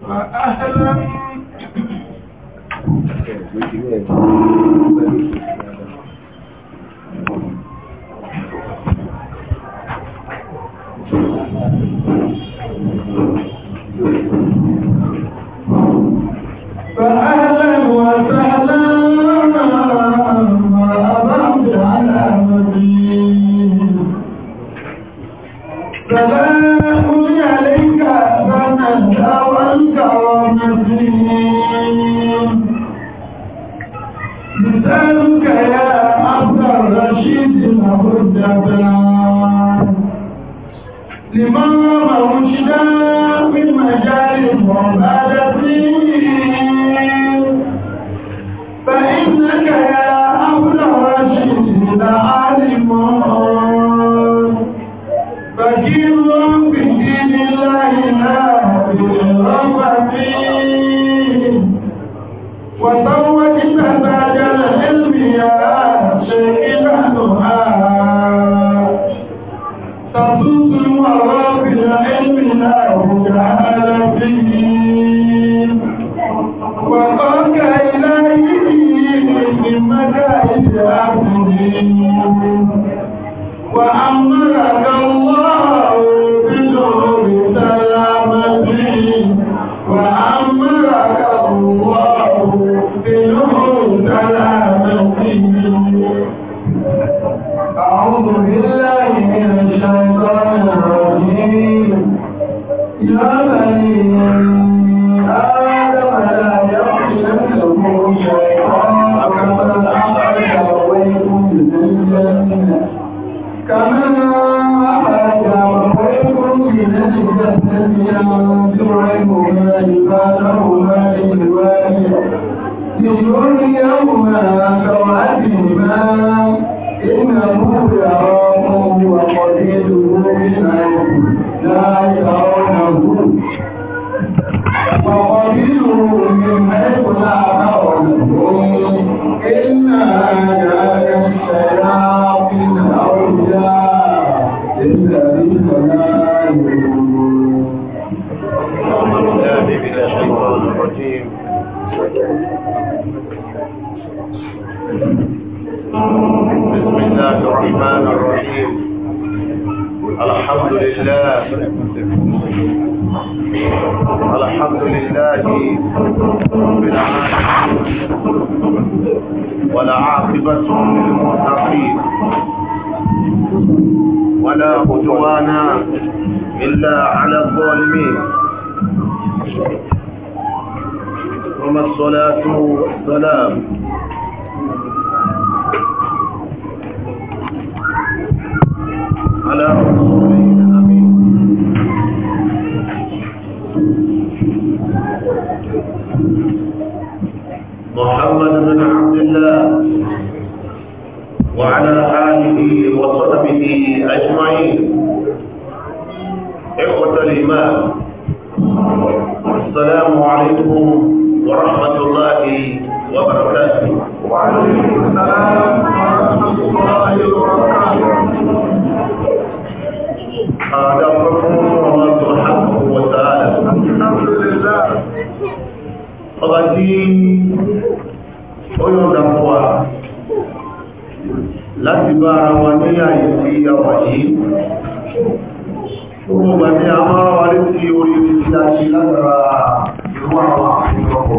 Thank you.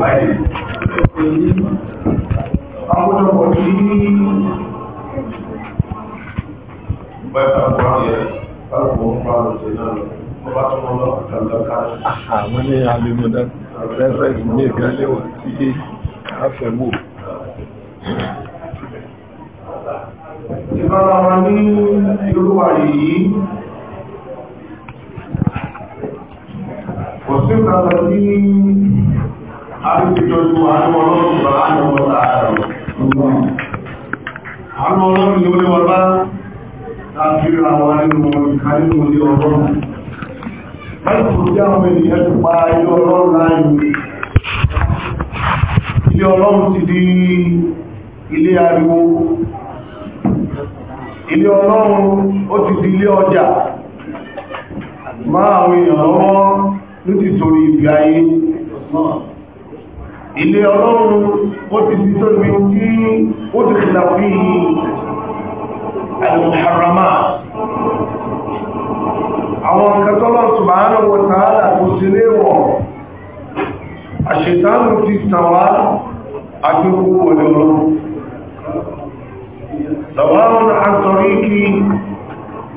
báyìí agbọ́dọ̀pọ̀ sí bẹ́ẹ̀ta kúrọ̀yẹ kálùkù ń pàrọ̀ sí náà ọba tó mọ́ lọ́pàá kàlùkà àwọn ní alìmọ̀dá rẹ́fẹ́sì ní ìgbẹ́lẹ̀wọ̀ tí káfẹ́mù ìbára wa ní irúwà yìí kò sí ìgbàlọ́ ní àrùkìjọ́jú àwọn ọlọ́run bá àwọn ọ̀tà àrùn àwọn ọlọ́run ni ó lé wọlá láti rí àwọn nínú ìkàlẹ́nu ilé ọlọ́run mẹ́sùn tí àwọn ènìyàn ti pa ilé ọlọ́run láyé ilé ọlọ́run ti di ilé ariwo ilé ọlọ́run ó ti di ilé ọjà máa àwọn èèyàn lọ́wọ́ ní ti torí ibi ayé ilé ọlọ́run ó ti ti tó ibi tí ó ti kìlà fi al-muharrama àwọn kẹtọ́lọ̀ subhanahu wa ta'ala kò sí léwọ̀ àṣetánù ti tàwà àti owó olóró sàwárùn àtọ̀ríkì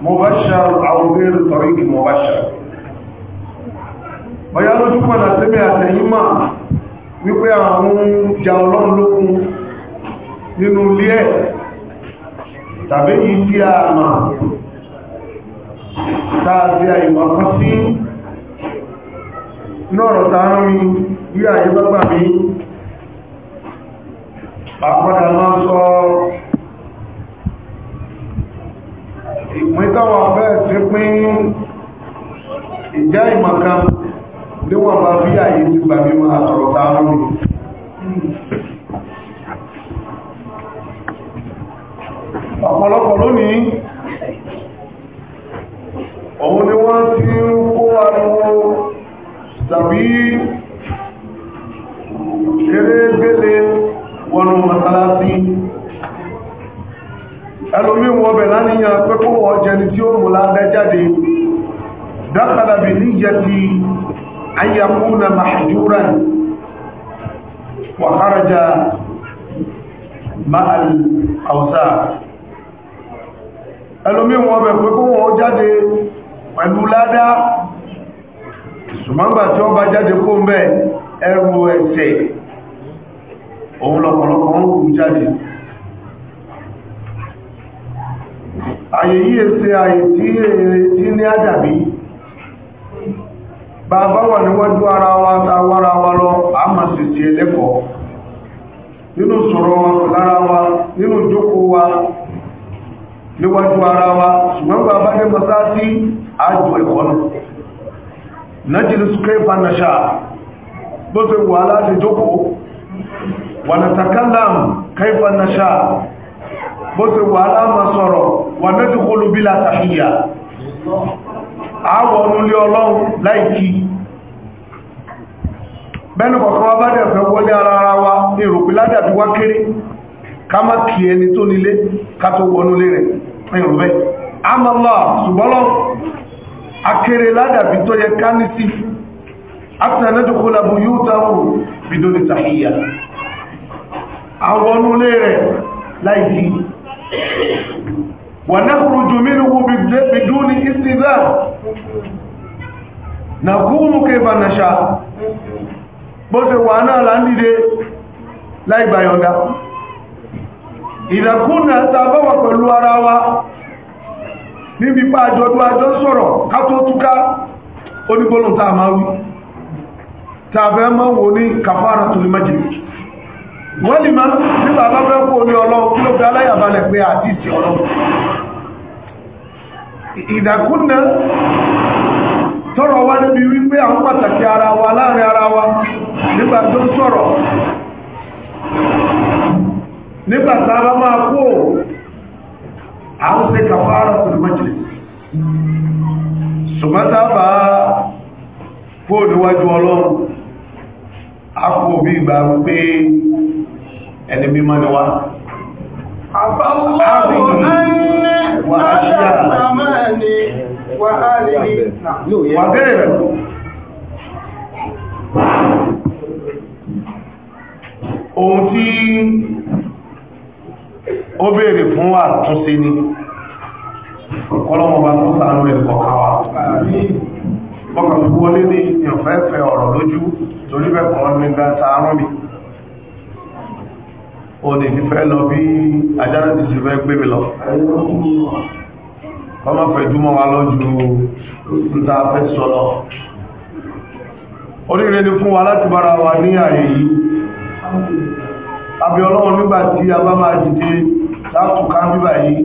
mubashar aw ghayr tọ̀ríkì mubashar bọ̀yá lójú pọ̀nà sí mẹ́ àtẹ̀yìn máa wípé àwọn ja ọlọ́run lókun nínú ilé ẹ̀ tàbí yìí tí a mà tàbí àìmọ̀ kan sí lọ́rọ̀ tààrà mi bí àyè bábà mi àpọ́dà máa sọ ìpín táwọn afẹ́ sí pín ìjá ìmọ̀ kan níwọ̀n bá bí àyè ti gbà mí máa sọ̀rọ̀ táwọn mi ọ̀pọ̀lọpọ̀ lónìí òun ni wọ́n ti ń kó ariwo tàbí erégbélé wọnú mọ́sálásí ẹlòmí wọ́n bẹ̀ láníyàn pé kó wọ́n jẹni tí ó mú lábẹ́ jáde dákàdàbì níyẹ ti أن يكون محجورا وخرج مع الأوساخ ẹlòmí wọn bẹ̀ pé kó wọ́n jáde pẹ̀lú ládá ṣùgbọ́nbà tí wọ́n bá jáde kó ń bẹ̀ ẹrù ẹ̀ṣẹ̀ òun lọ̀pọ̀lọpọ̀ ń kú jáde àyè yíè ṣe àyè tí èrè tí ní àjàbí bàbá wà níwájú ara wa tàwárá wa lọ àmà sì ti ẹlẹ́kọ̀ọ́ nínú sọ̀rọ̀ wa lára wa nínú jókòó wa níwájú ara wa ṣùgbọ́n bàbá ní masáàtì àjò ẹ̀kọ́ náà nájìlì sùkẹ́fà nàṣà bó ṣe wà láti jókòó wà nàtàkálàm kẹ́fà nàṣà bó ṣe wà láàmà sọ̀rọ̀ wà nájìkọlù bí látàhíyà àwọ̀ olólé ọlọ́run láìkí bẹ́nu kọ̀kan wá bá wọlé ara ara wa ní ìròpí ládàbí wá kéré ká má kí ẹni tó nílé ká tó wọnú lé rẹ̀ ìrùbẹ́ amọ́lá ṣùgbọ́lọ́ akéré ládàbí tó yẹ ká ní sí àwọn onúlé rẹ̀ láìkí ونخرج منه بدون استئذان نقوم كيف نشاء bó ṣe wà náà là ń dìde láì gba yọ̀ǹda ìdàkúnnà ta bọ́wọ̀ pẹ̀lú ara wa níbi pa àjọ̀dún àjọ sọ̀rọ̀ ká tó túká onígbónú tá a máa wí tàbẹ́ mọ́ wò ní kàfàrà tó lè májèlé wọ́n lè máa nípa bá fẹ́ kó ní ọlọ́run kí ló fi aláyàbalẹ̀ pé àdìsí ọlọ́run ìdàkúnnà tọ́rọ wá níbi wípé àwọn pàtàkì ara wa láàrin ara wa nígbà tó sọ̀rọ̀ nígbà tá a bá máa kó àwọn ṣe kàfàárà tó lè mọ́jìlẹ̀ ṣùgbọ́ta bá kó ọlọ́run kò bí ìgbà ẹni وغيره ohun tí ó béèrè fún àtúnṣe ni ọlọ́mọba tó sàánú ẹ̀kọ̀ọ̀kan wa ọkàn fún wọlé ní ìyànfẹ́fẹ́ ọ̀rọ̀ lójú torí bẹ́ẹ̀ kọ́ ní gbáta arúnbí òní fífẹ́ lọ bí ajára ti jù fẹ́ gbé mi lọ ọmọ fẹ̀júmọ́ wa lọ ju níta fẹ́ sọ fún wa láti bára wa ní ààyè yìí àbí ọlọ́run nígbà tí a bá máa dìde látùká bíbà yìí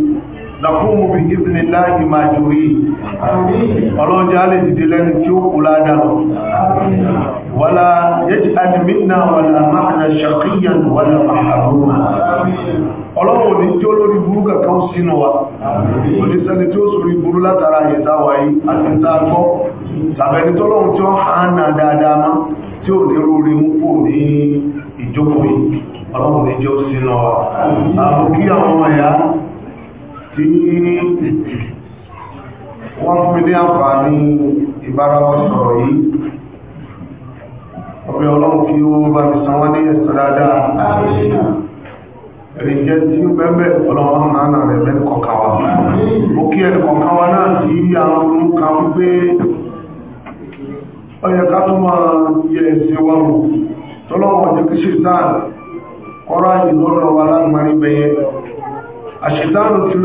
nàkúnmù bí ìbìnì láàyè máa jù rí ولا يجعل منا ولا معنا شقيا ولا محروما ọlọ́wọ́ ní tí ó lórí burú kankan sínú wa oníṣẹ́ni tí ó sórí burú látara ìta wáyé àti ìta gbọ́ tàbẹ̀ni tó lọ́wọ́ tí ó hànà dáadáa má tí ó ní rúrí mú pò ní ìjókòó ọlọ́wọ́ ọ̀pẹ́ ọlọ́run kí ó bá mi san ní ẹ̀sẹ̀ dáadáa ẹ̀rìn jẹ́ tí ó bẹ́ẹ̀bẹ̀ ọlọ́run máa nà rẹ̀ lẹ́nu kọ̀ọ̀kan ó kí ẹnì kọ̀ọ̀kan náà tí àwọn ọdún kan wípé ó ọyẹ ká tó máa yẹ ẹ̀sìn wa wò ọjọ́ kí kọ́rọ́ àyè lọ́dọ̀ wa lágbárí bẹ́yẹ ti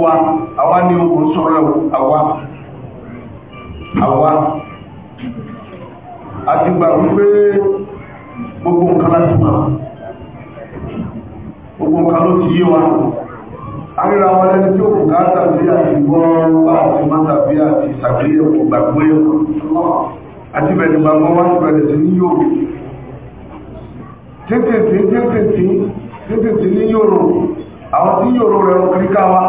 wa àwa ni òun sọ̀rọ̀ àti gbà wípé gbogbo nǹkan láti mọ̀ gbogbo nǹkan ló ti yé wa àríra wọn lẹ́ni tí ó ká tàbí àti gbọ́n wá àti má tàbí àti ìsàgbéyẹ̀ kò gbàgbé àti bẹ̀rẹ̀ gbàgbọ́ wá ti bẹ̀rẹ̀ sí ní yóò tètètè tètètè tètètè ní yòrò àwọn tí yòrò rẹ̀ ń kíríkà wá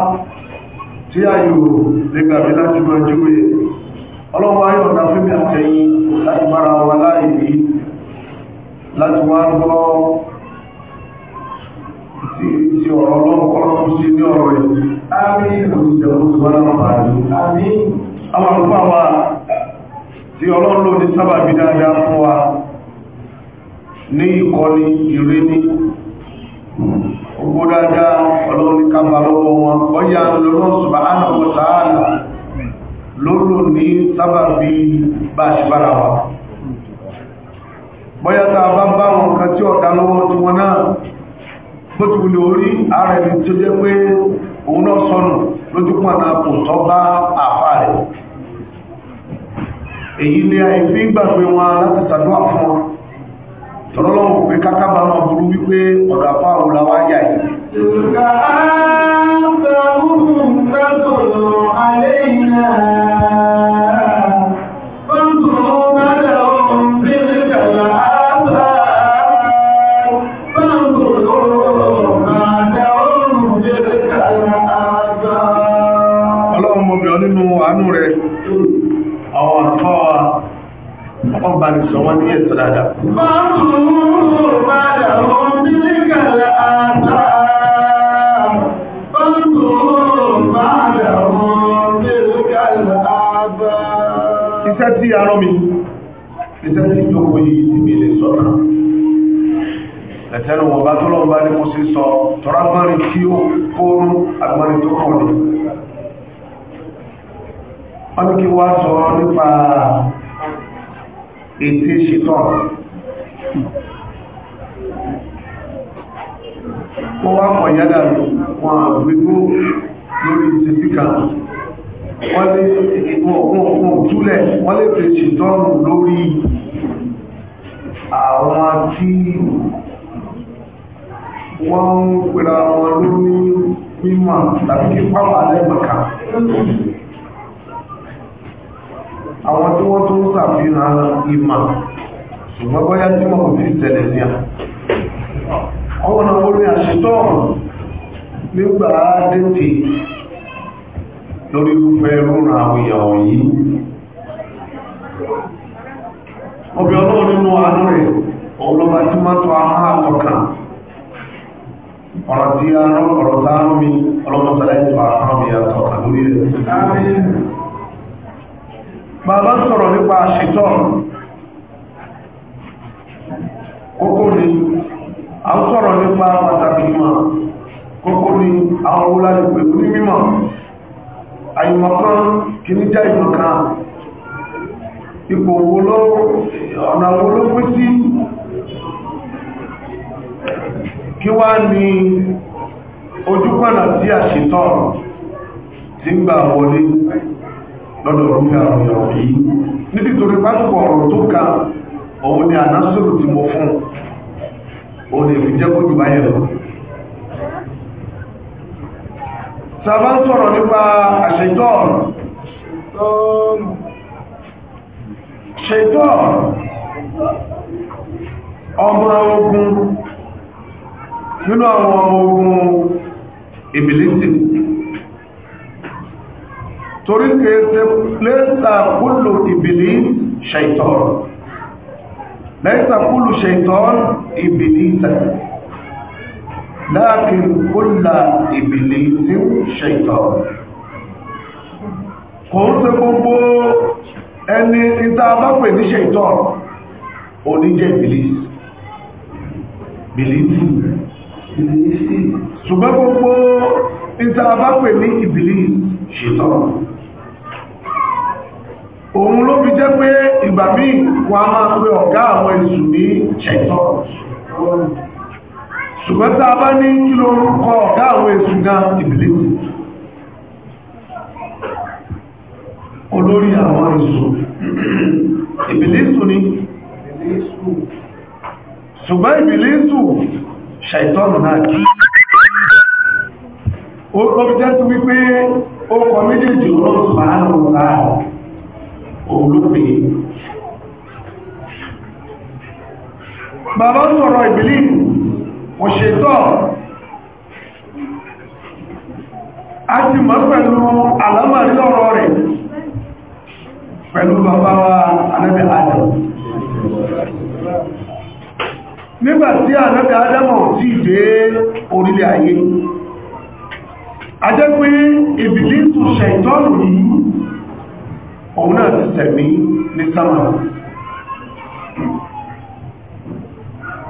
tí a yòrò lè gbàgbé láti máa ọlọ́wọ́ ayọ̀dá fẹ́mi àtẹ̀yìn láti bára wa láìrí láti wá gbọ́ ti ọ̀rọ̀ ọlọ́pọ̀lọ́ sí ní ọ̀rọ̀ rẹ̀ àmín ìrìnlẹ̀ òṣùwọ́n lápàá ní ìkọ́ni ìrẹ́ni lóró ní sábàbí bá ṣibára wa bọ́yátà bá bá wọn kan tí ọ̀dá lọ́wọ́ tí wọ́n náà bó ti wùlẹ̀ orí ààrẹ ní tí ó jẹ́ pé òun náà sọnù lójúkún àná kò tọ́ bá àfà rẹ̀ èyí ni àìfí gbàgbé wọn láti sàdúwà fún wọn tọ́lọ́lọ́wọ́ pé kákábà àfíìrù wọ́n ń pèrà wọn lórí mímọ̀ tàbí kí pápá lẹ́mọ̀ká àwọn tí wọ́n tó ń sàfihàn ìmọ̀ ṣùgbọ́n bọ́yá tí wọ́n kò fi tẹ̀lẹ̀ sí à ọwọ́n náà nígbà dẹ́tì lórí rúfẹ́ rúnra àwọn yìí ọbẹ̀ ọlọ́run nínú àánú rẹ̀ ọlọ́ba tí máa tọ́ ahá àtọ̀kàn ọ̀rọ̀ tí a rán ọ̀rọ̀ tá a rán mi ọlọ́mọsàlá ètò ahá mi àtọ̀kàn lórí rẹ̀ bàbá sọ̀rọ̀ nípa àṣetọ́ kókó ni a ń sọ̀rọ̀ nípa pàtàkì mọ̀ kókó ni àwọn olóòlá ìpè ní mímọ̀ àyìmọ̀kan kì ní já ìmọ̀kan ipò wo lọ́wọ́ ọ̀nà wo ló pín sí kí wá ní ojúpọ̀nà tí a ṣe tọ́rọ tí ń gbà wọlé lọ́dọ̀ orúkẹ́ àwọn yìí níbi torí pásùpọ̀ ọ̀rọ̀ tó ka òun ni fún òun jẹ́ kójú báyẹ̀ lọ sàbá nípa ogun nínú àwọn ọmọ ogun ìbìlísì torí kèése lẹ́sà kúlù ìbìlí ṣẹ̀tọ́n lẹ́sà kúlù ṣẹ̀tọ́n ìbìlísà láàkín kúlà ìbìlísì ṣẹ̀tọ́n kò ń ṣe gbogbo ẹni ìta abápẹ̀ ní ṣẹ̀tọ́n oníjẹ́ ìbìlísì ìbìlísì ṣùgbọ́n gbogbo níta bá pè ní ìbìlí ṣètọ́ òun ló fi jẹ́ pé ìgbà míì wọ́n a máa pe ọ̀gá àwọn èṣù ní ṣètọ́ ṣùgbọ́n tá a bá ní kí ló orúkọ ọ̀gá àwọn èṣù gan ìbìlísì olórí àwọn èṣù ìbìlísù ni ṣùgbọ́n ìbìlísù ṣàìtọ́nù náà kí ó kọ́bí jẹ́ sí wípé ó kọ méjèèjì ọ̀rọ̀ sùmánù náà olóògbé bàbá sọ̀rọ̀ ìbílì òṣètọ́ a ti mọ́ pẹ̀lú àlámàrí ọ̀rọ̀ rẹ̀ pẹ̀lú bàbá wa anábẹ̀ àjọ̀ nígbàtí ànábì Ádámọ̀ ti dé orílẹ̀ ayé a jẹ́ pé ìbìlísù ṣẹ̀tọ́nù yìí òun náà ti tẹ̀mí ní sámà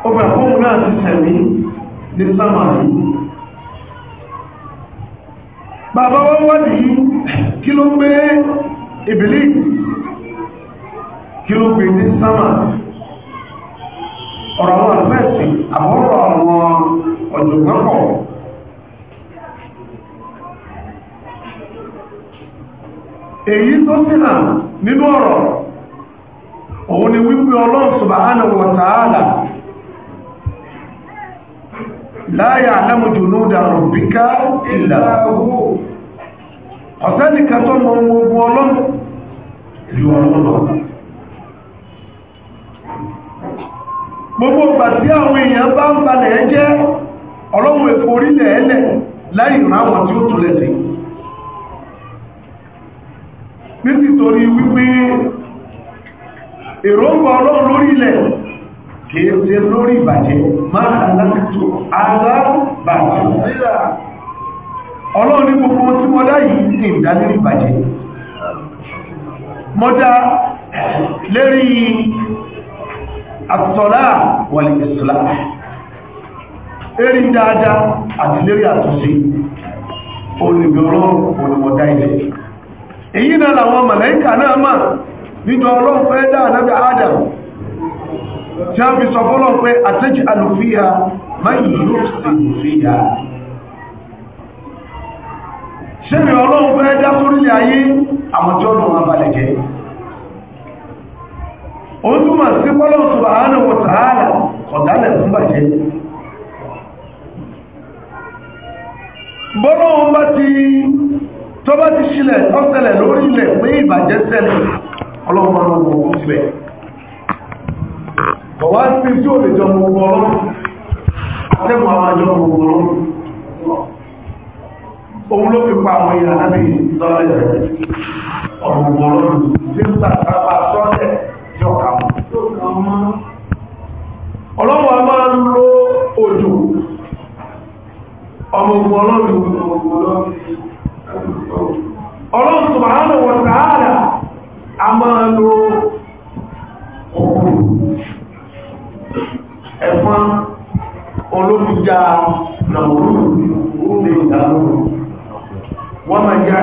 obìnrin náà ti tẹ̀mí ní sámà yìí bàbá wọ́n wọ́n yìí kí ló gbé ìbìlísù kí ló gbé ní sámà ọ̀rọ̀ àwọn àfẹ́ẹ̀sì àbúrò àwọn èyí tó sínà nínú ọ̀rọ̀ òun ni wípé Ọlọ́run subhanahu wa ta'ala la ya'lamu junuda rabbika illa ọ̀sẹ́nìkan tó ogun gbogbo ìgbà tí àwọn èèyàn bá ń balẹ̀ ẹ jẹ́ ọlọ́run orílẹ̀ ẹlẹ̀ láì ráwọn tí ó túnlẹ̀ sí nítorí wípé èròǹgbà ọlọ́run lórí ilẹ̀ kìí ṣe lórí ìbàjẹ́ máa láti tó ọlọ́run ní gbogbo tí wọ́n ní àtọ́lá wọlé ìsìlá erin dáadáa àti lérí àtúnṣe olùgbòrò olùmọ̀dá ilẹ̀ èyí náà làwọn màláíkà náà mà níjọ ọlọ́run fẹ́ dá Adam tí a fi sọ fọ́lọ́ pé àtẹ́jì àlùfíà máa yóò sì lùfíà ó túnmọ̀ sí pọ́lọ̀ subhanahu wa ta'ala ọ̀dálẹ̀ fún bàjẹ́ bọ́lọ̀ wọn bá ti tó bá ti ṣílẹ̀ ọ́sẹ̀lẹ̀ lórí pé ìbàjẹ́ ṣẹlẹ̀ ọlọ́mọ ọlọ́mọ síbẹ̀ bọ̀wá sí ọrụ ó lè ọrụ mọ̀ ọlọ́run atẹ́mọ̀ àwọn àjọ mọ̀ ọlọ́run òun ló fi ọ̀rọ̀ yóò ká wọn ọlọ́wọ́ a máa ń lo òjò ọmọ ogun ọlọ́run ọlọ́run subhanahu wa ta'ala a máa lo ọkùnrin ẹ̀fọn olóbíjá nàmúrú ní ìdánú wọ́n máa jẹ́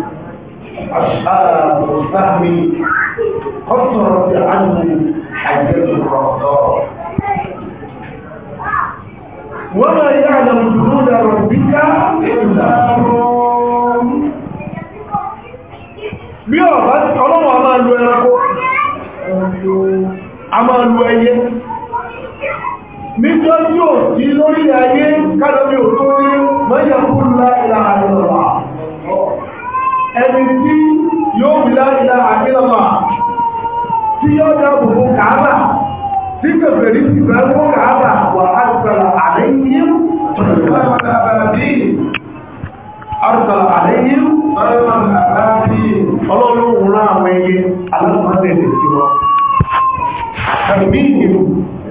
أشعار فهمي قصرت عني حجة الرمضان وما يعلم جنود ربك إلا هو bí ọ̀bá ọlọ́wọ̀ a máa lo ẹranko a máa lo ẹyẹ níjọ́ tí ò sí lórí ayé kádọ́bí ò tó ní mọ́yẹ̀ fún láìláàrẹ̀ ọ̀rọ̀ ẹni tí yóò wí láìlá àkílọ́mà tí yóò dáàbò fún kàábà tí kẹfẹ́ rí ti fẹ́ fún kàábà wà áìsàlà àlẹ́yìn Àrùsàlà àlẹ́yìn ọlọ́run rán àwọn ẹyẹ alámọ́lẹ̀ lè sí wọn. Àtàbí ìlú,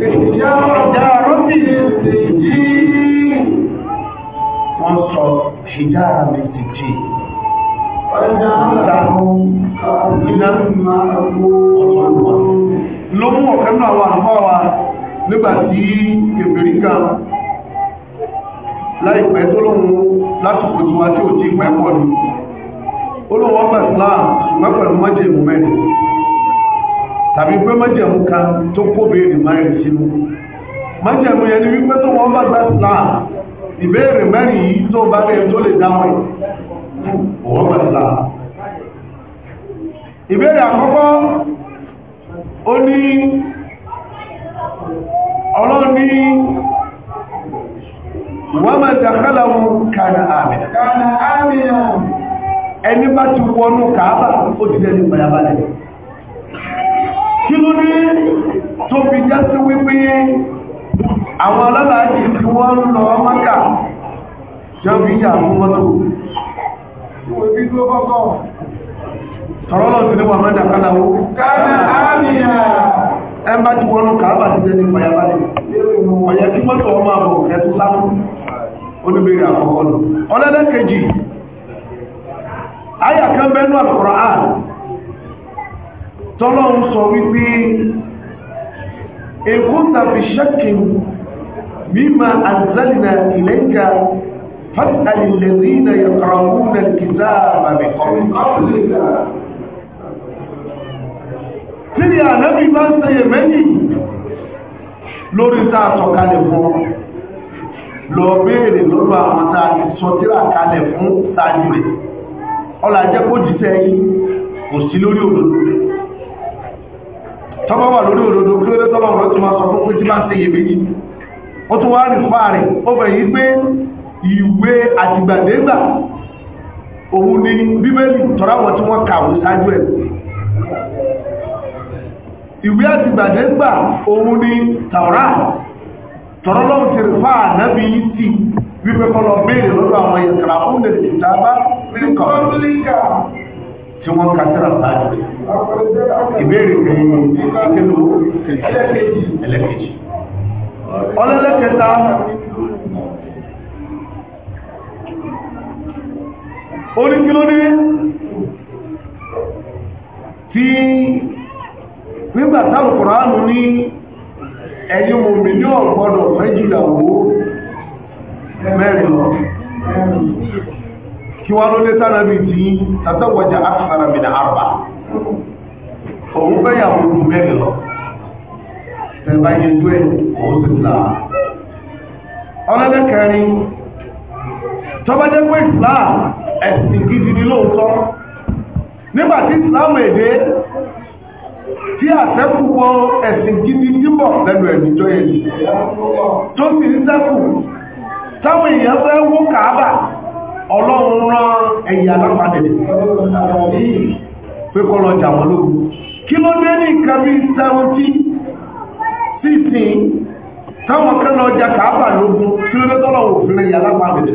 ìyá ọjà rọ́bìnrin ti jí wọ́n sọ ìjára méjì jí ló mú ọ̀kan náà wà náà wà nígbàtí ìbìrì kan láìpẹ́ tó lóhun látùkù tí wá tí ò tí ìpẹ́ pọ̀ ní olóòwò ọgbà Islam ṣùgbọ́n pẹ̀lú mọ́jẹ̀mú mẹ́rin tàbí pé mọ́jẹ̀mú kan tó kó béèrè mẹ́rin sínú mọ́jẹ̀mú yẹn ni wípé tó wọ́n bá gbà Islam ìbéèrè mẹ́rin yìí tó bá lè tó lè dáwọn ọ̀rọ̀ ìlà ìbéèrè àkọ́kọ́ ó ní ọlọ́ni wọ́n máa dàkálàwò kàrà àmì ẹni bá ti wọnú kàábà ó ti dẹni pẹ̀lẹ̀bálẹ̀ kí ló ní tó fi já sí wípé àwọn ọlọ́lá jì tí wọ́n lọ mọ́kà jọ bí yà fún mọ́tò tọ́rọ́lọ́ sí ní wà mẹ́ta kánàwó ẹmbá tí wọ́n kàábà ti jẹ́ ayà kan bẹ́nu àkọ̀rọ̀ à tọ́lọ́ ń sọ wípé èkó tàbí ṣẹ́kìn mímọ̀ àzálìnà ìlẹ́gà فاسأل الذين يقرؤون الكتاب من قبلك tíri ànábì bá ń sẹyẹ méjì lórí tá a sọ kalẹ̀ fún lọ béèrè lọ́dọ̀ àwọn tá a ti sọ tíra kalẹ̀ fún sáájú rẹ̀ ọlá jẹ́ kó jíṣẹ́ yìí kò sí lórí òdodo tọ́bọ̀ wà lórí òdodo kí ó tún ìwé àtìgbàdégbà òun ni bíbélì tọ́ráwọ̀ tí wọ́n kàwé ṣáájú ẹ̀ ìwé àtìgbàdégbà òun ni tàwárà tọ́rọlọ́wọ́ ti rí fáà náàbí yìí tí wípé kọlọ béèrè lọ́dọ̀ àwọn ìyẹ̀kàrà oúnjẹ ìkìta bá ríkọ̀ọ́líkà tí wọ́n ka tẹ́rà sáájú ìbéèrè kẹ́yìn ìkẹ́lú ẹlẹ́kẹ́jì ọlẹ́lẹ́kẹta oníkílódé tí nígbà táwọn kòránù ní ẹ̀yin mòmí ní ọ̀gbọ́dọ̀ méjìyàwó mẹ́rin lọ kí wá ló lé tánàbí tí tàtàwọjà akthara min arba òun fẹ́yàwó mẹ́rin lọ tẹ̀bá yẹn tó ẹ̀ òun sì là ọlọ́dẹ́kẹrin tọ́bájẹ́ pé islam ẹ̀sìn gidi ni lóòótọ́ nígbàtí islam èdè tí àtẹ́kùpọ̀ ẹ̀sìn gidi díbọ̀ lẹ́nu ẹ̀mìjọ èdè tó sì ń sẹ́kù táwọn èèyàn fẹ́ wó kàábà ọlọ́run rán ẹ̀yà lápàdé pé kọ́ lọ jà wọ́n lógun kí ló dé ní nǹkan bí 70 sísìn táwọn kan lọ jà kàábà lógun kí ló dé tọ́lọ̀ òfin ẹ̀yà lápàdé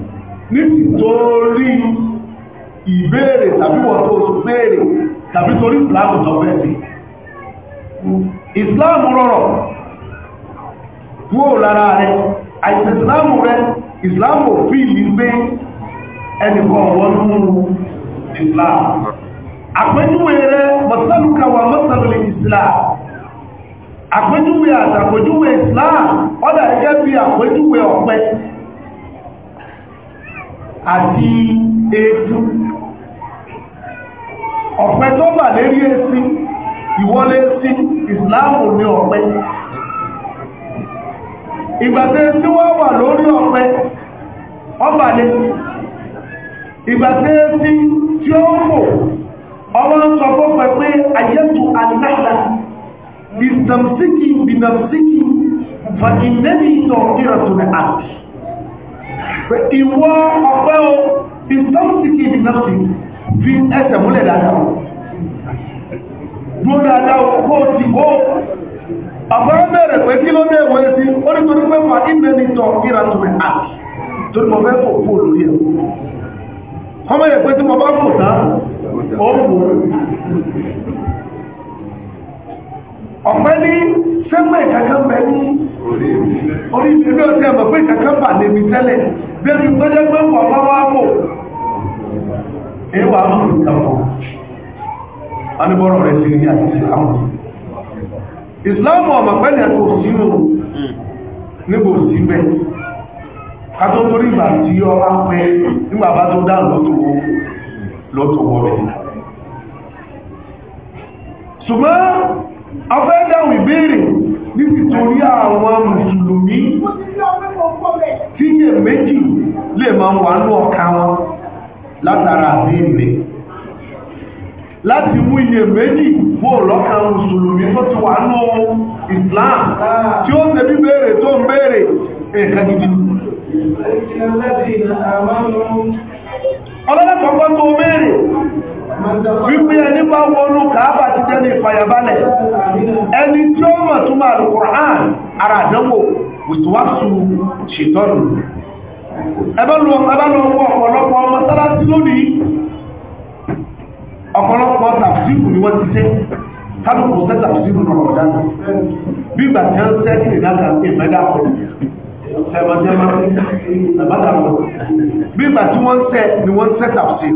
nítorí ìbéèrè tàbí wọ́n tó béèrè tàbí torí ìsìláàmù tó fẹ́ sí ìsìláàmù rọrọ̀ kúrò lára rẹ̀ àìsàn ìsìláàmù rẹ̀ ìsìláàmù òfin ìlú gbé ẹnìkan wọ́n mú ìsìláàmù àpẹjúwe rẹ̀ mọ̀sálùkà wà mọ́sálùlẹ̀ ìsìláàmù àpẹjúwe àtàpẹjúwe ìsìláàmù ọ̀dà gẹ́gẹ́ bí àpẹjúwe ọ̀pẹ àti eédú ọ̀pẹ tó bà lérí èsì ìwọlé sí ìsìláàmù ní ọ̀pẹ ìgbàtẹ́ tí wọ́n wà lórí ọ̀pẹ ọbàlẹ̀ ìgbàtẹ́ tí tí ó mò ọwọ́ sọ fọ́pẹ́ pé ayẹ́tù aláàlá ìsàmsíkì bìnàmsíkì fa ìnẹ́bì ìtọ̀ ìrọ̀tún àti ìwọ ọpẹ́ o fi sọ́ọ̀sìkì ìdínàfì fi ẹsẹ̀ múlẹ̀ dáadáa dúró dáadáa kó o ti kó àbúrò bẹ̀rẹ̀ pé kí ló dé ìwé sí ó ní torí pé fà ìmẹ́ni tọ ìrà tó mẹ́ àt tó ní mo fẹ́ fò fò lórí ẹ̀ ọmọ yẹ pé ọ̀pẹ́ ní sẹ́mọ̀ ìkankan bẹ ní orí ìfẹ́lẹ́ ọ̀tẹ́ ẹ̀mọ̀ pé ìkankan bà lè mi tẹ́lẹ̀ bẹ́ẹ̀ni pẹ́lẹ́ pé wọ́n bá wá mọ̀ ẹwà mọ̀ nǹkan mọ̀ rẹ̀ sí ní àti níbo ká tó torí ìgbà tí ọ bá pẹ́ nígbà bá tó afẹ́ dáhùn ìbéèrè nítorí àwọn mùsùlùmí tí yẹ méjì lè máa wà ní ọ̀ka wọn látara àbíire láti mú iye méjì bó lọ́ka mùsùlùmí tó ti wà ní Islam tí ó ṣe bí bèèrè tó ń bèèrè ẹ̀ka gidi ọlọ́lẹ́kọ̀ọ́kọ́ tó béèrè wípé ẹni bá wọnú kàábà ti jẹ́ ní ìfàyàbálẹ̀ ẹni tí ó mọ̀ túnmọ̀ Al-Qur'an ara àdánwò wìtíwásù ṣètọ́nù ẹbálò ọ̀pọ̀lọpọ̀ mọ́sálásí lónìí ọ̀pọ̀lọpọ̀ tàfsírù ni wọ́n ti tẹ́ kálùkù tẹ́ tàfsírù nọ̀rọ̀ dáná bí ìgbà tí wọ́n tẹ́ kìrì láta ìfẹ́dá ọ̀rọ̀ bí ìgbà tí wọ́n tẹ́ ni wọ́n tẹ́ tàfsírù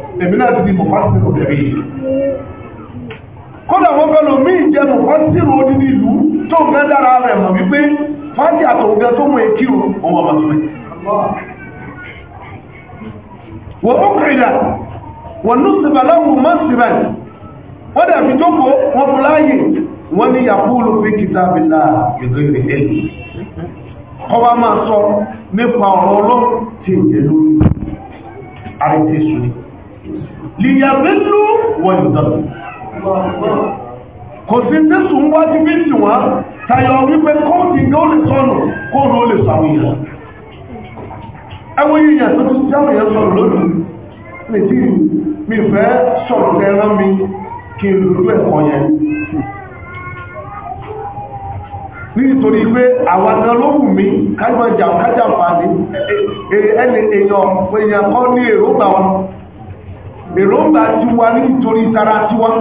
èmi náà ti di mọ̀fásírò bẹ̀rẹ̀ yìí kódà wọ́n fẹ́lò mí jẹ́ mọ̀fásírò odidi ìlú tó ń gẹ́ dára rẹ̀ mọ̀ wípé fájì àtòǹgẹ́ tó mú ekí ohun ọmọ tó mẹ́ wọ́n ó kìrìdà wọ́n ní sìbàláwù mọ́ sìbà wọ́n dẹ̀ fi jókòó wọ́n fún láàyè wọ́n ní yàkúlù fi kìtàbìlà ìrìnrìn ẹ̀lì kọ́wàá máa sọ nípa ọ̀rọ̀ ọlọ́run tí ìjẹ́ lórí àrètí ìṣúni lìyàbílú wọ ìdọ̀lù kò sí tẹ́sù ń wájú bí tì wọ́n tayọ wípé kóòtì gẹ́ ó lè sọ́nù kóòrò ó lè sàwòyàn ẹwọ́ yíyà tó tún jáwọ̀ yẹn sọ̀rọ̀ lónìí lè tí mi fẹ́ sọ̀rọ̀ kẹrán mi kí n lùlú ẹ̀kọ́ yẹn nítorí pé àwọn kan ló wù mí kájọ jàǹkájàǹfà ní ẹni èèyàn èèyàn kọ́ ní èròǹgbà wọn èròǹgbà ti wá nítorí tara ti wá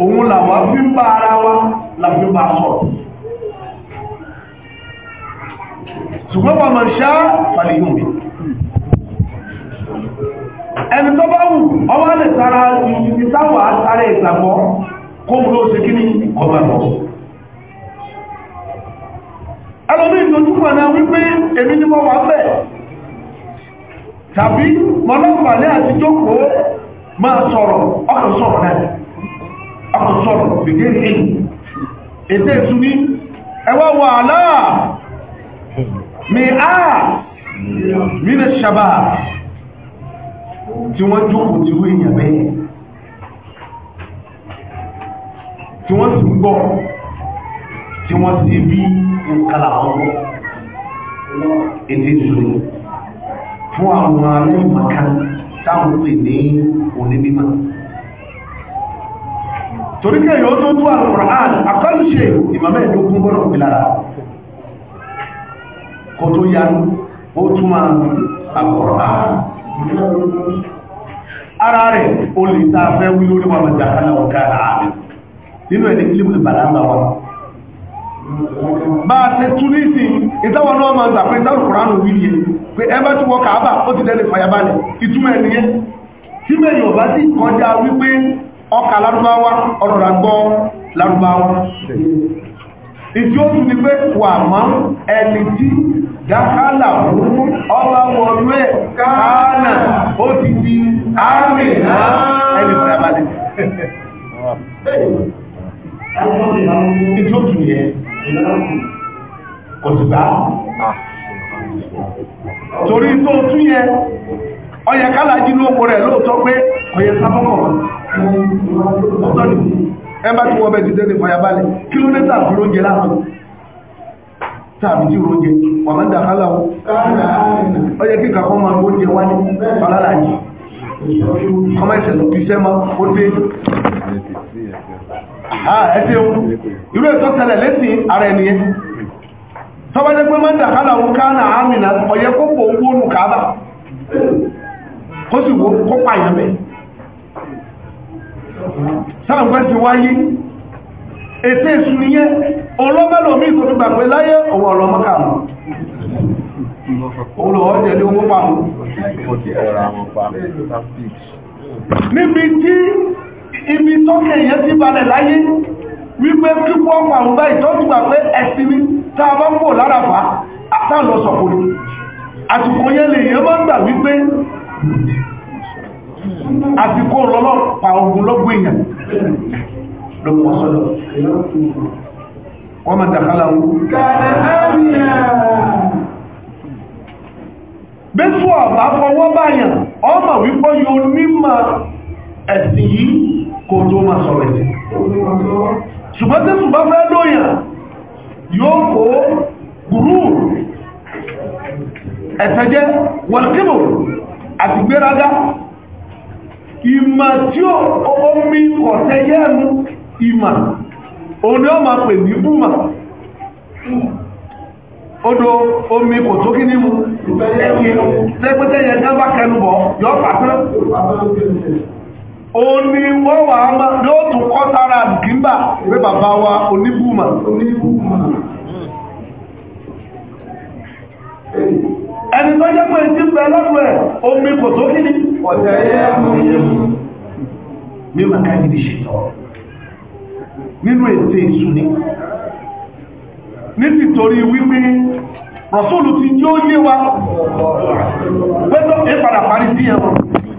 òun làwá fi ń bá ara wa làfi bá sọ̀rọ̀ ṣùgbọ́n pàmọ̀ ṣá fàlìyàn mi ẹni tó bá wù ọwá lè tara ibi táwà tara ìgbàgbọ́ kó mú ló ṣe kí ní ọgbàgbọ́ ẹlòmí ìdójúkọ̀ náà wípé èmi ni mo wà bẹ́ẹ̀ tàbí mọ́lọ́pàálẹ́ àti jókòó máa sọ̀rọ̀ ọkàn sọ̀rọ̀ náà ọkàn sọ̀rọ̀ gbèdé rí ètè ìsúní ẹwà wà náà mi á mílẹ̀ ṣàbà tí wọ́n jókòó ti rú èèyàn bẹ́ẹ̀ tí wọ́n sì ń gbọ́ tí wọ́n sì bí nǹkan àwọn ètè ìsúní fún àwọn aláìmọ̀kan táwọn pè ní onímímọ̀ torí kẹ́ yóò tó tó Al-Qur'an àkọ́lùṣe ìmọ̀mẹ́ ìdógún gbọ́nà pè lára kò tó yanu ó túnmọ̀ Al-Qur'an ara rẹ̀ o lè ta fẹ́ wí lórí wọn mẹ́ta kanáwọ̀ kára ààrẹ nínú ẹni kílìmù ìbàlágbà wọn bá a ṣe túnísì ìtawọ̀ náà máa gbà pé táwọn Al-Qur'an pé ẹ bá tún kàábà ó ti dẹ́lẹ̀ fàyàbalẹ̀ ìtumọ̀ ẹ̀nìyẹn tí mẹ́yìn ọ̀bá sì kọjá wípé ọkà lárúbáwá ọ̀rọ̀ àgbọ́ lárúbáwá ìtí ó tún ni pé wà mọ́ ẹni tí dákàlà fún ọba di àmì náà ẹni torí tó tún yẹ ọyẹ kálájí lóko rẹ̀ lóòótọ́ pé ọyẹ sábọ́kọ̀ ọ̀tọ́ ni ẹbá tí wọ́n bẹ ti tẹ́lẹ̀ fàyàbalẹ̀ kí ló dé tàbí lóúnjẹ láàrín tàbí tí oúnjẹ wàmọ́ dàkálà ó ọyẹ kí kàkọ́ máa oúnjẹ wá ní ọlálàjì ọmọ ìṣẹ̀lẹ̀ òbí iṣẹ́ máa ó dé ẹ̀ṣẹ̀ irú ètò tẹ́lẹ̀ lẹ́sìn ara ẹniyẹn tọ́bá jẹ́ pé mọ́ta kálà ń ká náà àmìnà ọ̀yẹ kó pò ń gbónù káàbà kó sì wó kó pàyàn sáàmùfẹ́ ti wáyé ètè ìsúniyẹ olómẹ́lò mí tó fi pé láyé mọ́ ní owó pàmù tí ibi tọ́kẹ̀ èyẹ ti balẹ̀ láyé wípé kíkọ́ pàmù báyìí tó tá a bá ń bọ̀ lára fà á tá a lọ sọ̀kò ní àsìkò yẹn lè yẹn máa ń gbà wípé àsìkò lọ́lọ́ pa ogun lọ́gbọ̀ èèyàn lọ́pọ̀ sọ́lọ́ wọ́n máa dàkálà wú bẹ́sù àbá fọwọ́ báyàn ọmọ wípọ́ yóò nímọ̀ ẹ̀sìn yìí kò tó ṣùgbọ́n fẹ́ lóyàn yóò kó gùrù ẹ̀tẹ́jẹ́ wọ̀lẹ́kìbò àti gbéraga ìmà tí ó omi kọ̀tẹ́yẹ́ ẹnu ìmà òní ma pè ní búmà odò omi kò tó kí ní mu ẹ̀kì tẹ́gbẹ́tẹ́yẹ dábà kẹnubọ̀ yọ́ pàtán ó ní wọ́n wà á máa lóòtù kọ́tara bàbá wa oníbùmà ẹni tó jẹ́ pé tí bẹ lọ́pọ̀ ẹ̀ omi kò tó kí ní ọ̀tẹ̀ ẹ̀yẹ́ rọ̀súlù ti jí ó yé wa pẹ́tọ́ parí sí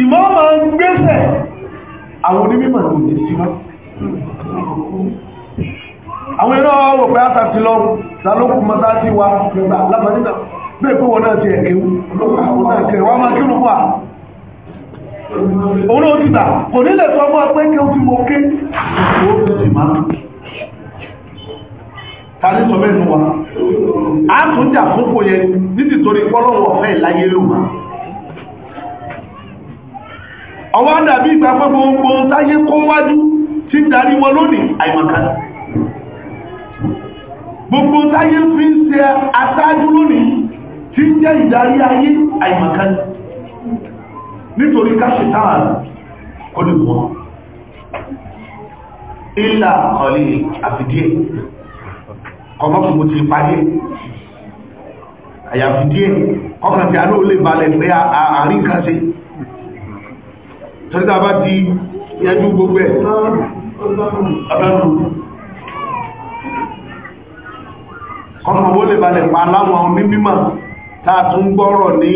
ìmọ̀ máa ń gbẹ́sẹ̀ àwọn onímọ̀ ló ní sí wọ́n àwọn iná wọ̀ àtà ti lọ lálókù mọ́ta ti wa gbẹ̀gbà lábàdínà bẹ́ẹ̀ pé wọn náà ti ẹ̀kẹ́ wọn náà kẹ́ wọn máa kò nílẹ̀ kí fún kò fẹ́ ọwọ́ dàbí ìgbà pé gbogbo táyé kó wájú tí ń darí wọn lónìí àìmọ̀kánà gbogbo táyé fi ń ṣe aṣáájú lónìí tí ń jẹ́ ìdarí ayé àìmọ̀kánà nítorí káṣẹ táwọn kò lè wọ́n ìlà ọ̀lẹ́ àfidíẹ̀ kọmọ́kù ti parí àyàfidíẹ̀ ọkàn tí balẹ̀ pé àárín kan sí tọ́lítà bá ti yanjú gbogbo ẹ̀ ọ̀dọ́rùn ọmọ owó lè balẹ̀ pa láwọn onímímọ̀ táà tún gbọ́rọ̀ ní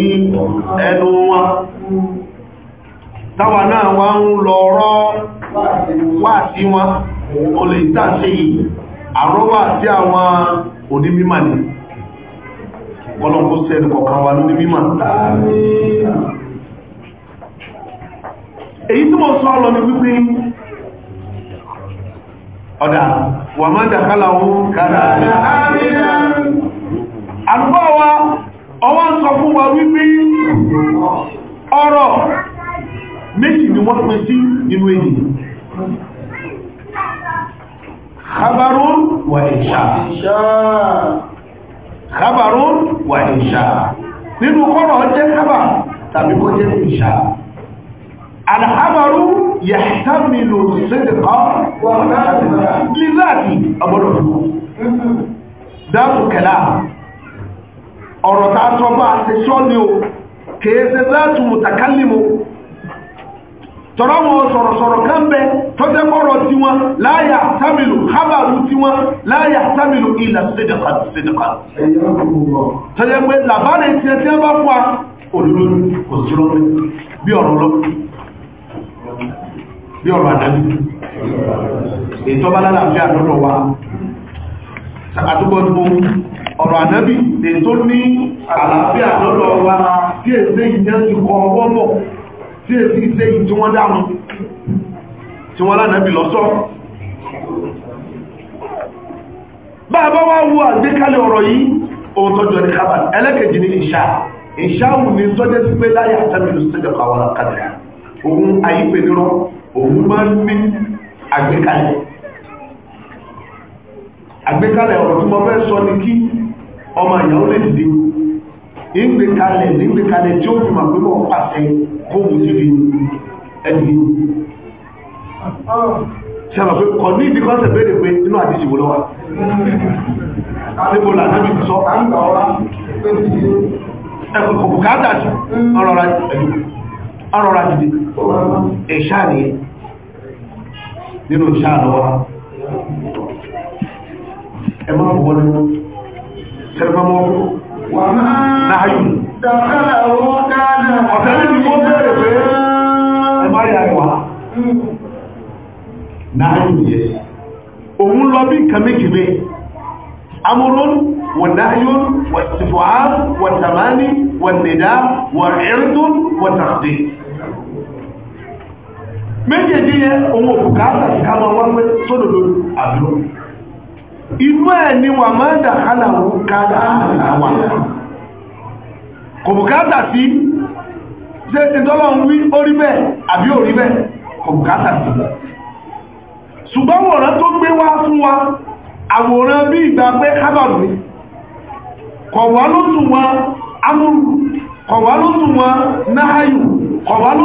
ẹnu wọn táwa náà wá ń lọ rọ́ wá sí wọn o lè àrọ́wà sí àwọn ni èyí tí mo sọ lọ ní wípé ọ̀dà wà máa dàkálà ohun kára àrùbá wa ọwá ń sọ fún wa wípé ọ̀rọ̀ méjì ni wọ́n pín sí nínú èyí khabarun wa insha khabarun wa insha nínú kọ́rọ̀ jẹ́ kábà tàbí kó jẹ́ insha alhamaru yahtamilu sidqa lizati ọgbọ́dọ̀ fún dáàtù kẹlá ọ̀rọ̀ ta sọ bá ṣe sọ ní o kèése dáàtù mutakallimu tọ́rọ wọn sọ̀rọ̀sọ̀rọ̀ kan bẹ tó jẹ́ kọ́rọ̀ tí wọ́n láyà tàmìlù hábàrú tí wọ́n láyà tàmìlù ilẹ̀ sídẹ̀kà sídẹ̀kà bí ọ̀rọ̀ àdájú ètọ́ bá lálàáfíà lọ́dọ̀ wa àtúgbọ́dúgbò ọ̀rọ̀ ànábì lè tó ní àlàáfíà lọ́dọ̀ wa tí è sí ìjẹ́ ti kọ ọwọ́ bọ̀ tí è sí ìṣẹ́ tí wọ́n dámú tí wọ́n lánàbì lọ́sọ́ bàbá wá wo àgbékalẹ̀ ọ̀rọ̀ yìí ohun tọ́jọ ní kábàlì ẹlẹ́kẹ̀jì ní ìṣà ìṣà òun ni tọ́jẹ́ sí pé láyé àtàmìlú sẹ́jọ̀ àwọn akadà òun àyípe nírọ́ òun máa ń ní àgbékalẹ̀ àgbékalẹ̀ ọ̀rọ̀ tí mo fẹ́ sọ ní kí ọmọ ìyàwó lè dìde ìgbékalẹ̀ nígbékalẹ̀ tí ó fi mà pé pàṣẹ kóòmù sí di ẹni sẹ́nà pé kọ ní ìdí kọ́sẹ̀ pé ọ̀rọ̀ra jìdì ẹ̀ṣà ni nínú ìṣà lọ́wọ́ ẹ máa bọ̀ wọlé tẹ́lẹ̀mọ́ náàyùn ọ̀tẹ́ níbi kó bẹ̀rẹ̀ pé ẹ máa rí àríwá náàyùn yẹ òun lọ bí kàmíkìmí amúrún والنهي والاستفعال والتماني والنداء والعرض والتخطيط méjèèjì yẹn ohun òkùnkà àtàkà máa ma pé sódòdó àbúrò inú ni wà máa dà hálàwó káàdà na kòbùkátà sí ṣe ìtọ́lọ̀ ń wí orí bẹ́ẹ̀ àbí oribe ka kòbùkátà sí ṣùgbọ́n wọ̀rán tó gbé wá wa àwòrán bí ìgbà pé hábàrù ni kọ̀wá ló sùn wọn amúrù kọ̀wá ló sùn wọn kọ̀wá ló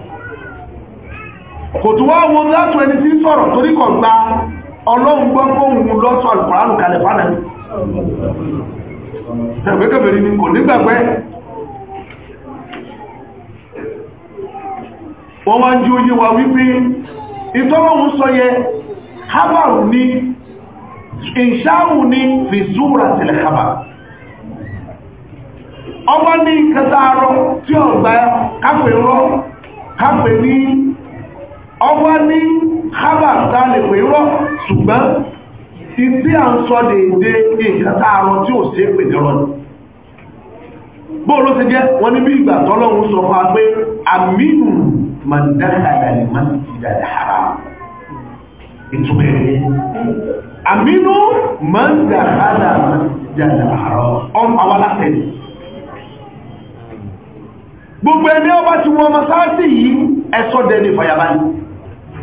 kò wo láti ẹni tí sọ̀rọ̀ torí kàn gba ọlọ́run gbọ́ lọ́sọ̀ alùpàránù kalẹ̀ fánà ní ni kò wọ́n wá ń jí oyé wa wípé ìtọ́lọ́run ní ìṣáhù ní fìzúra tẹ̀lẹ̀ habaru ọmọ ní kẹta arọ tí ọgbà kápẹ̀ rọ kápẹ̀ ní ọwọ́ ní harvard tààlè pé rọ́ ṣùgbọ́n ti tí a ń sọ dèédé nǹkan táàrọ tí ò sí pè nírọ̀ ni bóòló ti jẹ́ wọ́n ní bí ìgbà tọ́lọ́run sọ fún agbé aminu mandakala ni masjid al-haram ìtumẹ̀ rẹ̀ aminu mandakala masjid al-haram ọmọ àwọn alátẹ̀lẹ̀ gbogbo ẹni ọba ti wọ́n masáàtì yìí ẹ̀sọ́ dẹni fàyàbáyìí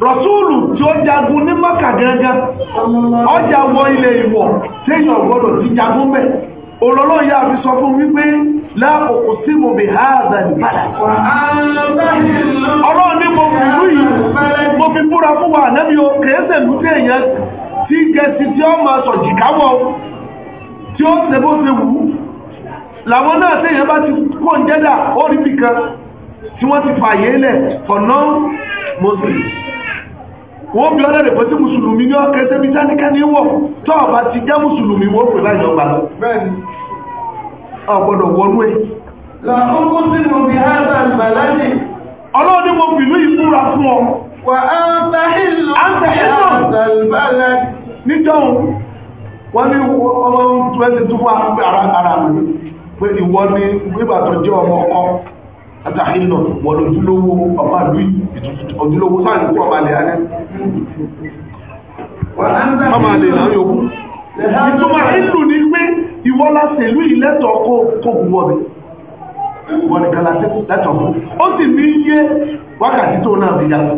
rọ̀túùlù tí ó jagun ní mọ́kà gẹ́gẹ́ ọjà wọ ilẹ̀ ìwọ̀ téèyàn gbọ́dọ̀ ti jagun bẹ̀ olólò ya fi sọ fún wípé láàkókò sí mo bè háàzà nìbàdà ọlọ́run ní mo fi rú yìí mo fi búra fún wa o tí tí ó máa sọ jìkáwọ́ tí ó ṣe bá ti kó ń jẹ́dà ó wọ́n bí ọlọ́rẹ̀ pẹ̀tí mùsùlùmí ní ọkẹsẹ́ bí táníká ní wọ̀ tó ọba ti jẹ́ mùsùlùmí wọ́n pè láì lọ́gbà lọ ọgbọ́dọ̀ wọnú ẹ̀ ọlọ́ọ̀dẹ́ mo fìlú ìbúra fún ọ níjọ́un wọ́n ní ọmọ 22 wà pé ara mi pé ìwọ ni gbígbàtọ̀ jẹ́ ọmọ ọkọ àtàhìnà wọ́n ojúlówó ọmọ ìlú ojúlówó sáàrùn kú ọmọ ilẹ̀ alẹ́ ìlú ní pé ìlẹ́tọ̀ kó wọ́n ni kala lẹ́tọ̀ fún ó sì ní yé wákàtí tó náà fi yàtọ̀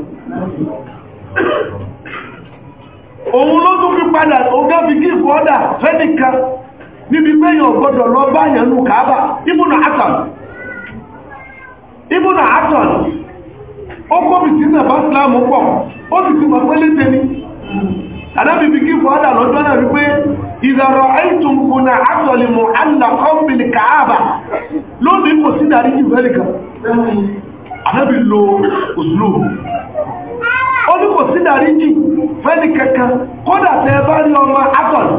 òun ló tún fi padà ọgá fi kí ìfọ́dà fẹ́nìkan níbi pé ibùdó àtọ̀ ni ó kóbi sí nàbá sílámù pọ̀ ó sì ti mọ̀ pé léṣe ni àdábìbì kí fọ́ àdà lọ́jọ́ náà wípé ìdàrọ̀ àìtùn kùnà àtọ̀lì mọ̀ alákọ̀ọ́bìnì kàábà lónìí kò sí dàrí jù fẹ́ nìkan àdábì lo òṣùlò ó ní kò sí dàrí jù fẹ́ nìkankan kódà tẹ́ bá rí ọmọ àtọ̀lì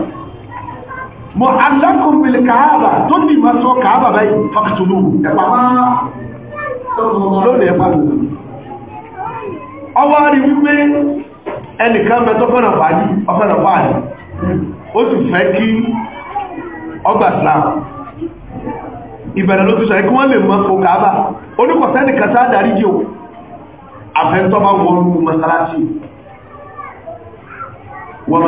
mọ̀ alákọ̀ọ́bìnì kàábà tó dì máa sọ kàábà báyìí fàkìtùlù ẹ̀pàá lónìí ẹ̀fà ọwọ́ rí wípé ẹnìkan mẹ́tọ́ fẹ́ràn fàájì ọfẹ́ràn fàájì ó sì fẹ́ kí ọgbà Islam ìbẹ̀rẹ̀ ló ti sọ ẹkún wọ́n lè mọ́ kò káàbà onípọ̀sẹ́nì kàtà dárí àfẹ́ntọ́ bá wọ́n wọ́n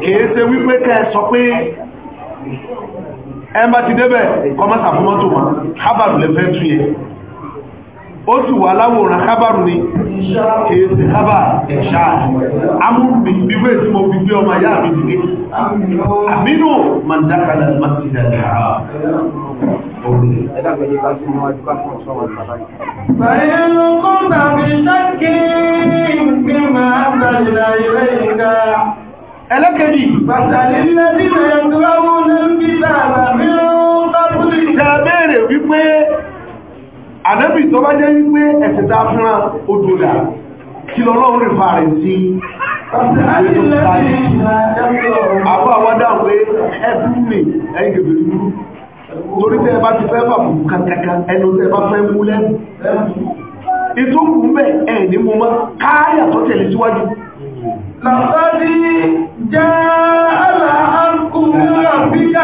kìí ṣe wípé kẹ́ sọ pé ẹmbà ti débẹ̀ kọmọ́sà fún mọ́tò wọn kábàrù lè fẹ́ tún yẹ ó sì wà láwòrán kábàrù ni kìí ṣe kábàrù ẹ̀ṣà amúrùbí ìwé tí mo fi gbé ọmọ ayá mi dìde àmínú mandakala masjidà dáa فإن كنت بشك مما أنزلنا إليك ẹlẹ́kẹ̀ẹ́dì ìgbàbẹ̀rẹ̀ wípé ànábì tó bá jẹ́ wípé ẹ̀sẹ̀ta fúnra odòdà kí àwọ́dá pé ẹ̀bùn mi ẹ̀yìn gẹ̀gẹ̀rẹ̀ burú torí tẹ́ bá ti fẹ́ fàbùkù kankankan ẹnu tẹ́ bá fẹ́ mú lẹ́nu ìtòkù mẹ́ ẹ̀ ní mọ́ káyà tó tẹ̀lé síwájú لقد جاء الحق من ربك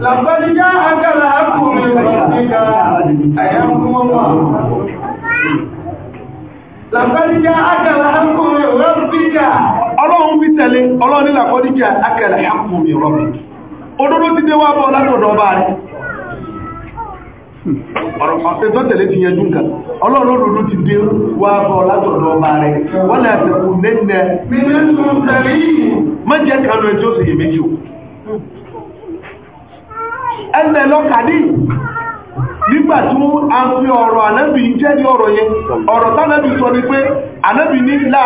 لقد جاءك الحق من ربك أيامكم الله لقد جاءك الحق من ربك ọlọ́run fi tẹ̀lé ọlọ́run nílàkọ́díjà akẹ̀lẹ̀ àkùnrin rọ̀bì òdodo ti dé wá bọ́ látọ̀dọ̀ ọba rẹ̀ ọ̀rọ̀ tẹ̀lé ti yẹn ọlọ́run olùdó ti dé wá bọ́ látọ̀dọ̀ ọba rẹ̀ wọ́n ẹjọ́ o nígbà tí a ń fi ọ̀rọ̀ jẹ́ ní ọ̀rọ̀ yẹn ọ̀rọ̀ tánábì sọ ni pé ní lá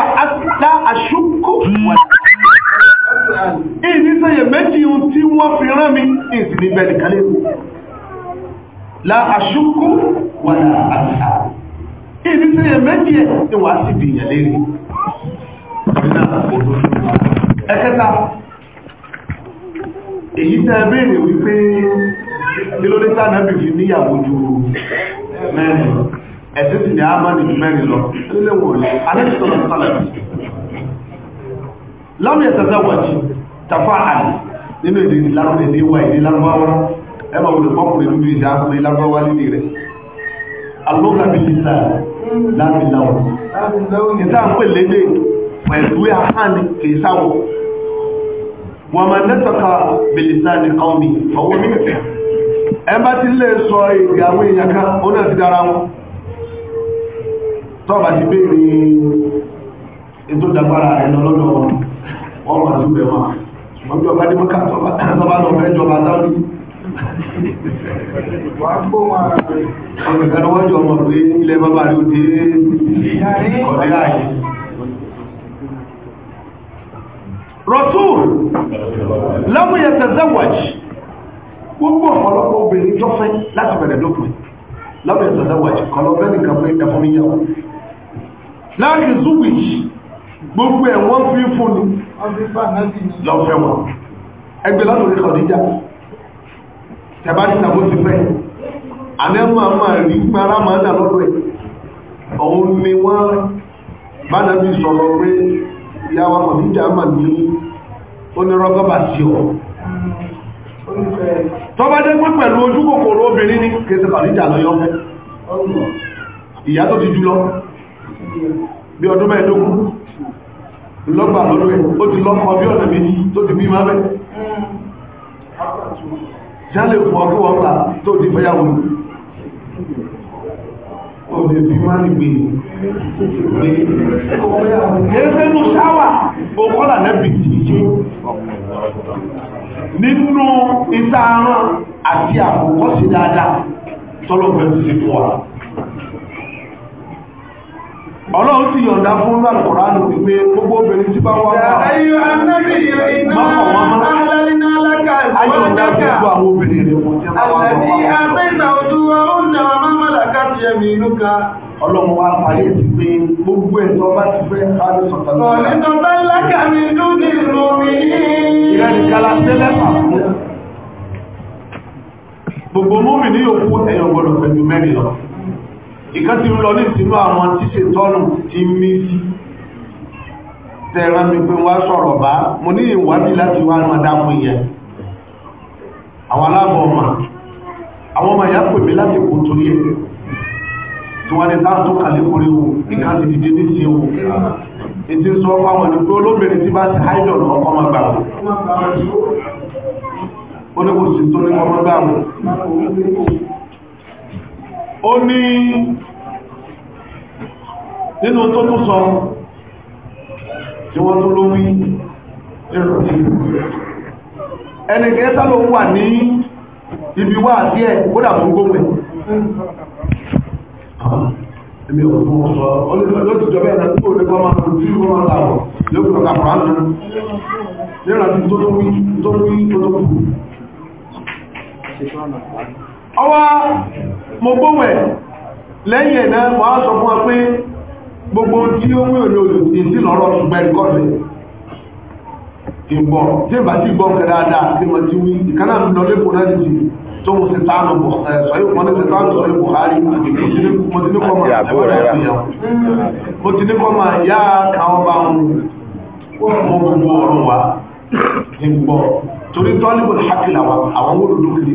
méjì tí wọ́n fi rán mi ìsìn níbẹ̀ nìkan láàṣúkú wà láàṣà ibi tí è méjì ẹ̀ tí wà sí bí ìyẹ̀lẹ́ rí ẹ̀kẹta èyí tẹ́ bèèrè wípé kílódítà náà bèèrè níyàwó ju mẹ́rin ẹ̀sìn sì ní a máa nìjú mẹ́rin lọ níléwòlẹ̀ alẹ́sọ̀rọ̀ sálẹ̀ lọ́mí ẹ̀sẹ̀ tẹ́wàjí tafáàlì nínú èdè lárúdẹ̀ níwà èdè lárúbáwá ẹmọ olùkọ́kùnrin lórí ìjà fún ilágbọ́wá lílé rẹ̀ alókàbílítà lábìláwọ̀ ìta ń pè lédè pẹ̀lú àhánì kìí sáwọ̀ wọ́n ma nẹ́tọ̀ka bìlítà ní kọ́mí ọwọ́ mímẹ̀fẹ́ ẹ bá ti lè sọ èdè àwọn èèyàn kan ó náà ti dára wọn tọ́ọ̀bà ti béèrè ètò ìdàgbára rẹ̀ lọ́lọ́dọ̀ wọn wọ́n wà sí ìbẹ̀wọ̀n ṣùgbọ́n bí ọba dé mọ́kà tọ́ba lọ́fẹ́ jọba sáwọn Àwọn ìkàrà wọ́n jọ mọ̀ pé ilẹ̀ bàbá rí ó dé ọ̀rẹ́ ààyè. Rasul lọ́mù yẹ tẹ̀zẹ́wàj, gbogbo ọ̀pọ̀lọpọ̀ obìnrin tó fẹ́ láti bẹ̀rẹ̀ lópin. Lọ́mù yẹ tẹ̀zẹ́wàj, kọlọ́bẹ́ nìkan pé ẹ̀fọ́ mi yẹ̀wọ̀. Láàrín Zúwìj, gbogbo ẹ̀wọ́n fi fún ni, lọ́fẹ́ wọn. Ẹgbẹ̀ lọ́dún rí Khadija, tẹ̀bárí tàbó ti fẹ́ àmẹ́mọ̀ àmà rí mara máa dà lọ́dọ̀ ẹ̀ ọ̀hun ni wọ́n bá nàbí sọ̀rọ̀ pé ìyàwó àmọ̀díjà mà ní onírọ́gọ́bà sí ọ̀ tọ́bá dé pé pẹ̀lú ojú kòkòrò obìnrin ní kẹsẹ̀ kàríjà lọ yọ́fẹ́ ìyá tó ti jùlọ bí ọdún mẹ́ẹ̀dógún lọ́gbà lọ́dún ẹ̀ ó ti lọ́kọ bí ọ̀nà méjì tó ti bí máa bẹ́ tí a lè fún ọdún ọgbà tó di fẹ́yàwó òdè bí má ní gbé ẹgbẹ́nu ṣáwà òkọ́là lẹ́bì jíjí nínú ìta àrán àti àkókò sí dáadáa tọ́lọ̀gbẹ́ ti sí fún wa ọlọ́run ti yọ̀ǹda fún lálùkọ̀ránù wípé gbogbo obìnrin tí bá wá wá ayọ̀ǹda gbogbo àwọn obìnrin rẹ̀ wọ́n jẹ́ máa wá wá ọlọ́run wa parí ti pé gbogbo ẹ̀tọ́ bá ti fẹ́ sáré sọ̀tàn lọ́wọ́. ọ̀nìtọ́ bá lákà mi dúdú ìlú mi. ìrẹ́nìkálá tẹ́lẹ̀ pàfún. gbogbo mọ́mì ní yòókù ẹ̀yọ̀ gbọ́dọ̀ pẹ̀lú mẹ́rin lọ ìkan ti lọ ní ìsinú àwọn tíṣe tọ́nù ti mí sí tẹ́ran mi pé wá sọ̀rọ̀ bá mo ní ìwádìí láti wá ní ọdámú yẹn àwọn aláàbọ̀ ọmọ àwọn ọmọ ìyá pè mí láti kò torí ẹ̀ tí wọ́n ní táà tó kàlẹ́ kórí wo níka ti dìde ní sí ewu ètí sọ fáwọn ẹni pé olóbìnrin tí bá ti háìdọ̀ lọ ọkọ̀ máa gbàgbọ́ ó ní kò sí tó ní ọmọ gbàgbọ́ ó ní nínú tó tó sọ tí wọ́n tó ló wí ẹ̀rọ sí ẹnìkẹ́ sálò wà ní ibi wà sí ẹ̀ kódà fún gómẹ̀ ah, èmi ò fún ọ̀sọ̀ olóòtújọ bẹ́ẹ̀ náà tó lè kọ́ máa tó tí ó máa láwọ̀ lóòtú ọ̀gá fún àánú nígbà tí tó tó wí tó tó wí tó tó kù ọwá mo gbówẹ̀ lẹ́yìn ẹ̀nà wà á sọ fún wa pé gbogbo tí ó wí òní olùdíjí lọ́rọ̀ ṣùgbẹ́ ìkọ́lẹ̀ ìgbọ̀ tí ìbá tí ìgbọ́ kẹ dáadáa tí wọ́n ti wí ìkánà lọ lẹ́kùn náà ti tó mo sì tánu bọ̀ sọ yóò pọ́n ní sì tánu sọ yóò Buhari mo ti ní kọ́ máa ẹ̀wọ́n rẹ̀ mo ti ní kọ́ máa yá káwọn bá ń torí tọ́líbù hákìlà wa àwọn olùdókìlì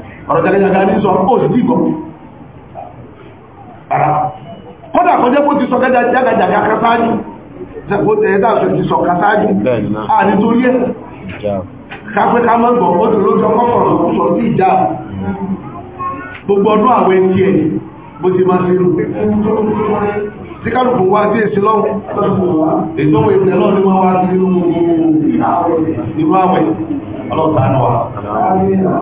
ọ̀rọ̀ tẹ́lẹ̀ yàgá ní sọ ó sì dìgbọ́ ara kọ́dà kọjẹ́ bó ti sọ jágajàga kásáájú ó tẹ̀yẹ dáàsọ ti sọ kásáájú à nítorí ẹ̀ kápẹ́ ká mọ́ gbọ́ ó dúró jọ kọ́kọ̀rọ̀ ó sọ sí ìjà gbogbo ọdún àwẹ̀ tí ẹ̀ bó ti máa ṣe rú tí kálùkù wá sí èsì lọ́wọ́ ètò òwe ìpínlẹ̀ náà ni wọ́n wá sí nínú gbogbo ìlú àwẹ̀ ọlọ́ta náà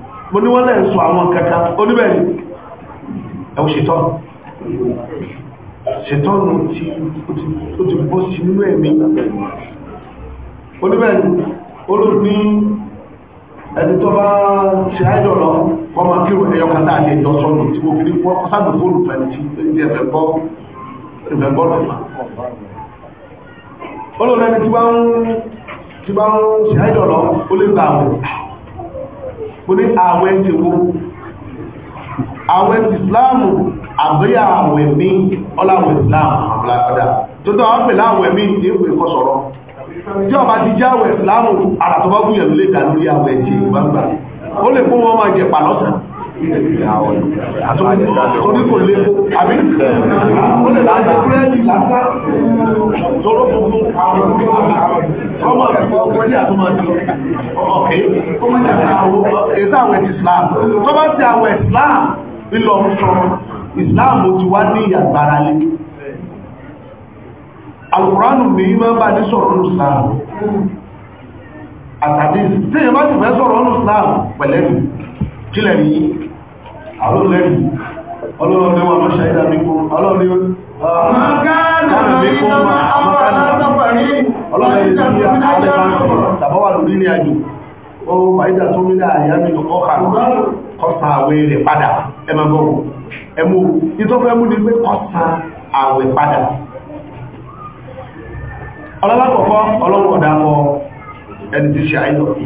mo ní wọ́n lẹ́ sọ àwọn kẹta oníbẹ̀rẹ̀ ẹ̀wù ṣètọ́ ṣètọ́ nù tí ó ti bó sí nínú ẹ̀mí oníbẹ̀rẹ̀ olóòní ẹni tó bá ṣe áìdọ̀ lọ wọ́n máa kírò ẹyọ kàtà àti ẹjọ́ sọ́nù tí mo fi ní wọ́n sáàdù fóònù pẹ̀lú tí ẹgbẹ̀ bọ́ lọ́fà olóòní ẹni tí bá ń ṣe áìdọ̀ lọ ó mo ní ti wo àwẹ̀ ti islamu àbíyà àwẹ̀ mi ọláwẹ̀ islamu àbúlákọ́dá tó tó àwọn pẹ̀lú àwẹ̀ mi ní èpè kọ́ sọ̀rọ̀ tí ọba ti já àwẹ̀ islamu àràtọ́bọ́gbìyàn lè dà lórí àwẹ̀ ti ìgbàgbà ó lè fún wọn máa jẹ pàlọ́sàn Àtòrí kò lé àbí ó lè láti búrẹ́dì lásán lọ́rọ̀ fún àwọn ọmọ ọmọ ní àtúmọ̀ ní ọ̀kẹ́ tó mọ́ jẹ́ àwọn ẹ̀sẹ̀ àwọn Islam tó bá ti àwọn Islam nílọ sọ Islam ó ti wá ní ìyàgbára lé Alukùránù ní máa bá ní sọ̀rọ̀ ní Islam àtàdé tí èèyàn bá ti fẹ́ sọ̀rọ̀ ní Islam pẹ̀lẹ́nu kílẹ̀ nìyí àwọn lẹ́yìn ọlọ́run lẹ́wọ̀n máa ṣàyídà mi kún ọlọ́run lẹ́wọ̀n ah, máa kánà mi kún máa kánà sọ́pàrí ọlọ́run lẹ́yìn tí a alẹ́ máa kọ̀ tàbọ́wà lórí ní àjò ó fàyídà ẹni tí ṣe àyíkọ̀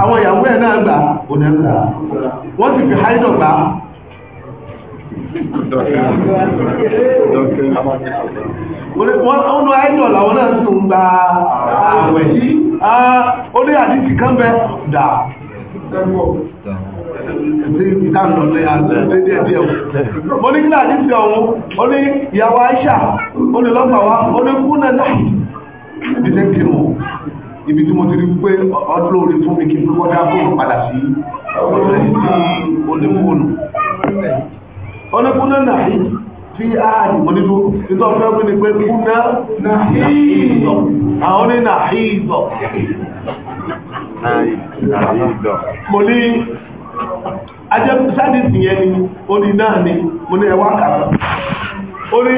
àwọn ìyàwó ẹ̀ náà gbà òní ẹ̀gbà wọ́n sì fi háìdọ̀ gbà wọ́n lọ háìdọ̀ làwọn náà tó ń gba àwẹ̀ yìí ó ní àdíjì kan bẹ́ dà mo ní kí àdíjì ọ̀hún ó ní ìyàwó Aisha ó ní lọ́pàá wá ó ní kúnnà náà ìdílé kìí ibi tí mo ti rí pé ọlọ́ọ̀rẹ́ fún mi kí n kọ́ dá fóònù padà sí ọlọ́ọ̀rẹ́ tí ó lè fóònù ọlọ́kúnlẹ̀ náà fi ààrì mọ́ nínú títọ́ fẹ́ wí ni pé kúnná nàíìzọ̀ àwọn ní nàíìzọ̀ mo ní ajẹ́sáàdìsì yẹn ni ó ní náà ni mo ní ẹwà kàrà ó ní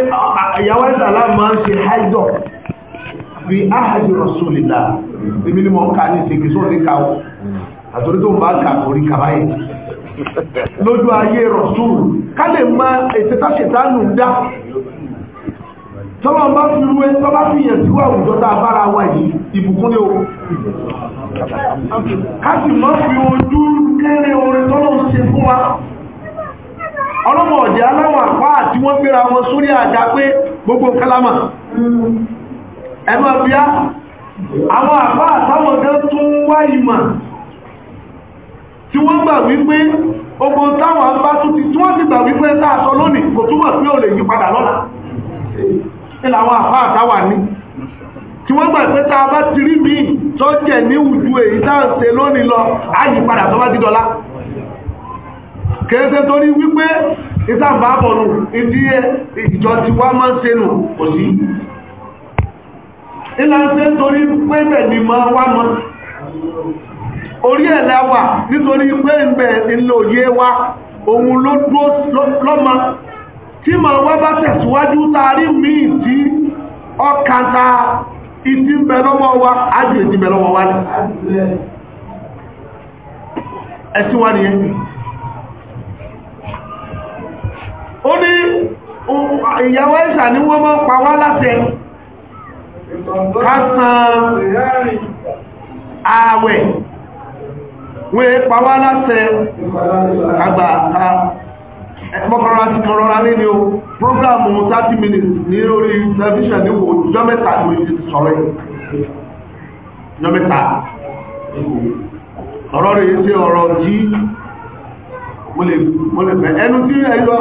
ìyàwó ìsàlá máa ń ṣe háìzọ̀ fi ahadi rasulillah èmi ni mo ka ní ìsìnkì sóò ní ka àtòrí tó ka lójú ayé rasul ká lè mọ ètò táṣetánù dá tọ́lọ́ bá fi rú ẹni tọ́lá fi yẹ̀ síwá àwùjọ tá a bára yìí ìbùkún ní o ká mọ́ fi ojú orin fún wa aláwọ̀ àpá àti wọ́n gbéra wọn sórí gbogbo kálámà ẹmọ bíá àwọn àpá àtàwọ̀dá tún wá ìmọ̀ tí wọ́n gbà wípé ogun táwọn bá tún ti tí wọ́n ti gbà wípé táàsọ lónìí kò túnmọ̀ pé ò lè yí padà lọ́la ilẹ̀ àwọn àpá àtàwà ní tí wọ́n gbà pé tá a bá ti rí bí tó ní ìwùjú èyí lónìí lọ ilá ń ṣe nítorí pé bẹ̀mí wá mọ́ orí ẹ̀ láwà nítorí pé ilé òye wá òun ló tí ma wá bá tẹ̀síwájú taari míì tí ọkànta ìtí ń wa ájú wa wá ó ní ìyàwó kásán ààwẹ̀ wé pàwà láṣẹ àgbà mọ́kànlá ti kọ̀rọ̀ rálé ni o program 30 minutes ní orí television ní òjò mẹ́ta ní orí sọ̀rọ̀ ìjọ mẹ́ta ọ̀rọ̀ rẹ̀ sí ọ̀rọ̀ jí mo lè fẹ́ ẹnu tí ẹ̀yọ́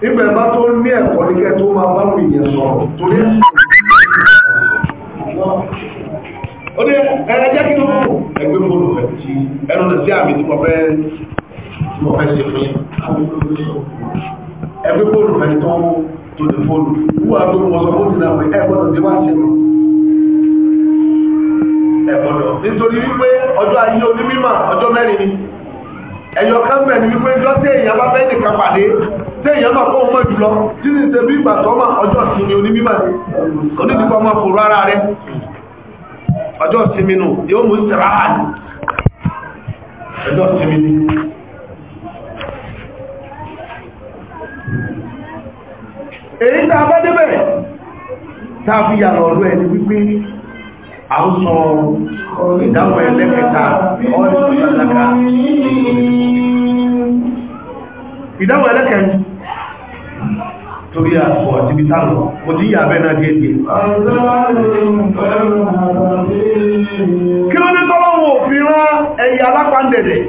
nígbà bá tó ní ẹ̀kọ́ ní kẹ́ tó máa bá wù ìyẹn sọ̀rọ̀ torí ó ní ẹ̀rẹ́ jẹ́ kí ló mú ẹgbẹ́ fóònù rẹ̀ tí ẹnu rẹ̀ sí àmì tí mo fẹ́ mo fẹ́ ṣe fún ẹgbẹ́ fóònù rẹ̀ tó tó lè fóònù wúwà tó mọ̀ sọ fóònù náà pé ẹgbọ́dọ̀ tí wá sí mi ẹgbọ́dọ̀ nítorí wípé ọjọ́ ayé onímọ̀ ọjọ́ mẹ́rin ni ẹ̀yọ̀ kan mẹ́rin wípé jọ́sẹ̀ téèyàn náà kó mọ́ jùlọ tí ní ṣe bí ìgbà tó mà ọjọ́ ìsinmi onímọ̀ ni onídìpọ̀ máa fòrò ara rẹ ọjọ́ ìsinmi nù yóò mú ìsìnrà ní ọjọ́ ìsinmi ni èyí tá a bá débẹ̀ tá a fi yàtọ̀ ọ̀rọ̀ ẹni wípé a ń sọ ìdáhùn ẹlẹ́kẹta ọdún ìdáhùn ẹlẹ́kẹta torí àpọ̀ àti ibi tààlù mo ti yà bẹ́ẹ̀ náà díẹ̀ díẹ̀. kí ló ní tọ́lọ́wọ́ òfin rán ẹ̀yà alápàndẹ̀dẹ̀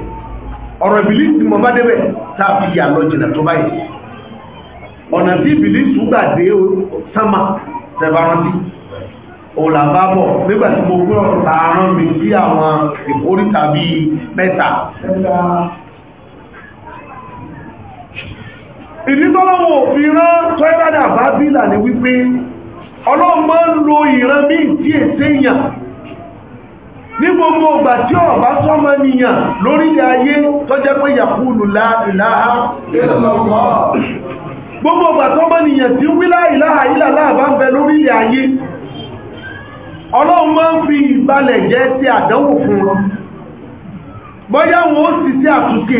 ọ̀rọ̀ ìbílísì mọ̀ bá débẹ̀ tàbí yà lọ jìnà tó báyìí ọ̀nà tí ìbílísì gbà dé sánmà tẹ̀bárántí òlàbábọ̀ nígbàtí mo gbọ́ ọ̀tà arán mi sí àwọn ìkórìtà bíi mẹ́ta ìdítọ́lọ́wọ̀ òfin rán bá bílà ní wípé ọlọ́mọ ń lo ìran míì tí èsè èèyàn ní gbogbo ọgbà tí bá sọ́mọ nìyàn lórí ayé tó pé yàkúlù láàrínláà gbogbo ọgbà bọ́yá wọn ó sì sí àtúnkè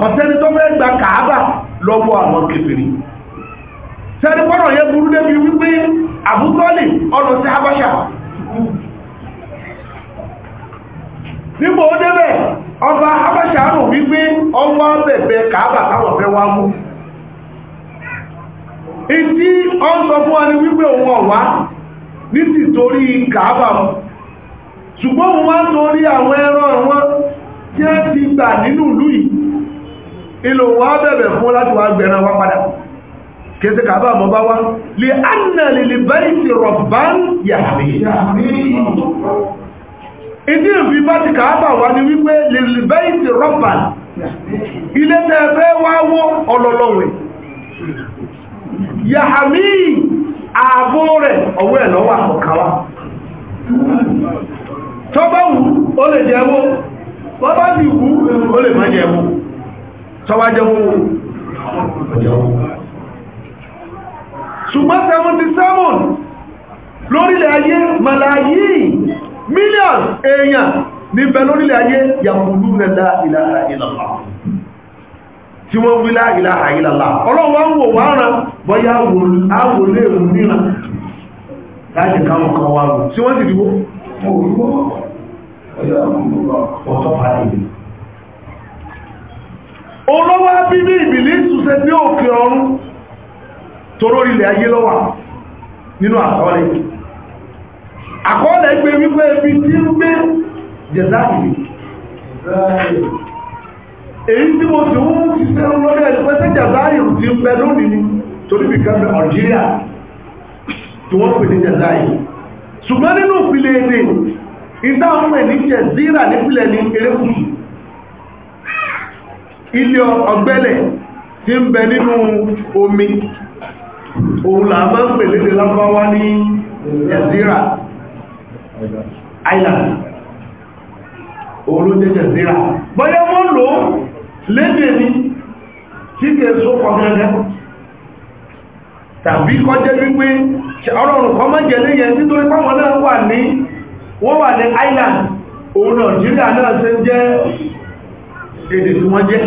kọ̀sẹ́ni tó fẹ́ gba kàábà lọ́wọ́ àwọn kèfèrí sẹ́ni pọ́nà yẹ burú débi wípé àbútọ́lì ọ̀nà sí habasha nígbò ó débẹ̀ ọba habasha rò wípé ọmọ bẹ̀bẹ̀ kàábà táwọn fẹ́ wá mú ìdí ọ̀sọ̀ fún wa ni wípé òun ọ̀wá ṣùgbọ́n torí àwọn ẹran tí ó ti gbà nínú ìlú yìí ìlò wa bẹ̀bẹ̀ fún láti wá gbẹ̀rẹ̀ wá padà kéèsì kàbà mọ́ bá wá lè ánà lè lè báyìí ti rọ̀bá ń yàrí ìdí ìfì bá ti kàbà wá ní wípé lè lè báyìí ti rọ̀bá ilé tẹ́ẹ̀fẹ́ wá wó ọlọ́lọ́wẹ̀ yàmí ààbò rẹ̀ ọwọ́ ẹ̀ lọ́wọ́ àkọ̀kàwá tọ́bọ̀wù ó lè jẹ́wọ́ bọ́ bá sì kú ó lè má jẹ ẹ̀wọ̀ tọ́wá jẹ owó ṣùgbọ́n 77 lórílẹ̀ ayé màláyí million èèyàn níbẹ̀ lórílẹ̀ ayé yàmùlú nẹ́lá ìlàhà ìlàlá tí wọ́n wílá ìlàhà ìlàlá ọlọ́wọ́ ń wò wá rán bọ́yá àwòlé ìrùn níran láti káwọn kan wá tí wọ́n ti dìbò ọ̀tọ́ pàdé olówó bíbí ìbìlì ìsúnṣe bí òkè ọ̀run toró ilẹ̀ ayé lọ́wà nínú àkọọ́lẹ̀ àkọọ́lẹ̀ gbé wípé ibi tí ń gbé jẹ̀dáìlì èyí tí mo ti ń ṣiṣẹ́ lọ́dẹ̀ ẹ̀lẹ́pẹ́sẹ́ jẹ̀dáìlì ti ń bẹ lónìí ni torí bí kan bẹ Algeria tí wọ́n pè ní jẹ̀dáìlì ṣùgbọ́n nínú ìpìlẹ̀ èdè ìdáwọn ẹ̀ ní jẹ̀zíra ní erékùsù ilé ọ̀gbẹ́lẹ̀ tí ń bẹ nínú omi òun là máa ń pèlé lè lábáwá ní jẹ̀zíra island òun ló jẹ́ jẹ̀zíra bọ́yẹ́ wọ́n ní tí kìí só kọ̀gẹ́gẹ́ tàbí kọjẹ́ wípé kọ́ mọ́ jẹ́ léyẹ nítorí pàwọn náà wà ní wọ́n wà ní island òun nàìjíríà náà ṣe jẹ́ èdè tí wọ́n jẹ́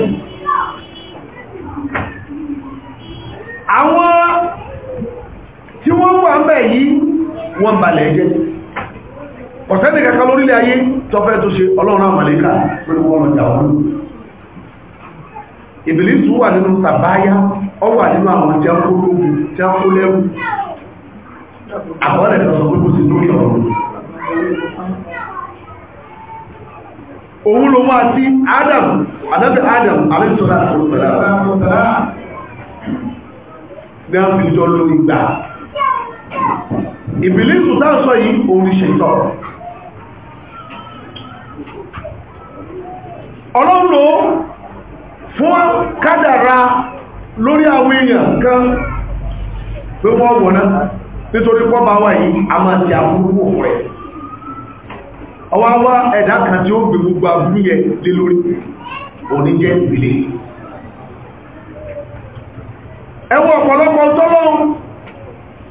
àwọn tí wọ́n wà ń bẹ̀ yìí wọ́n balẹ̀ jẹ́ ọ̀sẹ́ni kẹta lórílẹ̀ ayé tọ́fẹ́ tó ṣe ọlọ́run àmàlẹ́kà pẹ̀lú wọn lọ́jà wọn ìbìlísù wà nínú sàbáyá ọ wà nínú àwọn tí a kó lóògùn tí a kó òun ló wá sí Adam àdábì Adam alẹ́sọ́lá àrùsọ́lá ní a fi jọ lórí gbà ìbìlẹ̀ ìsùtá sọ yìí oríṣẹ́ tọ́ ọlọ́run fún kádàrá lórí àwọn èèyàn kan pé wọ́n wọ̀ná nítorí pọ́ bá wà yìí a máa ti ọwọ́ wá ẹ̀dá kan tí ó gbé gbogbo àbúrú yẹ lé lórí òní jẹ́ ìpìlẹ̀ ẹwọ́ ọ̀pọ̀lọpọ̀ tọ́lọ́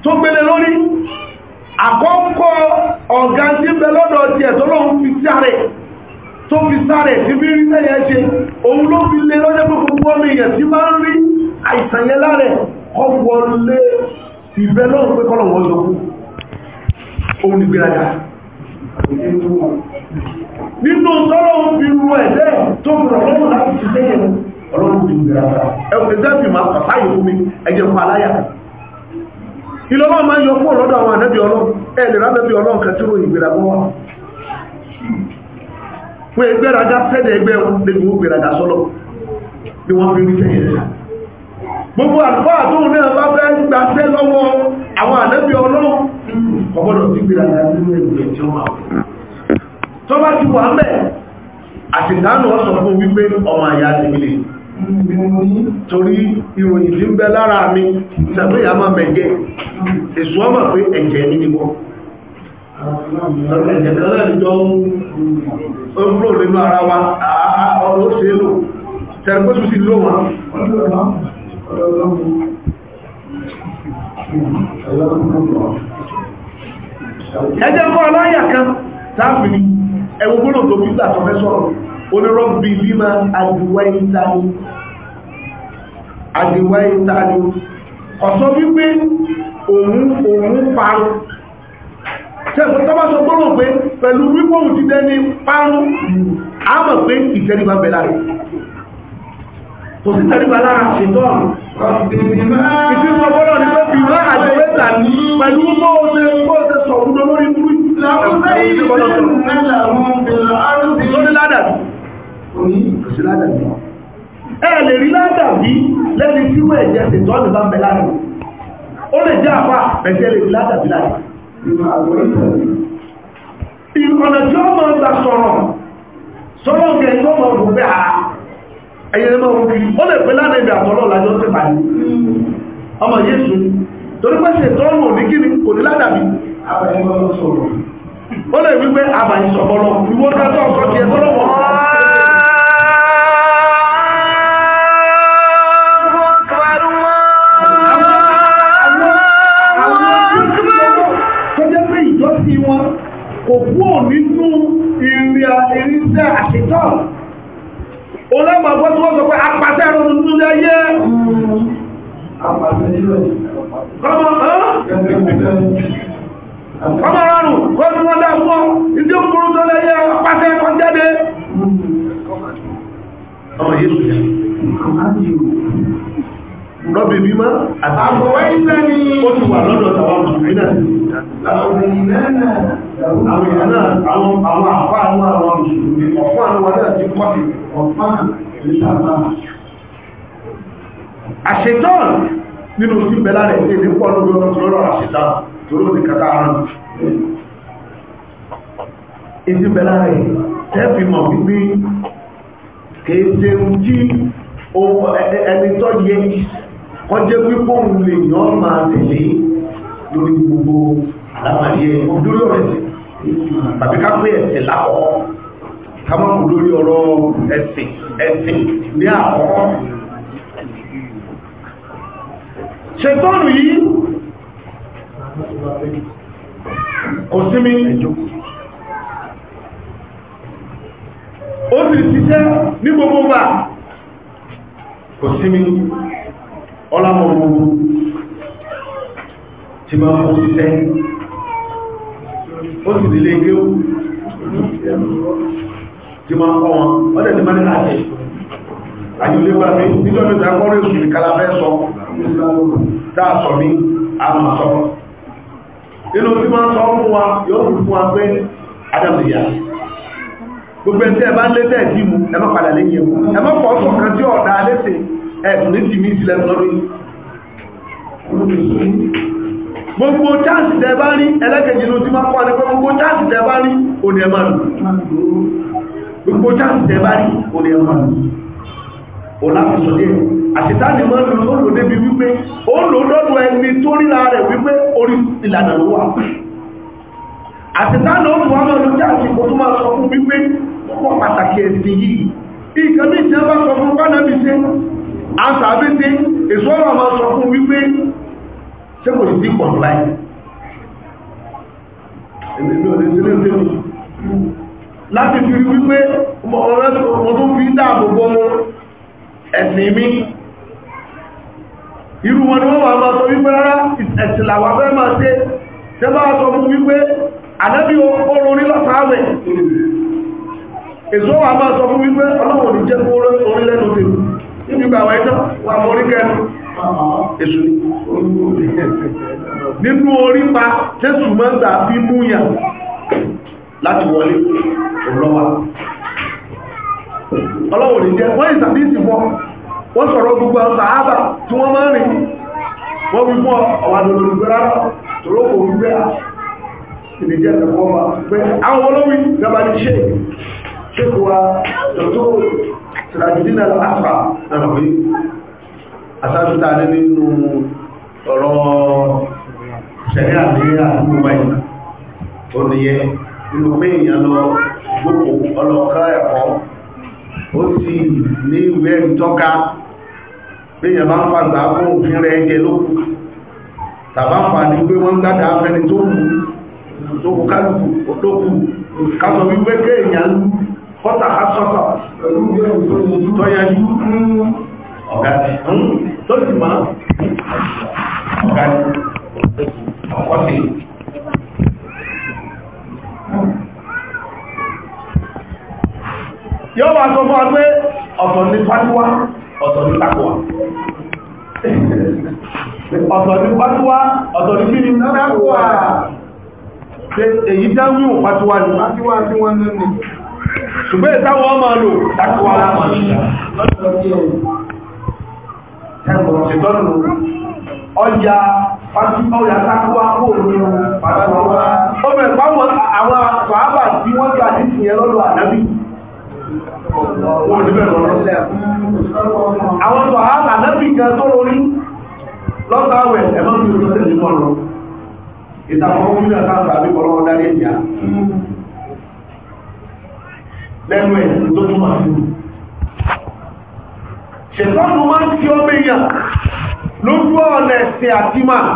tó gbélé lórí àkọ́kọ́ ọ̀gá tí bẹ lọ́dọ̀ ti ẹ̀ tọ́lọ́ fi sáré tó fi sáré tí bí rí tẹ́yẹ ṣe òun ló fi lé lọ́jọ́ gbogbo ọmọ èèyàn tí máa nínú tọ́lọ̀ ń fi rú ẹ̀dẹ́ tó rọ̀ lọ́wọ́ láti ti lẹ́yẹ̀ ọlọ́run ti gbèrà ẹ̀kùn ìdẹ́bì máa pàpá yìí fún fún aláyà ìlọ́wọ́ máa yọ fún àwọn ànẹ́bì ọlọ́run gbogbo àgbà àtúnwò ní bá fẹ́ gbàṣẹ́ lọ́wọ́ àwọn ànábì ọlọ́run ọgbọ́dọ̀ sí gbìlà nínú ẹgbẹ̀ tí ó tó bá ti wà mẹ́ àtìdánù ọ̀sọ̀ fún wípé ọmọ àyà torí ìròyìn tí ń bẹ ẹjẹ́ fún aláyà kan táàbì ní ẹwọ gbọ́nà tó bí ìgbàtọ̀ fẹ́ sọ́rọ̀ onírọ́bì líma àdìwá ìtàní àdìwá ìtàní ọ̀sọ́ wípé òun òun parun tẹ́gbọ́n tọ́bá sọ gbọ́nà pé pẹ̀lú wípé òun ti dẹni parun a mọ̀ pé ìtẹ́ríbá bẹ̀lá rẹ̀ kò sí tẹ̀lé lára ṣètọ́ ìfífọ́ bọ́lọ̀ ní tó fi wá àjọwẹ́ta ní pẹ̀lú mọ́ oṣe mọ́ oṣe sọ̀rọ̀ lórí burú lórí ládàbí ẹ lè rí ládàbí lẹ́ni tí wọ́n ẹ̀jẹ̀ ṣètọ́ ní bá bẹ̀lá rẹ̀ ó lè jẹ́ àpá ẹ̀jẹ̀ lè rí ládàbí mọ̀ ń gbà sọ̀rọ̀ ẹ̀yẹn náà wọ́n fi ó lè pẹ́ láàrin ìbẹ̀ àtọ́lọ́ lájọ́ sí pàdé ọmọ yéṣu torí pé ṣe tọ́rọ òní kí ni kò ní ládàbí ó lè wí pé àbàyí sọ̀bọ̀lọ̀ ìwọ dájọ́ ọ̀sọ́ ti ẹ̀tọ́ lọ́wọ́ kò kú òní nú ìrìn àṣetọ́ olóòmà bọ́ tí wọ́n sọ pé apàtẹ́ ẹ̀rọ tuntun ní ayé ọmọ rọrùn wọ́n tí wọ́n dá fún ọ ìdí òkúrú tó lẹ́yẹ apàtẹ́ ẹ̀kọ́ jáde ọmọ yìí rọ́bì bí má àtàkùnwẹ́ ìsẹ́ni ó ti wà lọ́dọ̀ tàwọn mùsùlùmí náà àwọn ìlànà àwọn àfáà àwọn mùsùlùmí ọ̀fọ́ àwọn náà ti kọ́ àṣetán nínú sí bẹ̀lá rẹ̀ ní ìdípọ̀ lórí ọmọ tí lọ́rọ̀ àṣetán tó ló ní kàtà àrùn ìdí bẹ̀lá rẹ̀ tẹ́fì mọ̀ wípé kèé ṣe ń tí ẹni tó yẹ kọjẹ́ pípọ̀ lè yọ́ máa tẹ̀lé lórí gbogbo àlámàrí ẹ̀ kámọ́kù lórí ọ̀rọ̀ ẹ̀sìn ẹ̀sìn ní àkọ́kọ́ ṣètọ́nù yìí kò sími ó sì ṣiṣẹ́ ní gbogbo gbà kò sími ọlámọ̀ gbogbo tí máa kò ṣiṣẹ́ ó sì lè lékẹ́ tí máa ń kọ́ wọn wọ́n tẹ̀sí máa ń ká jẹ́ àjọyọ̀ bá mi níjọ́ mi tàn kọ́rọ̀ èsù sọ dáa mi a inú tí máa sọ fún wa yóò rú fún wa pé adàmìyà gbogbo ẹ̀tẹ́ ẹ̀ ń lẹ́tẹ̀ ẹ̀dí mu ẹ padà lẹ́yìn ewu ẹ pọ̀ sọ̀ kan tí ọ̀dà lẹ́sẹ̀ ẹ̀dùn ní tìmí sílẹ̀ lọ́rọ̀ gbogbo chance tẹ bá rí ẹlẹ́kẹ̀jì ló ti máa kọ́ ni gbogbo chance tẹ bá rí òní ẹ̀ máa gbogbo jáǹtẹ̀ bá rí olè ẹ̀mọ́ ọ̀làfisọ̀dé àṣìtáni mọ́ ní olóòlò débi wípé ó lò lọ́dún ẹni tó ríra rẹ̀ wípé orí ìlànà ló wà àṣìtáni olùwà mọ́ ló jẹ́ àṣìkò tó máa sọ fún wípé púpọ̀ pàtàkì ẹ̀sìn yìí ìkan ní ìjẹ́ bá sọ fún bánàbí sí àṣàbí sí èso ọ̀rọ̀ máa sọ fún wípé ṣé kò sí pọ̀ láì láti fi wípé ọmọ tó fi dáàbòbò ẹ̀sìn mi irú wọn ni wọ́n wà máa sọ wípé rárá ẹ̀sìn làwà fẹ́ máa ṣe tẹ́ bá sọ fún wípé ànábì oorun ní lọ́sàáwẹ̀ èso wà máa sọ fún wípé ọlọ́wọ̀n ní jẹ́ láti wọlé ọlọ́wà ọlọ́wọ̀ lè jẹ́ wọ́n ìsàbí ìsìnbọ́ wọ́n sọ̀rọ̀ gbogbo àwọn sàábà tí wọ́n máa rìn wọ́n wí fún ọ̀wàdòdò ìgbéra tòrókò wípé ìlè jẹ́ ẹ̀kọ́wà pé àwọn olómi gaba ní ṣe ṣékòwà tọ̀tọ̀ tìràjìdínà àṣà náà wí asájúta nínú ọ̀rọ̀ ṣẹ̀rí àti àdúgbò báyìí ó nìyẹn inú méèyàn lọ gbogbo ọlọ́ọ̀ká ẹ̀kọ́ ó sì ní ìwé ìtọ́ka méèyàn bá ń fàgbà fún òfin rẹ̀ ẹ̀jẹ̀ ló kù tàbá fà ní pé wọ́n gbádà afẹ́ni tó kù tó kù kálùkù olókù kásọ̀ wípé kéèyàn lú kọ́tà kásọ̀tọ̀ tọ́yájú ọ̀gá tó sì máa ọ̀gá ọ̀pọ̀ sí yóò wà sọ fún wa pé ọ̀tọ̀ ní pàtíwá ọ̀tọ̀ ní takuwa ọ̀tọ̀ ní pàtíwá ọ̀tọ̀ ní kíni takuwa èyí dáhùn pàtíwá ní pàtíwá tí wọ́n ní ní ṣùgbẹ́ ìtawọ̀ ọmọ lò takuwa lámọ̀ ọjà pàtíkọ́yà tákúwá òòrùn pàtíkọ́wà ọmọ ìpáwọn àwọn àpàábà tí wọ́n gbà ní ìyẹn lọ́dọ̀ àdábì àwọn tó hálà lẹ́bí kan tó lórí lọ́tàwẹ̀ ẹ̀mọ́ tí ó tẹ́lẹ̀ nínú ọ̀rọ̀ ìtàkùn ọmọ ìlú àtàkùn àbí kọ̀rọ̀ ọ̀dá lè jà lẹ́nu ẹ̀ tó túnmọ̀ sí ṣẹ̀tọ́nù máa ń tí ọmọ èèyàn lójú ọ̀nà ẹ̀sẹ̀ àti máa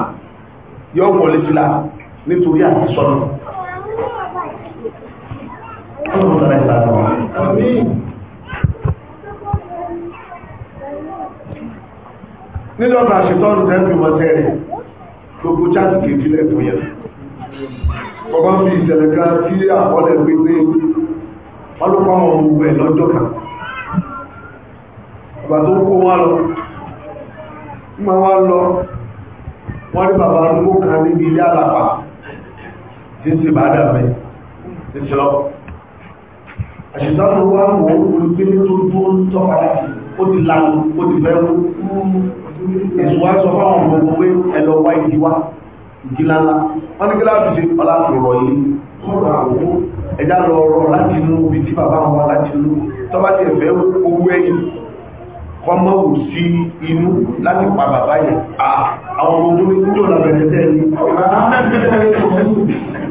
yọ wọlé sílá nítorí àti sọ́nà Amin. nínú ọ̀nà àṣetọ́nù tẹ́lifí wọn tẹ́rẹ̀ gbogbo jáde kejì lẹ́fún yẹn ọba fi ìṣẹ̀lẹ̀ kan sí àkọọ́lẹ̀ pépé ọlọ́pàá wọn gbogbo ẹ̀ lọ́jọ́ kan ọba tó kó wá lọ ma wá lọ wọ́n ní bàbá arúgbó kan níbi ilé àlàpà tí ń sì bá dàbẹ̀ ìṣọ́ àṣìṣọ́nù wá wọ́n olùgbé tó dúró tọ́pàá ó ti lanu ó ti fẹ́ wú ìṣùwá sọ fáwọn ọmọ pé ẹlọ wá ìdí wá ìdí lálá wọ́n ní kí láti ṣe ọlá rọ̀rọ̀ yìí ẹjá lọ rọ̀ láti inú ibi tí bàbá wọn wá láti inú tó bá ti ẹ̀fẹ́ owó ẹ̀yìn kọmọ ò sí inú láti pa bàbá yẹn àwọn ọmọ ogun ní kúrò lábẹ̀rẹ̀ tẹ́ẹ̀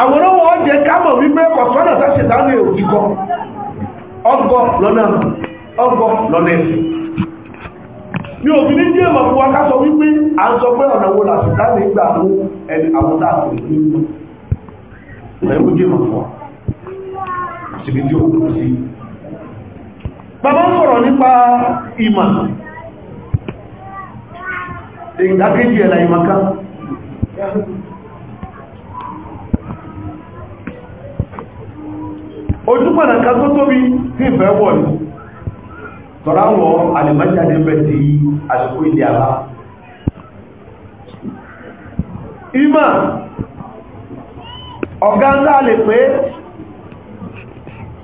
àwọn olówó ọjẹ́ kámọ̀ wípé kọ̀sọ́nà sáṣẹ̀ dáwọn èrò kíkọ ọgọ lọ́nà ọgọ́ lọ́nà ẹ̀sìn mi ò fi ní fún wa ká sọ wípé a ń sọ pé ọ̀nà wo làṣì dáwọn ìgbà àwọn ẹni àwọn dáàbò nínú ẹ̀kú jẹ́ ìmọ̀ fún wa síbi tí ó kú sí bàbá ń sọ̀rọ̀ nípa ìmọ̀ ìdákéjì ìmọ̀ ojúpọ̀nà kan tó tóbi tí ìfẹ́ wọ̀ ní tọ́rọ àwọn alìmọ́jáde bẹ̀ ti ilé àlá ìmọ̀ ọ̀gá ńlá lè pé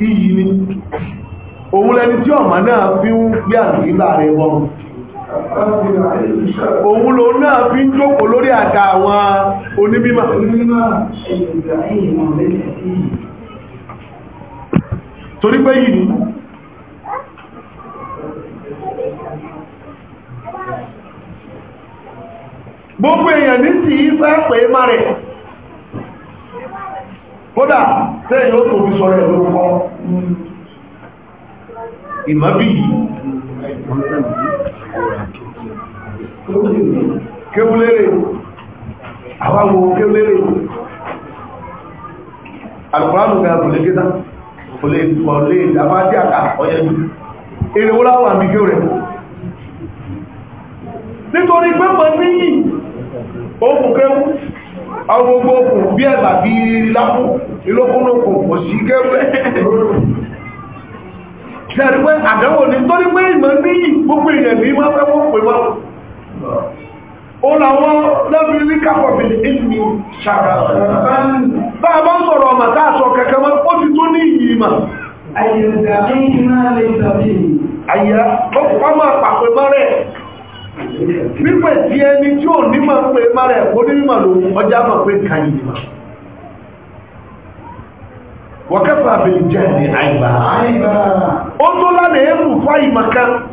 iyì ni òun lẹni tí ọ̀mà náà fi ń gbé àdìrí láàrin wọn òun ló náà fi ń jókòó lórí àga torí pé yìí ni gbogbo èèyàn ní sí fẹ́ pè é márẹ̀ kódà tẹ́yìn ó tóbi sọ̀rọ̀ ẹ̀ lórúkọ ìmọ̀bí kéwúlérè àwáwo kéwúlérè alùpùránù gbà gẹ́dá olè olè àbájá àkà ọ̀yẹ́jú èrè wọ́n láwọn àmì gẹ́ rẹ̀ nítorí pé mọ̀ níyì òkùn kéwú ọgbogbo òkùn bí ẹ̀bà bí lápò ilókúnlókùn kò sí kéwẹ́ ṣẹ̀rí pé àdánwò ní torí pé ìmọ̀ níyì gbogbo ìrẹ̀lú ìmọ̀ fẹ́ wọ́n pè wọ́n Olàwọ́ lẹ́bìnrin ní kápọ̀bì ìlú ṣàrà. Bá a bá ń sọ̀rọ̀ ọmọ tá a sọ kẹ̀kẹ́ mọ́, ó ti tó ní ìyí mà. Àyẹ̀dà ń kí máa lè sọ̀bì. Àyẹ̀dà, ọkùnrin máa pàpẹ mọ́rẹ̀ pípẹ̀ tí ẹni tí ò ní máa pè má rẹ̀ kó ní mímọ̀ lòun ọjà máa pè kàyí ìmọ̀ wọ́kẹ́fà bèèrè jẹ́ ní àìbá ó tó lánàá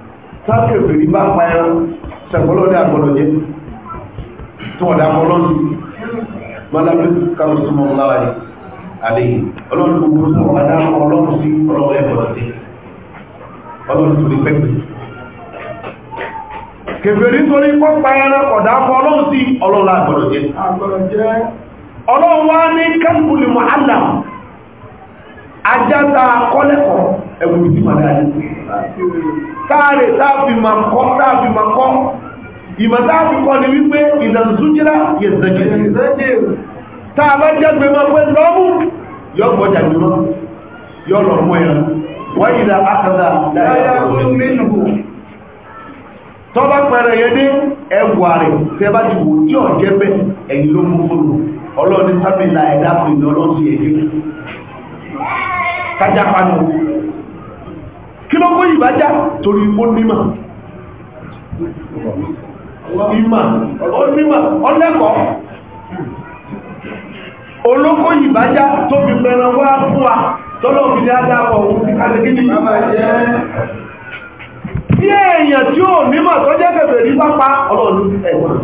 sáàkì òfèrí bá pa ẹran sẹ̀gbọ́lọ́dẹ àgbọ́dọ̀ jẹ́ tí wọ́n dákọ́ lọ́sí mọ́lábí kàrùsùmọ̀ láwárí àdéyìn ọlọ́run gbogbo sí wọ́n dákọ́ ọlọ́run sí ọlọ́run ẹ̀gbọ́dọ̀ jẹ́ ọlọ́run tó lè pẹ́pẹ́ kèfèrí torí pọ́ pa ẹran ọ̀dákọ́ ọlọ́run sí ọlọ́run àgbọ́dọ̀ jẹ́ ọlọ́run wá ní kẹ́kùlù mọ́ àdàm ajáta kọ́lẹ́kọ̀ọ́ ẹ̀wù tí màá dáadé táàrè táàfì máa kọ́ táàfì máa kọ́ ìmọ̀ táàfì kọ́ ni wípé ìdàzújìlá yẹ zẹ̀jẹ̀ táàbá jẹ́gbẹ̀ máa pẹ́ lọ́mù yọ gbọ́jà jùlọ yọ lọ mọ́ ẹ̀ wọ́n ìdá akàdà tọ́bá pẹ̀rẹ̀ yẹn dé ẹwà rẹ̀ tẹ́bá ti wò tí ọ̀ jẹ́ bẹ́ ẹ̀yìn ló mú fún un ọlọ́ọ̀ni sábìlà ẹ̀dá fún ìdánlọ́sí ẹ̀yìn kájápanu kí ló kó ìbájá torí ó nímà ìmà ó nímà ọlẹ́kọ̀ọ́ olókó ìbájá tó fi fẹ́ràn wá fún wa tọ́lọ̀ fi ní adápọ̀ òun ti kàlẹ̀ kí ní bí èèyàn tí ó nímọ̀ tó jẹ́ kẹfẹ̀ rí pápá ọlọ́ọ̀lú ẹ̀wọ̀n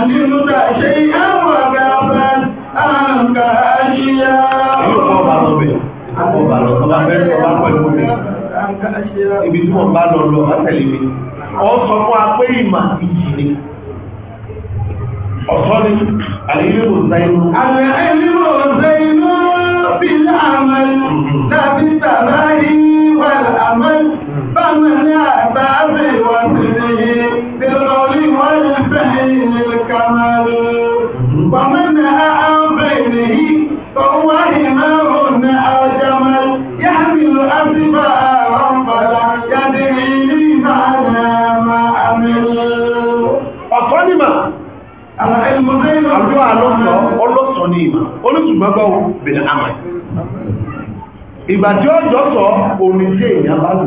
àdínúkà ṣe ìyáwó àgbàfà àǹkà àṣíyá. Yóò mọ́ bá lọ bẹ̀, mọ́ bá lọ, ọba bẹ́ẹ̀ sọ bá pẹ̀lú mi. Ibi tí wọ́n bá lọ lọ, wá tẹ̀lé mi. Ọ sọ fún wa pé ìmà ìjì ni. Ọ̀sọ́ ni, àlejò kò sáyé. Àlejò kò sáyé bí láàmàlì, láti tàbáyé wà láàmàlì, mm-hmm. bá mẹ́rin àgbà olùsùgbọ́gbọ́ bèèrè àmà ìgbà tí ó jọ́sọ̀ omi tí èèyàn bá lù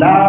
láàá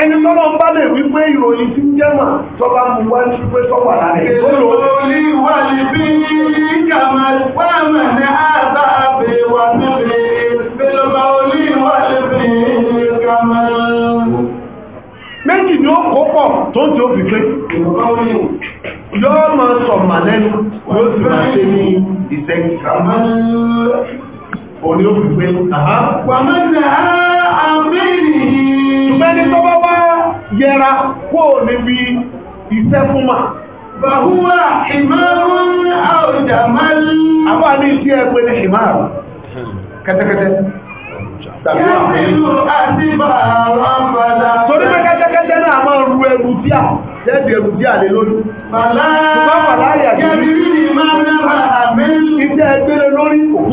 ẹni tọ́lọ́ ń bá lè wí pé ìròyìn tí ń jẹ́ mà tọ́ba mú wá ní pé tọ́wà lálẹ́ méjì ni ó kó pọ̀ tó ń tí ó fi pé yóò máa sọ̀mà lẹ́nu yóò sì máa ṣe ní ìsẹ́gbẹ̀ẹ́ òní ó fi pé àhá. wàmẹ́sì àmìnì. ṣùgbẹ́ni tó bá bá yẹra kó o níbi iṣẹ́ fún mà. bàhúwà ìmọ̀rún àwùjá máa ń. àbá ní ìdí ẹgbẹ́ ní ìmáàrú kẹ́tẹ́kẹ́tẹ́. Torí pé kẹ́tẹ́kẹ́tẹ́ náà máa ru ẹrù díà, lẹ́bí ẹrù díà lé lórí. Bàlá yà kí ní máa náà àmì. Ìjẹ́ ẹgbẹ́rẹ lórí òkú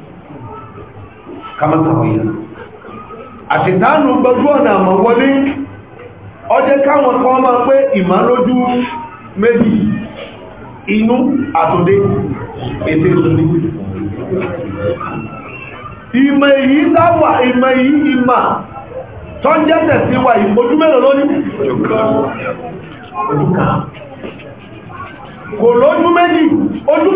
kama sàwòyà àṣìtánù gbogbo ọ̀nà àmọ̀ ọjẹ́ káwọn kan máa pé ìmánlójú méjì inú àtòdé ètè ìsúní ìmọ̀ èyí dáwà ìmọ̀ èyí ìmà tó ń jẹ́sẹ̀ sí wa mẹ́rin lónìí kò lójú méjì ojú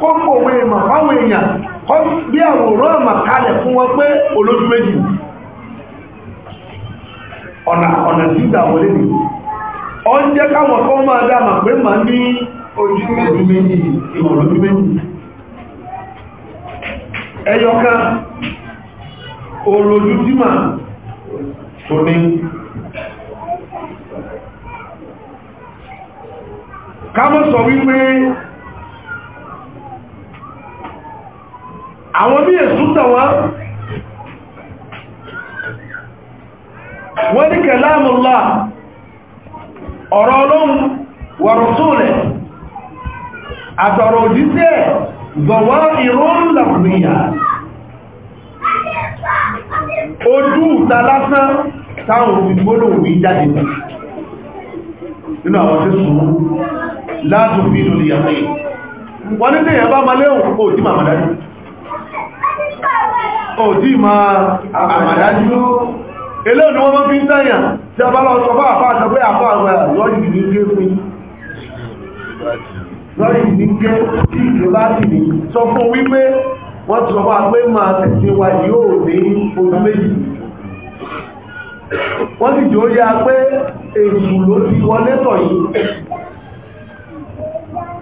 kó mú òwe ìmọ̀ fáwọn èèyàn bí àwòrán ọ̀mà kalẹ̀ fún wọn pé olójú méjì ọ̀nà ọ̀nà tí ìgbà wọlé ni ọ ń jẹ́ káwọn kan máa dáàmà pé mà ní ojú méjì ìwọ̀n olójú méjì ẹyọká olójú tó ní ká mọ́ sọ wípé àwọn bí èsù tàwọn wọ́n ní kẹláàmùlá ọ̀rọ̀ ọlọ́run wọ̀rọ̀tún rẹ̀ àtọ̀rọ̀ òjíṣẹ́ gbọ̀wọ́ ìrún làkùnìyà ojú ta lásán táwọn òfìgbónà òbí jáde nínú àwọn tí sùn látòfin lórí yàmẹ́ wọ́n ní tẹ́yẹ̀ bá malẹ́ òkú òjí màmàdájú òdí ma àmàdájú elé ni wọ́n mọ́ fi ń tẹ́yàn tí a bá lọ sọ bá àfáà sọ pé àfáà rẹ̀ lọ́yìn ní gé fún lọ́yìn ní gé tí ìjọba sì ní sọ fún wípé wọ́n ti sọpá pé máa tẹ̀sí wa yóò ní ojú méjì wọ́n sì jò yá pé èsù ló ti wọlé tọ̀ yìí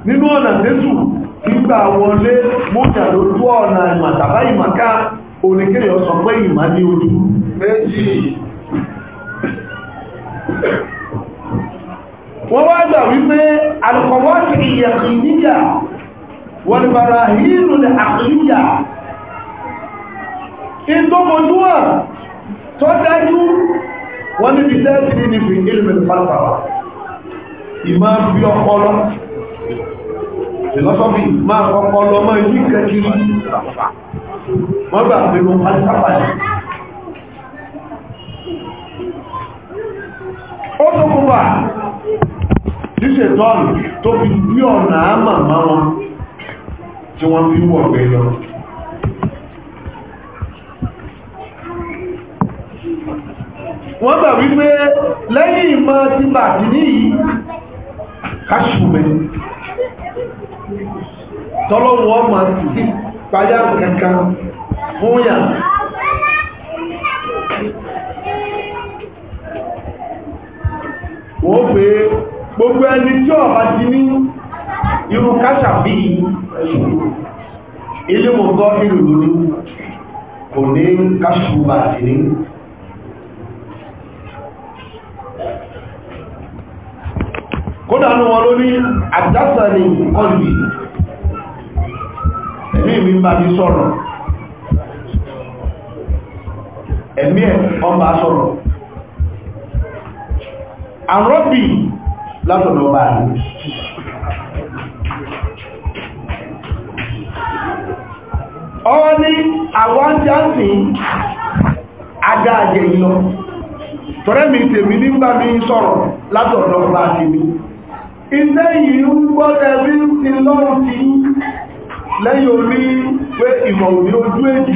nínú ọ̀nà tẹ́sù gbígbà wọlé mọ́jà lójú ọ̀nà ìmàtàbá ìmàká oníkéyàn sọ pé ìmá ní ojú méjì wọ́n wá gbà wípé alùkọ̀wọ́ ti ìyẹ̀kì níyà wọ́n bàrà hìlù ní àkíyà ìdómojúwà tó dájú wọ́n níbi tẹ́ẹ̀tì ní fi ilmi fàtàwà ìmá bí ọpọlọ philosophy máa ọpọlọ máa yí kẹkiri wọ́n gbà pé wọ́n máa sábà ní ó tó kún wà ṣíṣe tọ́ọ̀lù tó fi bí ọ̀nà àmà má wọn tí wọ́n fi wọ̀ pé lọ wọ́n gbà wípé lẹ́yìn ìmọ̀ ti bàtí ní yìí káṣùmẹ́ tọ́lọ́wọ́ máa ti pàdé àrùn kankan fún yà gbogbo ẹni tí ọ̀bá ti ní irú káṣà bí ilé mọ̀gọ́ ìlú kò ní bá sí ní kódà ní wọn ní ẹ̀mí mi bá mi sọ̀rọ̀ ẹ̀mí ẹ̀ ọba sọ̀rọ̀ àrọ́bì látọ̀dọ̀ ọba rẹ̀ ọwọ́ ní àwọn jáǹsì agá àjẹ́ ìlọ tọ́rẹ́ mi tèmi ní bá mi sọ̀rọ̀ látọ̀dọ̀ ọba tèmi iṣẹ́ yìí ń gbọ́dẹ̀ bí ti lọ́rùn ti lẹ́yìn orí pé ìmọ̀ òní ojú èjì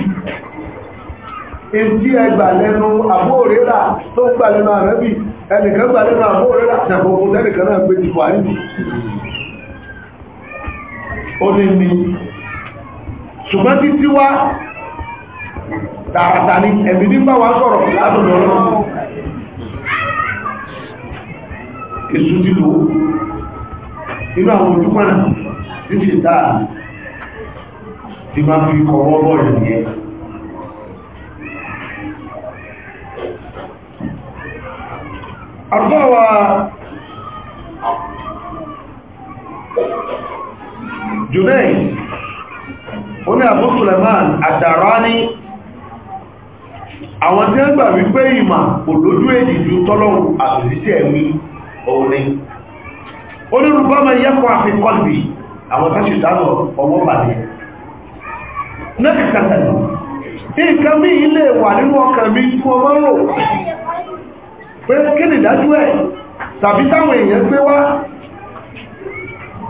ìdí ẹgbà lẹ́nu àbóòrérà tó gbà lẹ́nu àrẹ́bì ẹnìkan gbà lẹ́nu àbóòrérà ṣàkókò lẹ́nìkan náà pé ti buhari ó ní ní ṣùgbọ́n títí wá tààtà ní ẹ̀bí nígbà wá sọ̀rọ̀ látọ̀dọ̀ ọlọ́run èṣù tí máa fi kọ wọ́bọ̀ ìyẹn àfáwà jùmẹ́ ó ní Abu Sulaiman Ad-Darani àwọn tí ó gbà wípé ìmà òlójú èdìjú tọ́lọ́run àtìsíṣẹ́ ẹ̀mí òní onírúgbọ́mọ̀ yẹ́kọ̀ọ́ àfikọ́lùbì àwọn táṣìtánà ọmọ bàdẹ̀ náà kàtà nǹkan mí ilé wà nínú ọkàn mi kú ọmọ rò pé kí ni ìdájú ẹ̀ tàbí táwọn èèyàn gbé wá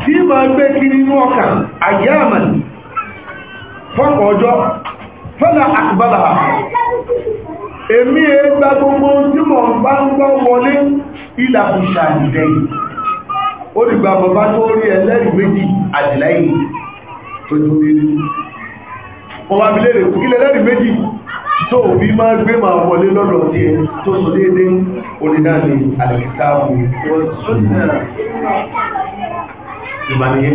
tí ma gbé kiri inú ọkàn àyẹ́ àmà fọ́kọ̀ ọjọ́ fẹ́lá àkùbálà èmi ẹgbà e gbogbo tí mọ̀ bá ń gbọ́ wọlé ìlàkùsà ìdẹ̀ ó dìgbà bàbá tó rí ẹlẹ́rìí méjì àdìlẹ́yìn tó tó rí wọ́n wá bilé rẹ̀ kí lẹ́lẹ́rìí méjì tó bí máa gbé máa wọlé lọ́dọ̀ tí ẹ tó sọ déédé onídàáni àlẹ́kìtàwò wọ́n sọ́nà ìmànìyẹ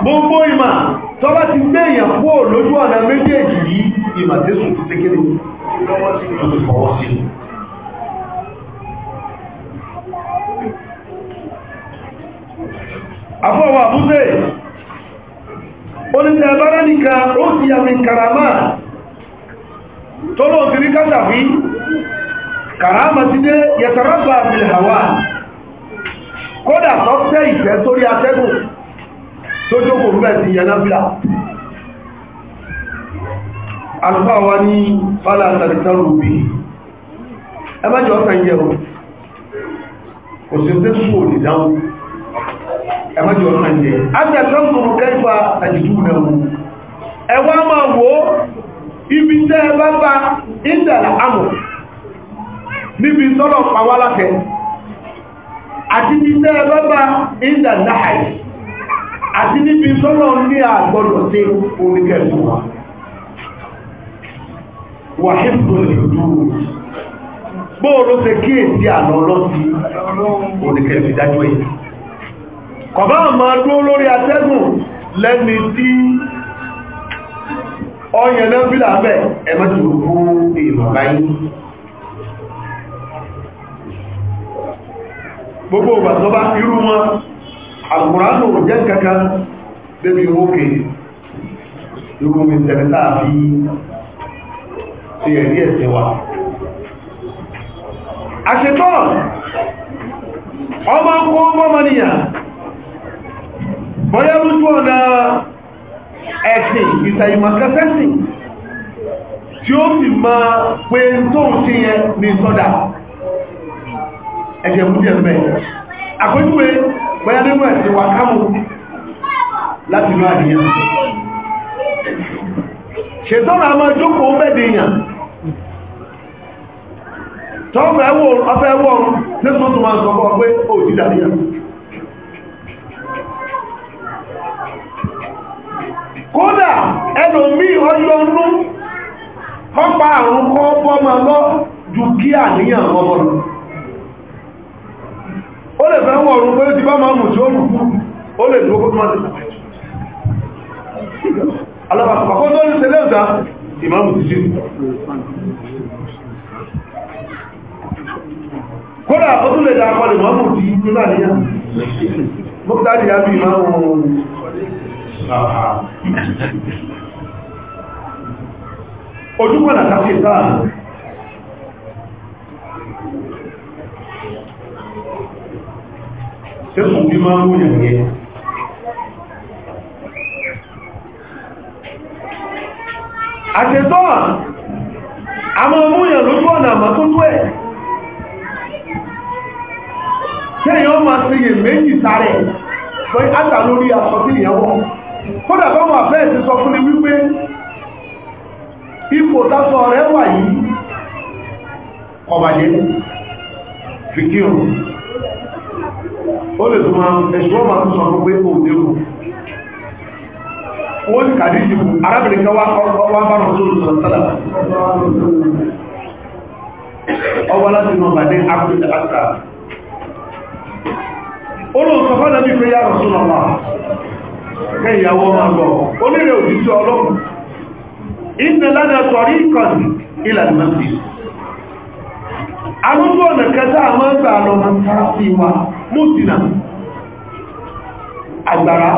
gbogbo ìmà tó bá ti gbé èèyàn kúrò lójú ọ̀nà méjèèjì yìí ìmà tẹ́sù ti sékéré lọ́wọ́ sí ìfọwọ́ sí àfọwọ́ àbúzẹ̀ oníṣẹ́ ẹbára nìka ó ti yàmì kàràmà tó lóò ti rí kásàfí kàràmà ti dé yẹ̀tàrábà àfihàwà kódà tó tẹ́ ìfẹ́ sórí atẹ́gùn tó jókòó rúbẹ̀ ti yẹ náà alùfà wa ní fàlà àtàrísà rúbì ẹmẹ́jọ́ ọ̀sán yẹ̀rọ kò sí tẹ́sù ẹmọ́jì ọ̀nà jẹ́ ajẹ́lọ́pùpù kẹfà àjìdúgbù ẹwà máa wò ó ibi tẹ́ ẹ bá bá ìdàlà àmọ̀ níbi àti ibi tẹ́ ẹ bá bá ìdàlà àì àti níbi tọ́lọ̀ ní àgbọ̀dọ̀ sí oníkẹ̀ẹ́sù wa wàhíbùn fẹ́ kí èsì kọ̀bá àmà dúó lórí atẹ́gùn lẹ́ni tí ọyẹ̀ náà bí lábẹ́ ẹmọ́ ti rúkú èèmọ̀ báyìí gbogbo ìgbà tó bá irú wọn àkùránù jẹ́ kankan débi òkè irú mi tẹ̀lẹ́ta bí ti ẹ̀rí ẹ̀sẹ̀ wa àṣetọ́ ọmọ kó mọ́mọ́nìyàn bọ́yá lójú ọ̀nà ẹ̀sìn ìtàìmọ̀kẹ́sẹ́sìn tí ó fi ma pé tó ń sí yẹn ní sọ́dá ẹ̀jẹ̀ mú díẹ̀ mẹ́ àpójúwé bọ́yá nínú ẹ̀sìn wà kámù láti lọ àdìyàn ṣètọ́nà a jókòó bẹ́ẹ̀dìyàn tọ́fẹ́ wọ́n ọfẹ́ tó máa sọ kódà ẹlòmí ọjọ́ ọdún àrùn kọ́ bọ́mọ lọ ju kí àníyàn ọmọ lọ ó lè fẹ́ wọ ọ̀run ti bá máa mù tí ó ó lè tó ní ṣẹlẹ̀ ìdá ìmáàmù ti ṣe. Kódà ó tún lè dá akọ́lẹ̀ ti ojúkọ̀ nà káfí sáà sẹ́kùn bí máa ń wúyàn yẹ àṣẹ́tọ́ a máa múyàn lójú ọ̀nà àmàtótó ẹ̀ tẹ́yàn máa ṣe yẹ méjì sáré pẹ́ átà lórí aṣọ sí ìyàwó kódà báwọn àfẹ́ẹ̀sì sọ fún mi wípé ipò tásọ rẹ̀ wà yìí ọbàdé fìkírù ó lè tó máa ẹ̀ṣùwọ́ máa tún sọ fún pé kò dérò ó ní kàdíjì fún arábìnrin kan wá bá rọ̀ tó lùsọ̀ sálà ọwọ́ láti kẹ́ ìyàwó ma lọ onírẹ̀ òjíṣẹ́ ọlọ́run ìpẹ́ lánà sọ̀rí ìlànà sí ọ̀nà kẹta àmọ́ lọ ma wa mútìnà àgbàrá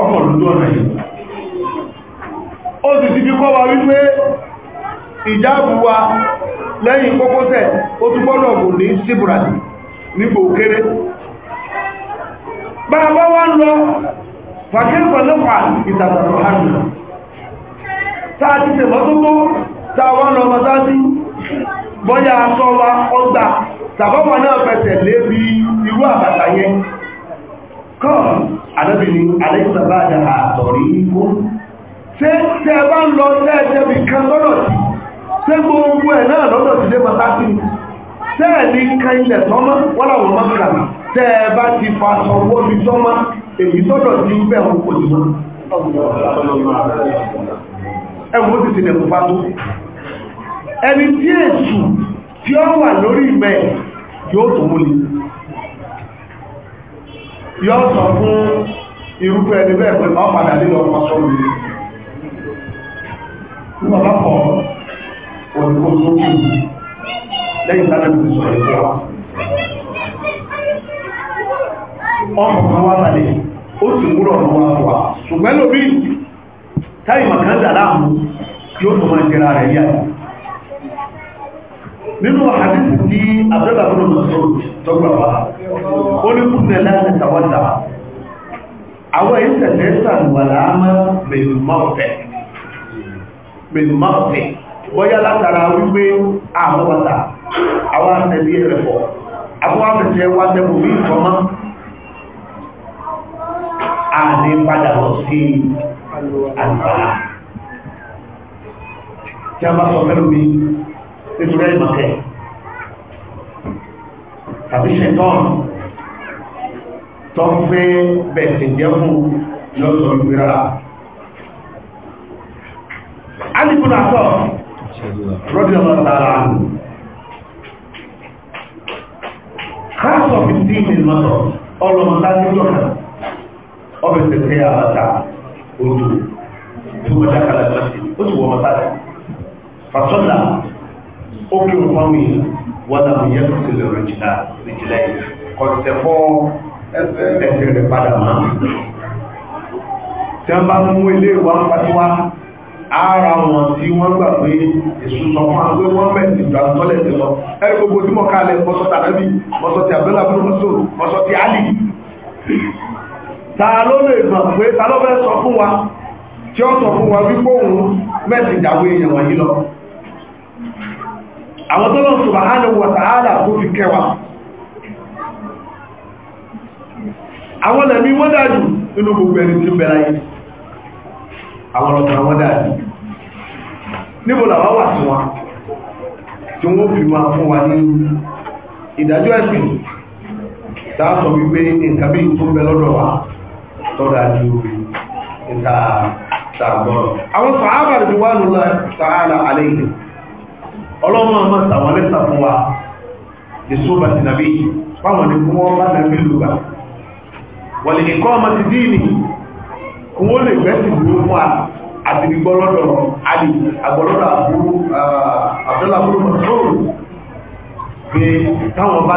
ọ̀nà yìí lọ fàkínkọ̀ nípa ìtàtàrọ̀ hàmì táà ti tẹ̀mọ́ tó tó táwà lọ bàtá sí bọ́yá sọ́wà ọgbà tàbọ́wà náà fẹsẹ̀ lébi irú àbàtà yẹn kọ́ àdábìnrin alẹ́sàbájá àtọ̀rí ikú ṣe tẹ́ bá ń lọ lẹ́ẹ̀jẹ́bì kan lọ́dọ̀ sí tẹ́ gbogbo ẹ̀ náà lọ́dọ̀ sí lé bàtá sí tẹ́ẹ̀ ní kan èyí tọ́jọ̀ sí bẹ́ẹ̀ wọn kò jùmọ́ ẹwọ́n ó ti ti nẹ̀kù bá tó ẹni tí èsù tí ó wà lórí ìmẹ́ yóò tó múlé yóò sọ fún irúfẹ́ ẹni bẹ́ẹ̀ pẹ̀lú ọ̀padà nílọ pàṣọ́lù ní bàbá kọ̀ òyìnbó tó kí lẹ́yìn tánàbí sọ̀rọ̀ ìjọba ọkọ̀kan wá tàlẹ̀ ó sì múrọ̀ ọ̀nà wọn wà ṣùgbọ́n lórí táì màkàn dà láàmú yóò tó máa jẹra rẹ̀ yá nínú àdìsí tí abdọ́là fún ọmọ sọ́rọ̀ tọ́gbà wá ó ní kúnnẹ̀ láti tàwádà àwọn ìtẹ̀lẹ̀ sàrùwàlá mọ́ mẹ́lùmọ́ọ̀tẹ̀ bọ́yá látara wípé àwọn bàtà àwọn àtẹ̀lẹ̀ rẹ̀ pọ̀ àwọn àmẹ́sẹ̀ wá tẹ́bù ní ìfọ́mọ́ a ní padà lọ sí àlùbàlá tí a bá sọ fẹ́lú mi nítorí ìmọ̀kẹ́ tàbí ṣẹ̀tọ́n tó ń fẹ́ bẹ̀ẹ̀sẹ̀ jẹ́ fún lọ́sọ̀ ìgbéra alìkúnà sọ rọ́dí ọmọ tààrà àrùn káàkọ̀ 15 minutes ọlọ́mọ tàbí lọ́kàá قبل تلقيا ركعة وضوء o دخل المسجد أسوة مساجد فصلى أكل قومي ولم يغسل رجليه قد سفوا ẹsẹ̀ rẹ̀ padà máa tí wọ́n bá mú ilé ìwà pàtíwá ara wọn tí wọ́n gbà pé èsù sọ fún àwọn pé wọ́n mẹ́rin ìgbà tọ́lẹ̀ sí lọ ẹ̀rí gbogbo tí mọ̀ kálẹ̀ mọ́sọ́tà náà bí mọ́sọ́tì abẹ́lá fún mọ́sọ́tì alì ta ló lè mọ̀ pé ta ló fẹ́ sọ fún wa tí ó sọ fún wa wípé òun mẹ́sì ìdàwó èèyàn wọ̀nyí lọ àwọn tó lọ́n subhanahu tó fi àwọn lẹ̀mí wọ́n dájú nínú gbogbo ẹni tí bẹ̀rẹ̀ àwọn dájú níbo làwọn wà sí wọn tí wọ́n fi máa fún wa ní ìdájọ́ ẹ̀sìn wípé nǹkan bí tọ́dá ju ìta ṣàgbọ́rọ̀ àwọn sàábà rẹ̀ wà lọ́lá sàárà àlẹ́yìn ọlọ́mọ àmà sàwọn lẹ́sà fún wa jésù bá ti nàbí fáwọn ní kún wọ́n bá nàbí lùgbà wọ́n lè kọ́ ọmọ ti dìínì kún ó lè gbẹ́sì dúró fún wa àti gbígbọ́lọ́dọ̀ alì agbọ́lọ́dọ̀ àbúrú àbúrú àbúrú mọ̀tòrò pé táwọn bá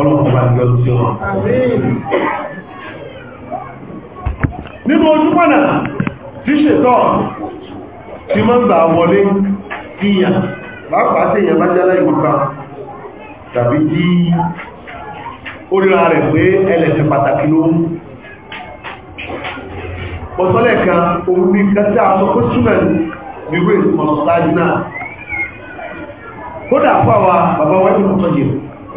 ọlọ́run bá yọ sí wọn. nínú ojúmọ̀nà tí ṣètọ́ ti máa ń gbà wọlé kíyà pàápàá tí èèyàn bá jálá ìwọ̀ká tàbí tí ó ríra rẹ̀ pé ẹlẹ́sẹ̀ pàtàkì ló mú pọ̀tọ́lẹ̀ kan òun ní kẹta àsọkó súnmẹ̀ wíwé ìsìnkọ̀ sáájú náà kódà fáwà bàbá wájú mọ̀tọ́jẹ̀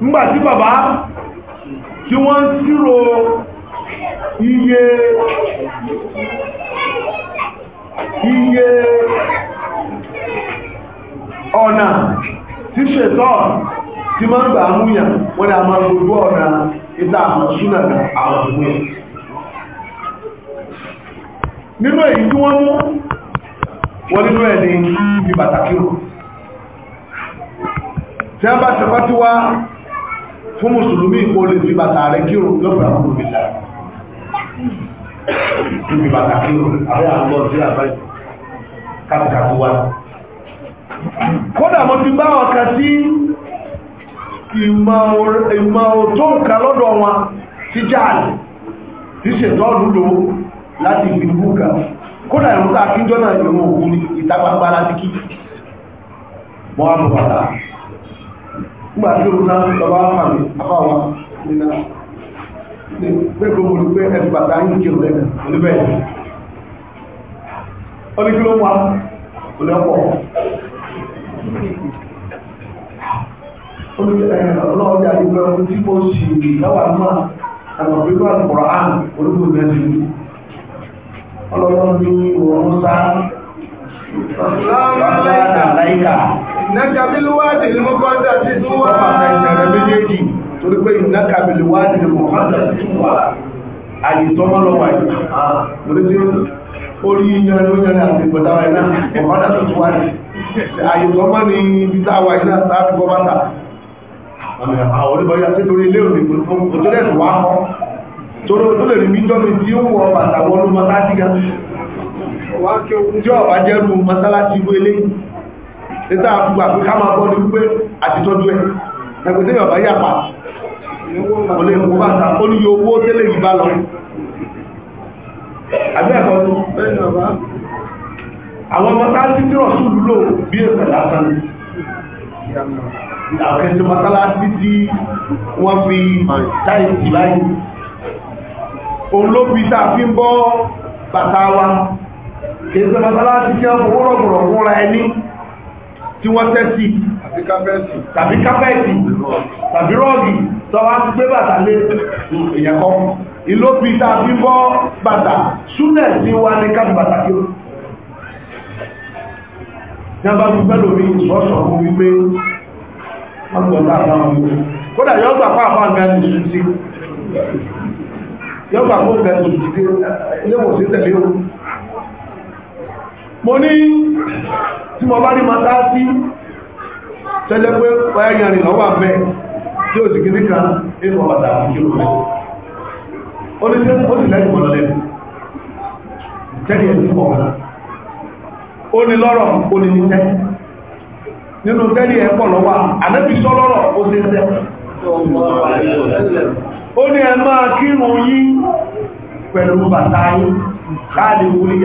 nígbà baba, bàbá tí wọ́n iye iye ọ̀nà tí ṣètọ́ tí ma ń gbà múyà wọ́n a gbogbo ọ̀nà ìta àmà súnà àwọn ìwé nínú èyí tí wọ́n mú wọ́n nínú ẹ̀ ní ibi pàtàkì a bá ṣẹ̀fà tí wá fún mùsùlùmí kó lè fi bàtà rẹ̀ kírun lọ́pọ̀ àwọn olùbìlà níbi bàtà kírun àwọn àgbọ̀ sí àbáyé kátìkàtì wa kódà mo ti bá ọ̀kà sí ìmọ̀ òtó nǹka lọ́dọ̀ wọn ti jáàlì tí ṣètò ọdún lò láti fi búkà kódà ìrúta kíjọ́ ìrún òkú ní ìtagbàgbà láti kí wọ́n á bọ̀ nígbà tí ó náà lọ́wọ́ àmàmì àbáwá nínú gbẹ́gbẹ́ olùgbé ẹ̀sùn bàtà ń jẹ òlẹ́gbẹ̀ olùgbẹ́ ọdún kí ló wà olùgbọ́ ọlọ́ọ̀dẹ́ àdúgbò ẹ̀kùn tí mo sì lọ́wọ́ àmà àgbàgbẹ́gbẹ́ àkùrọ̀ àmì olùgbò mẹ́sìn ọlọ́ọ̀dẹ́ ní ìwọ̀n sáà ìnáka bílúwádìí ni mo kọ́ dá sí tún wá. Wọ́n máa ń tẹ̀lé méjèèjì torí pé ìnáka bílúwádìí ni mo kọ́ dá sí tún wá. Àyè tọ́mọ́ lọ wáyé. Lórí tí orí yan ló yan àti ìgbọ̀dá wáyé náà, mo dá sí tún wáyé. ni ibi tá a wáyé náà tá a fi bọ́ bàtà. Àwọn oníbọ̀yà sí torí ilé òní kò tó lẹ́nu wá kọ́. Torí o tó lè rí nígbà àgbà pé ká máa bọ́ ní wípé àtìtọ́jú ẹ̀ ẹgbẹ́ tí yọ̀bá yàpá kò lè mú bàtà ó ní iye owó tẹ́lẹ̀ yìí bá lọ àbí ẹ̀kọ́ tó àwọn mọ́sálásí tí wọ́n sùn lò bí èpè lásán àwọn ẹ̀sìn mọ́sálásí tí wọ́n fi táìsì báyìí òun ló fi tá a fi ń bọ́ bàtà wa kì í ṣe mọ́sálásí tí wọ́n fowó rọ̀gbọ̀rọ̀ fúnra ẹni tí wọ́n tẹ́sí tàbí kápẹ́ẹ̀tì tàbí rọ́ọ̀gì tọ́wá ti gbé bàtà lé ìyẹ̀kọ́ ìlópi tàbí bọ́ bàtà súnẹ̀ tí wá ní káàkiri bàtà kí ó jẹba ti pẹ́lò mi ìṣọ́ṣọ́ fún wípé ọgbọ̀n láàrín kódà yọ́ gbà pàápàá mẹ́rin sùn sí yọ́ gbà pàápàá mẹ́rin sùn sí ilé tí mo bá ní ma dá sí pé ọ̀yẹ́yàn rìn lọ́wọ́ àbẹ́ tí ó sì kí níkan nínú ọ̀dà rẹ̀ ó ní sí ó sì lẹ́nu mọ̀ lẹ́nu tẹ́lẹ̀ ó ní lọ́rọ̀ ó ní níṣẹ́ nínú tẹ́lẹ̀ ẹ̀ pọ̀ lọ́wọ́ àdẹ́bí sọ lọ́rọ̀ ó sì tẹ́ ó ní ẹ máa kírun yín pẹ̀lú bàtà yín láàrin orí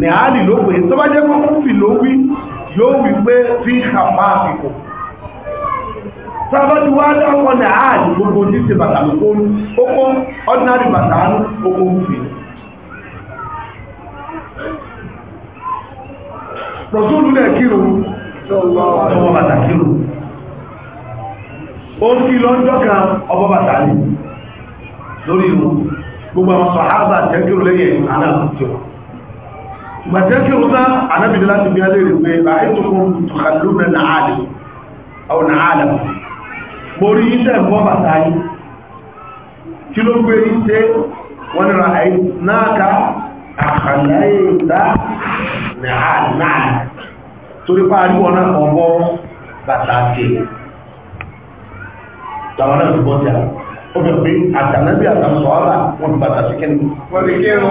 ní àálì ló pè tó bá jẹ́ kó fì ló wí yóò wí pé fi hàpá àfikò sábàtí wá dákọ̀ gbogbo ní ti bàtà lókó ókó ordinary bàtà ókó fì rọ̀súlù lẹ̀ kírò ọmọ bàtà kírò ó ń lọ́jọ́ kan ọmọ bàtà ní lórí gbogbo àwọn sọ̀hábà lẹ́yìn gbàtẹ́kìrù náà anábìdí láti bí alẹ́ rẹ̀ pé láì tó kún tùkàlù rẹ̀ nàálẹ̀ àwọn nàálẹ̀ mo rí iṣẹ́ ẹ̀kọ́ bàtà yìí kí ló gbé iṣẹ́ wọ́n ra àyè náà ká àkàlàyé ìdá nàálẹ̀ torí pariwo náà ọgbọ́ bàtà tèèrè làwọn náà gbọ́ sí àwọn ó fẹ́ pé àtànábí àtàsọ́ọ́lá wọn bàtà sí kẹ́ni. wọ́n fi kí ẹ̀rọ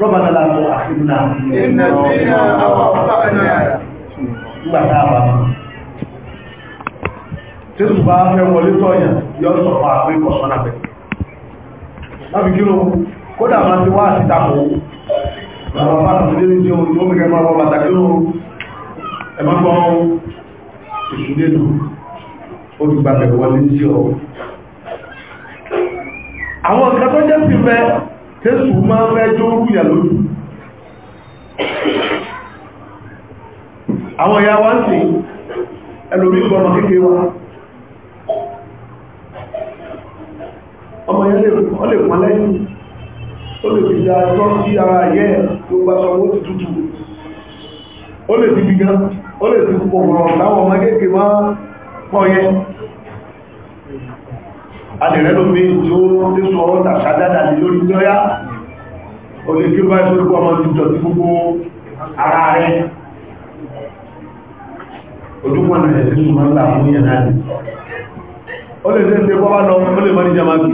ربنا لا تؤاخذنا إن نسينا أو أخطأنا nígbà a bá tí tù bá fẹ́ wọlé tọ́yàn yóò sọ fún àpé ìkọ̀sọ́nà bẹ̀. láti kí ló kódà máa ti wá síta kò àwọn bá tàbí lé ní tí ohun tí ó mẹ́kẹ́ máa wọ́n pàtàkì ló ẹmọ́gbọ́n ìṣúlédò ó ti gbàgbẹ̀ wọlé sí ọ àwọn nǹkan tó tẹ́sù máa ń rẹ́jọ́ orúyà lójú àwọn ìyá wa ń sìn ẹlòmí gbọmọ kékeré wa ọmọ yẹn lè pọn lẹ́yìn ó lè fi da ẹjọ́ sí ara yẹ tó gba sọmọ ó ti tútù ó lè fi gbígbá ó lè fi pọ̀pọ̀rọ̀ láwọn ọmọ kékeré máa pọ̀ yẹn adìrẹ́ ló tí ó tí sọ ọ́ tàṣádádà ní lórí lọ́yá o kí bá ìṣòro pọ̀ ọmọ jọ sí gbogbo ara rẹ̀ ojúmọ̀ náà ẹ̀sìn ní jamaki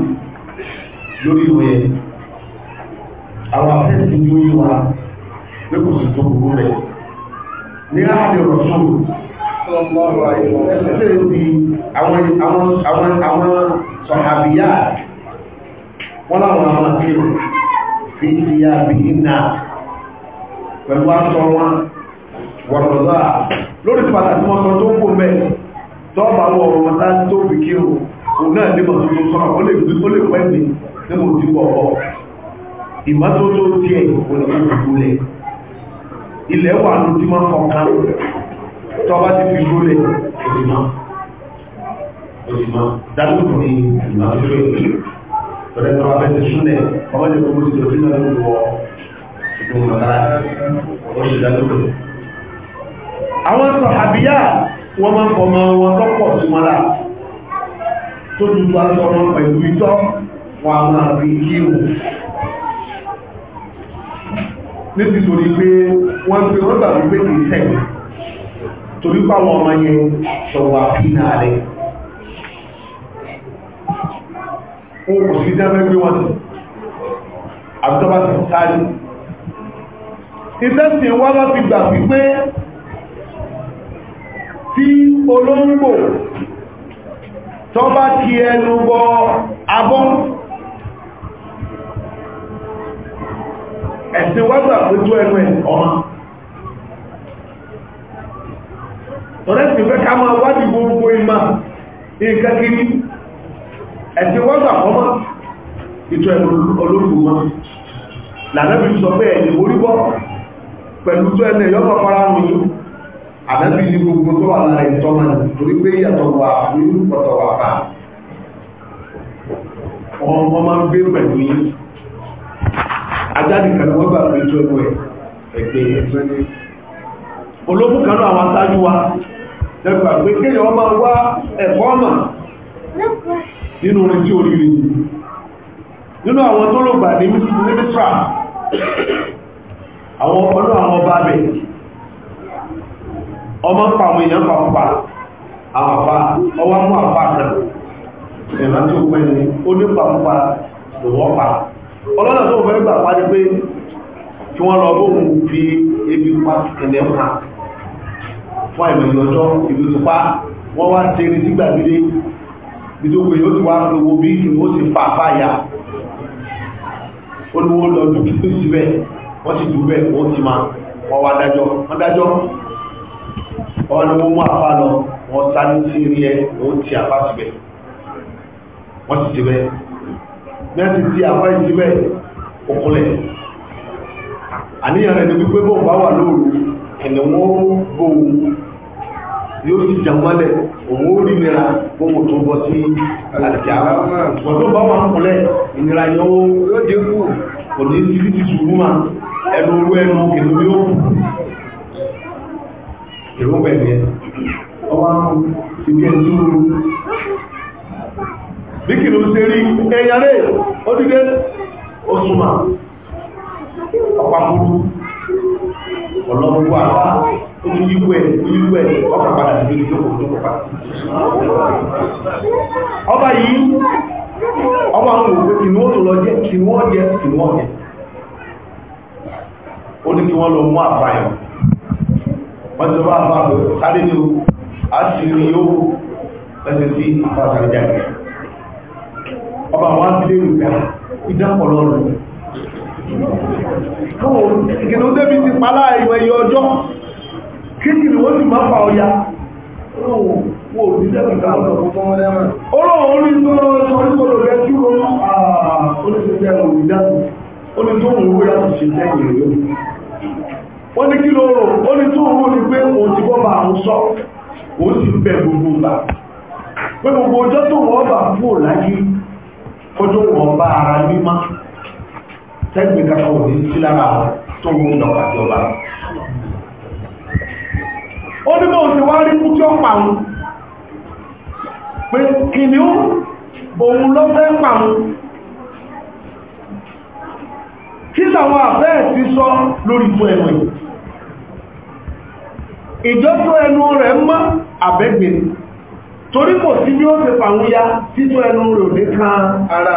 lórí ìwé àwọn afẹ́sì ní àwọn sọ̀hàbíyà wọ́n láwọn àwọn akérò fi ti ya bìí nà pẹ̀lú aṣọ wọn wọ̀rọ̀lá lórí pàtàkì wọn sọ tó ń kó mẹ́ tọ́ọ̀bà wọ ọ̀rọ̀ wọn láti tó fi kí òun náà nígbà tó tó sọ́rọ̀ ó lè pẹ́ ní nígbà tí wọ̀ ọ̀ ìmọ́tótó díẹ̀ òní ilẹ̀ wà ló ti máa fọ̀kan tọ́ọ̀bá olùmọ̀ dákùnkùn ní ìmọ̀ àjúrò ọ̀dẹ́ tó wà fẹ́ ti súnlẹ̀ ọmọ ìjọ kó mọ́sí lórí náà lórí wọ ìgbòho mọ̀tara ó sì dákùnkùn. àwọn sọ àbíyá wọn máa ń fọmọ wọn tó pọ̀ sí wọn lá tó dúdú aṣọ wọn pẹ̀lú itọ́ wọn a máa rí kíhù níbi torí pé wọ́n fi rọ́bà wípé kìí tẹ̀ torí pàwọn ọmọ yẹn sọ̀rọ̀ àfihàn rẹ̀ fún òsì tẹ́fẹ́ gbé wọn sí àbútọ́bá ti sáré ìtẹ́sì wá lọ fi gbà wípé tí olóńgbò tó bá ti ẹnu bọ abọ́ ẹ̀sìn wá gbà pé tó ẹnu ẹ̀ ọmọ tọ́lẹ́sì fẹ́ ká máa wádìí gbogbo ìmá ìkẹ́kiri ẹ̀sìn wọ́n gbà fọ́mọ́ ìtọ́ ẹ̀mù olóògbò wọn lànàbí sọ pé ẹ̀yìn orí bọ́ pẹ̀lú tó ẹ̀nà ìyọ́pọ̀ fara mi ànàbí ní gbogbo tó wà lára ìtọ́mọ̀ torí pé ìyàtọ̀ wà ní pọ̀tọ̀ wà bá wọn máa ń gbé pẹ̀lú yín ajáde kan wọ́n gbà pé tó ẹ̀mù ẹ̀gbẹ́ ẹ̀fẹ́ ní olóògùn kan náà àwọn aṣáájú wa lẹ́gbàá nínú orin tí oríire nínú àwọn tó lò gbà ní àwọn ọdún àwọn ọba abẹ ọmọ ń pa àwọn èèyàn pàpàpà àwọn àpá ọwá mú àpá kan ẹ̀nà tí ó pẹ́ ní ó ní pàpàpà lòwọ́ pa ọlọ́nà tó fẹ́ gbà pa pé kí wọ́n lọ ebi pa pa fún àìmọ̀ ìlọ́jọ́ wọ́n wá ìdókò yóò ti wá lówó bí ìwó ti fà fáyà olówó lọ dúkí tó síbẹ̀ wọ́n ti dúbẹ̀ wọ́n ti ma wọ́n wá dájọ́ wọ́n dájọ́ wọ́n ni mú àfá lọ wọ́n sáré sí rí ẹ wọ́n ti àfá síbẹ̀ wọ́n ti síbẹ̀ mẹ́sì tí àfá síbẹ̀ òkúnlẹ̀ àníyàn rẹ̀ ni wípé bóun bá wà lóòrù ẹ̀lẹ́wọ́n bóun yóò ti jà mọ́lẹ̀ òun ó rí nira ohun tó bọ́ sí àjàrà ọdún bá wà kúnlẹ̀ ìnira yóò dínkù kò ní sí ti ṣùgbọ́n ma ẹnu orú ẹnu kìlú yóò kù èrò ti bí ẹni tó bí ṣe rí ó dìde ó súnmà ọlọ́run wà wá ó ní yíwú ẹ̀ ó yíwú ẹ̀ ọkà padà sí ibi lóko lóko pa. ọba yìí ọba ń wò pé kì ní ó tó lọ jẹ kì ní wọ́n jẹ kì ní wọ́n jẹ ó ní kí wọ́n lọ mú àfàyàn wọ́n ti bá àfà pé sáré ní o á sì rí ìkìlú débi ti pàlá ìwẹ̀ iye ọjọ́ kíkìlú ó sì máa ọya olóòwò ní tó sọ́ríkòrò rẹ̀ tí ó oníṣẹ́jẹ́ olùdájú ó ní tó ń wó yàtọ̀ sí lẹ́yìn o wù tí ó ní wá rí tí ó pàun pé kìnìún òun ló fẹ́ pàun kí làwọn àfẹ́ ti sọ lórí fún ẹnu ìjọ́tọ́ ẹnu rẹ̀ mọ́ torí kò sí bí ó ti ya títọ́ ẹnu rẹ̀ ò ní kan ara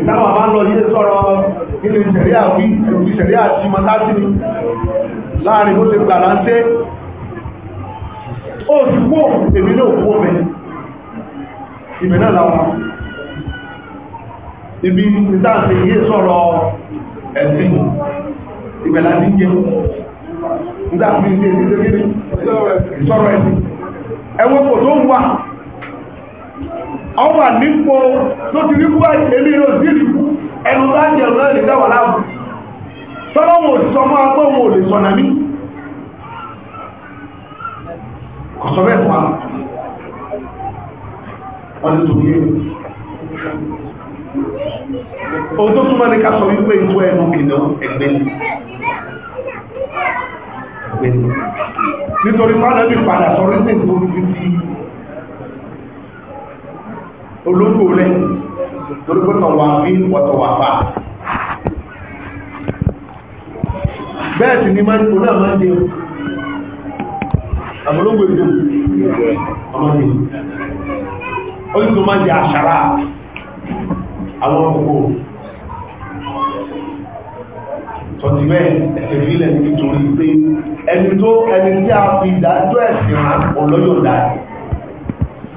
ìtàwọn àbá lọ yíé sọ̀rọ̀ nínú ìṣẹ̀rí àwí ìṣẹ̀rí àti mọ́tásí ni láàrin ó ti gbà láńté ó sì kó èmi náà kó mẹ́ ìbẹ̀ náà láwọn ibi ìtàṣe yíé sọ̀rọ̀ ẹ̀sìn ìbẹ̀ láti jẹ́ ìtàṣe ìṣẹ̀rí ẹ̀sìn ẹ̀wọ́n kò tó ń wà àwọn wà nípo tó ti rí fún èmi ló sí ìlú ẹnu bá jẹ ọ̀rọ̀ ìlú dáwà láàbù tọ́lọ́wọ̀n òsì sọmọ́ agbóhùn òlè sọ̀nà mí kọ̀sọ̀bẹ̀ fún àwọn wọ́n ti tòkí ohun tó túnmọ́ ní ká sọ wípé olóńgbò rẹ̀ torí pé tọ̀wà ń rí wọ̀tọ̀wà pa bẹ́ẹ̀ sì ni máa ń náà máa ń jẹun àmúlógbò ìjọ ọmọdé ó sì tó máa jẹ àṣàrà àwọn ọkọ̀ tọ̀tí bẹ́ẹ̀ ẹ̀sẹ̀ fílẹ̀ nítorí pé ẹni tó ẹni tí a fi ìdájọ́ ẹ̀sìn rán ọlọ́yọ̀dá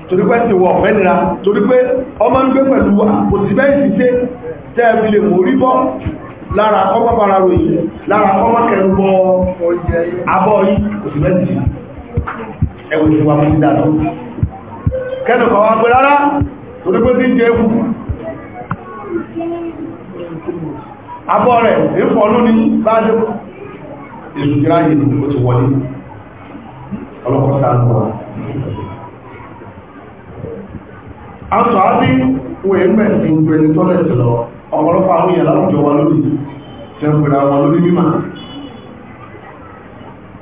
torí pé ti wọ ọ̀fẹ́ nira torí pé ọmọ ń gbé pẹ̀lú àpòsíbẹ́ǹsì tẹ́ tẹ́ẹ̀bí lè mórí bọ́ lára ọmọ bára ròyìn lára ọmọ kẹrù bọ abọ́ yìí òsìbẹ́ǹsì ẹwẹ̀ ìwà fún ti dáadọ́ kẹ́nù kọ̀wà pé rárá torí pé ti ń jẹ ewu abọ́ rẹ̀ ìfọ̀nú ní bájú èsù ìráyè ó ti wọlé ọlọ́pọ̀ sáà aṣọ àbí wọ́n ẹ̀mẹ́ ti ń gbẹni tọ́lẹ̀tì lọ ọ̀pọ̀lọpọ̀ àwọn èèyàn láwùjọ wa lórí tẹ́gbẹ̀rẹ̀ àwọn lórí mímà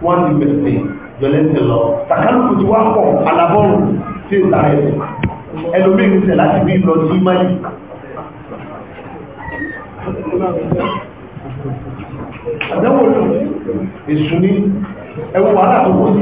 wọ́n ti bẹ̀sẹ̀ jọlẹ́tì lọ tàkàlùkù ti wá pọ̀ alábọ́rù sí ìta ẹ̀sẹ̀ ẹlòmí ń tẹ̀ láti bí lọ sí mali àdánwò èsù ní ẹwọ́ wàhálà tó kó sí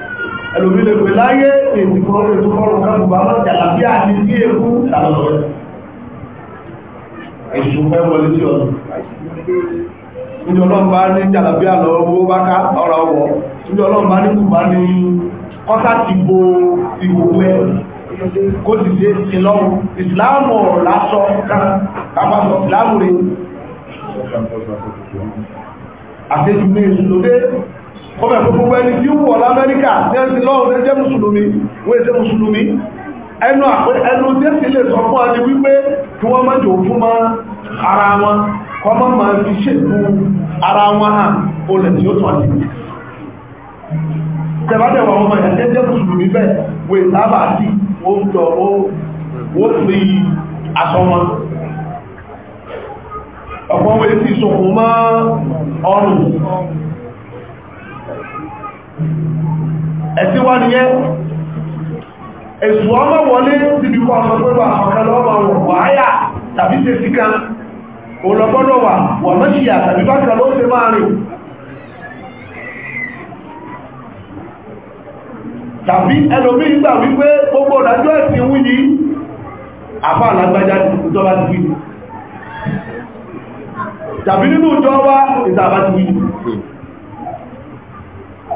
ẹlòmí lè pè láyé èdè fọ́rọ̀ ètò fọ́rọ̀ kan bá wọ́n jàlá bí a ní sí èkú ìtàlọ́ rẹ̀ ẹ̀ṣùn fẹ́ wọlé sí ọ̀nà níbi ọlọ́run bá ní jàlá bí àlọ́ owó bá ká ọ̀rọ̀ ọwọ́ níbi ọlọ́run bá ní kù bá ní kọ́tà ti bo ìwò pẹ́ kó sì ṣe sí lọ́run ìsìláàmù ọ̀rọ̀ lásọ kan kápá sọ ìsìláàmù rẹ̀ àṣejù ní èṣù ọmọ ẹ̀kọ́ gbogbo ẹni tí ó wọ̀ lamẹ́ríkà ní ẹ̀sìn lọ́wọ́ ní jẹ́ mùsùlùmí wọ́n èsẹ́ mùsùlùmí ẹnu ẹnu jẹ́sì lè sọ fún ẹni wípé kí wọ́n má jò fún ara wọn kọ́ mọ́ máa fi ṣètò ara wọn hàn olè tí ó tàn yìí tẹ̀bátẹ̀ wọn ọmọ ẹ̀jẹ̀ jẹ́ mùsùlùmí bẹ́ẹ̀ wọ́n ìtàbà sí oúnjẹ ó fi aṣọ wọn ọ̀pọ̀ wọn èsì ìṣòkùn mọ́ ọrùn ẹ̀sí wá nìyẹn èsù ọmọ wọlé síbi kọ́ ọmọ pẹ́lú àkọ́kẹ́ lọ́wọ́ wàáyà tàbí tẹ́sí kan olọ́gbọ́dọ̀ wà wà mẹ́ṣíyà tàbí bákan ló ṣe máa rìn tàbí ẹlòmí ìgbà wípé gbogbo ọ̀dájọ́ ẹ̀sìn wí ní àfá alágbájá ìjọba ti wí tàbí nínú ìjọba ìtàbá ti wí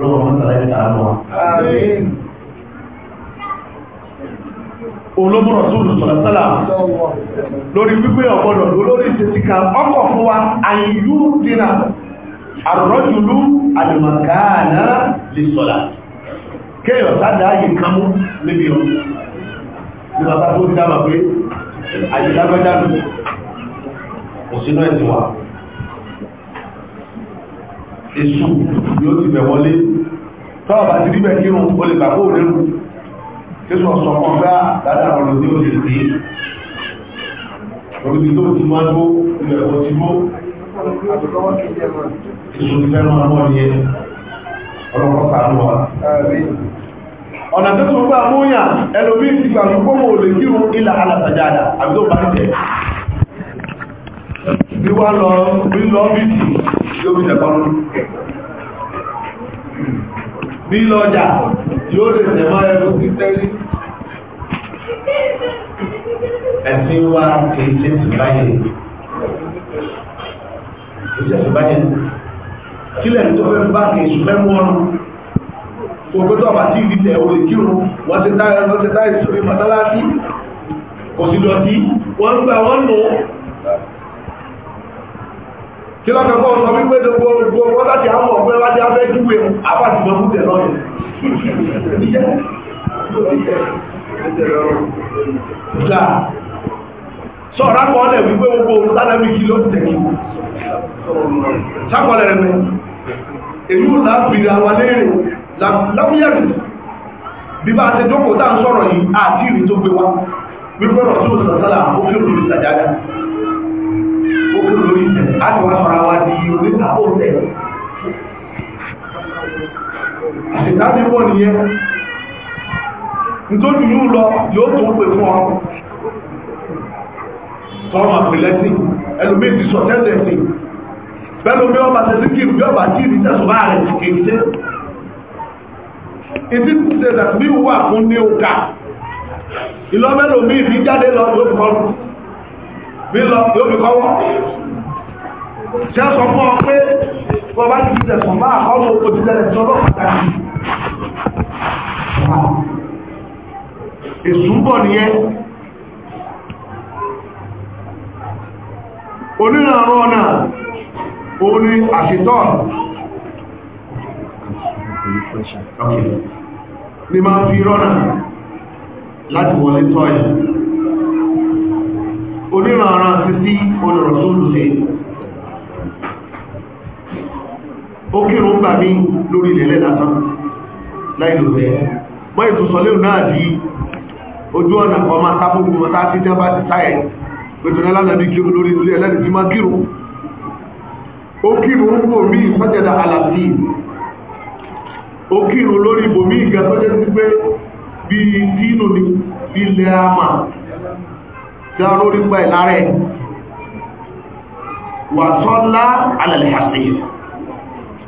lọ́wọ́ wọn tàbí ẹ̀ta àmọ́ olóbùrọ̀ tó lù sọ̀rọ̀ sálà lórí pípé ọ̀gbọ́dọ̀ lórí ìsẹsíkà ọkọ̀ fún wa àyíyú dínà àrọ́jùlú àdìmọ̀káàná lè sọ̀lá kéèyàn sáàdá ayé kan mú níbi ọ̀ ní bàbá tó dábà pé àyílágbẹ́dá òsínú ẹ̀sìn wa èṣù yóò ti bẹ̀ wọlé tọ́wọ́ bá ti rí bẹ̀ kírun ó lè gbàgbó òdérù kéṣù ọ̀sán kan gbá dáadáa ọ̀rọ̀ ní òdè sí orí tó ti máa gbó ilẹ̀ ọ̀pọ̀ ti gbó èṣù ti fẹ́ràn ọmọ ni ọlọ́pọ̀ sàánú wa ọ̀nà tó tún gbà múyàn ẹlòmí ti gbà fún kọ́mọ̀ òlè kírun ilà alàtàjáda àbí tó bá ń tẹ̀ bí wá lọ bí lọ bí tì yóò bí tẹ̀kọ́ lórí bí lọ́jà yóò lè tẹ̀mọ́ ẹ̀rọ sí tẹ́rí ẹ̀sìn wa kìí ṣe ṣùgbáyé kìí ṣe ṣùgbáyé kílẹ̀ tó fẹ́ bá kìí ṣùgbẹ́ mọ́rún ògbótọ́ àbàtí ìdílẹ̀ orí kírun wọ́n ti táyẹ̀ lọ́tẹ́ táyẹ̀ sórí mọ́tálásí kò sí lọ sí wọ́n gbà wọ́n nù kí lọ́kàn kọ́ sọ wípé gbogbo gbogbo wọ́n láti àwọn ọ̀gbẹ́ wájú abẹ́ júwe abájúmọ́ fún tẹ̀lọ́ yẹn sọ̀rọ̀ akọọlẹ̀ wípé gbogbo olùtánàbí kí ló tẹ̀kí sákọọlẹ̀ rẹ̀ mẹ́ èyí ò láàbìrì àwọn léèrè lábúyẹ̀rì bí bá ṣe jókòó tá ń sọ̀rọ̀ yìí àti ìrìn tó gbé wá wípé rọ̀ sí òṣìṣẹ́ sálà ó kí ìtẹ̀ láti wá sọ́ra wá di oríta ó tẹ̀. àṣìdájú pọ̀ nìyẹn nítorí yóò lọ yóò tó pè fún ọ tọ́rọ àpìlẹ́sì ẹlùmí ti sọ tẹ́lẹ̀sì pẹ̀lú bí ọba tẹ́sí kí ìrùbí ọba tí ìrìn tẹ́sùbá rẹ̀ ti kéèkéé ìdí ti ṣe tàbí wà fún ní ọkà ìlọ́mẹ́lòmí ìfi jáde lọ yóò fi kọ́wọ́ ṣe sọ fún ọ pé wọ́n bá ti jẹ sọ máa ọmọ òjìlẹ̀ sọ́rọ̀ pàtàkì ìsúbọ̀ nìyẹn onírànrọ́ ọ̀nà orí àṣìtọ́ ní máa fi rọ́nà láti wọlé tọ́ ẹ̀ onírànrọ́ títí olùrọ̀sọ́lù sí ó kírun gbà mí lórí ilẹ̀ lásán láì lò tẹ́ bọ́ ìtòsọ̀lẹ́ náà di ojú ọ̀nà kan máa sábòkú mọ́ta sí tẹ́ bá ti táyẹ̀ pẹ̀tùn alánàbí kírun lórí ilẹ̀ ẹlẹ́ni tí máa kírun ó kírun ń bò mí sọ́jẹ̀dà alàtí ó kírun lórí ibò mí ìgbà tó pé bí dínú ní ilẹ̀ àmà tí a rórí gbà ìlárẹ̀ wà sọ́lá alàlẹ̀ àṣíyàn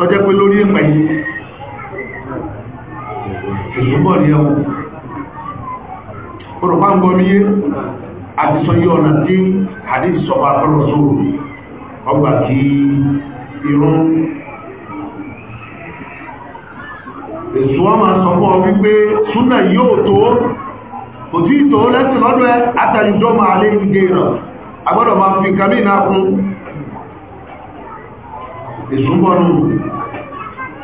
tọ́jẹ́ pé lórí ẹ̀pẹ̀ yìí ìṣúbọ̀ ní ẹwọ̀ olùpá ń gbọ́ níyé àti sọ yí ọ̀nà tí hadith sọpa àpẹẹrẹ sóòrò ọgbà kí irun èsù ọmọ sọ wípé súnà yóò tó kò tí ìtò lẹ́sìn lọ́dọ̀ máa lé agbọ́dọ̀ máa fi èso bọ́ nù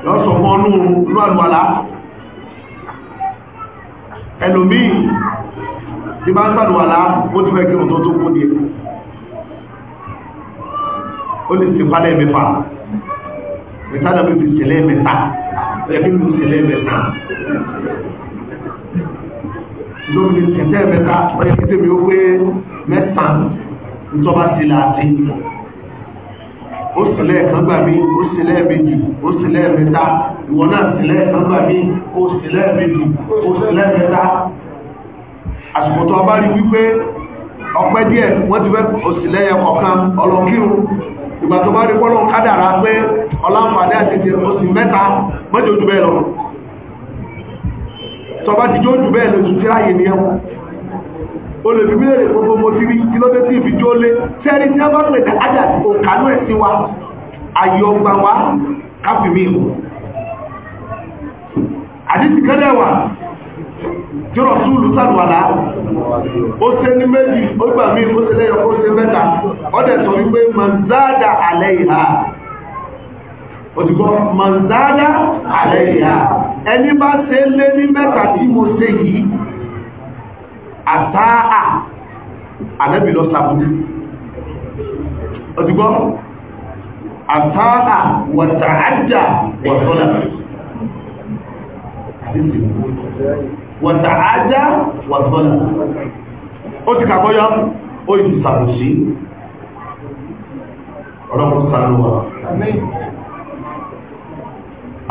lọ́sọ̀ mọ́ nù lú àlùwàlá ẹlòmíì tí bá ń sàlùwàlá ó ti fẹ́ kí òun tó tó kó díẹ̀ ó lè sì palẹ̀ mẹ́fà mẹ́tàlá bí fi sẹ̀lẹ̀ mẹ́ta ẹbí mi sẹ̀lẹ̀ mẹ́ta tó fi sẹ̀lẹ̀ mẹ́ta ọ̀yẹ́kítẹ́mi ó pé mẹ́sàn-án ń tọ́ bá sí láti ó sì lẹ́ẹ̀kan gbà mí ó sì lẹ́ẹ̀mejì ó sì lẹ́ẹ̀mẹ́ta ìwọ náà sì lẹ́ẹ̀kan gbà mí ó sì lẹ́ẹ̀mejì ó sì lẹ́ẹ̀mẹ́ta àsìkò tó bá rí wípé ọpẹ́ díẹ̀ wọ́n ti fẹ́ ó sì lẹ́yẹ kọ̀ọ̀kan ọlọ́kírun ìgbà tó bá rí pọ́lọ́ kádàrá pé ọláǹfààní àti ti ó sì mẹ́ta mọ́jọ́jú bẹ́ẹ̀ lọ tọba ti jójú bẹ́ẹ̀ lọ olùbíbí lè gbogbo mo ti rí kílódé tí ìfi jó lé tí a bá pè ní òkànú wa wa káfíìmí ìlú àdísì kẹ́lẹ̀ wà tí ó tún sàdùwàlá ó ṣe ní méjì ó gbà mí ó ṣe lẹ́yọ ó ṣe mẹ́ta ọdẹ̀ sọ wípé manzada alẹ́ ìhà manzada alẹ́ ìhà àtàà ànẹ́bì lọ sàbúrú ọdúgbọ́ àtàà wàtàájà wàtọ́lá wàtàájà wàtọ́lá ó ti kàbọ́yọ́ ó yìí sàbòsí ọlọ́pọ̀ sàlúwà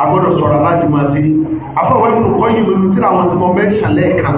agbọ́dọ̀ sọ̀rọ̀ láti máa sí afọ́wọ́ ìpùkọ́ yìí lórí tí àwọn tí mọ́ mẹ́ṣàlẹ́ kan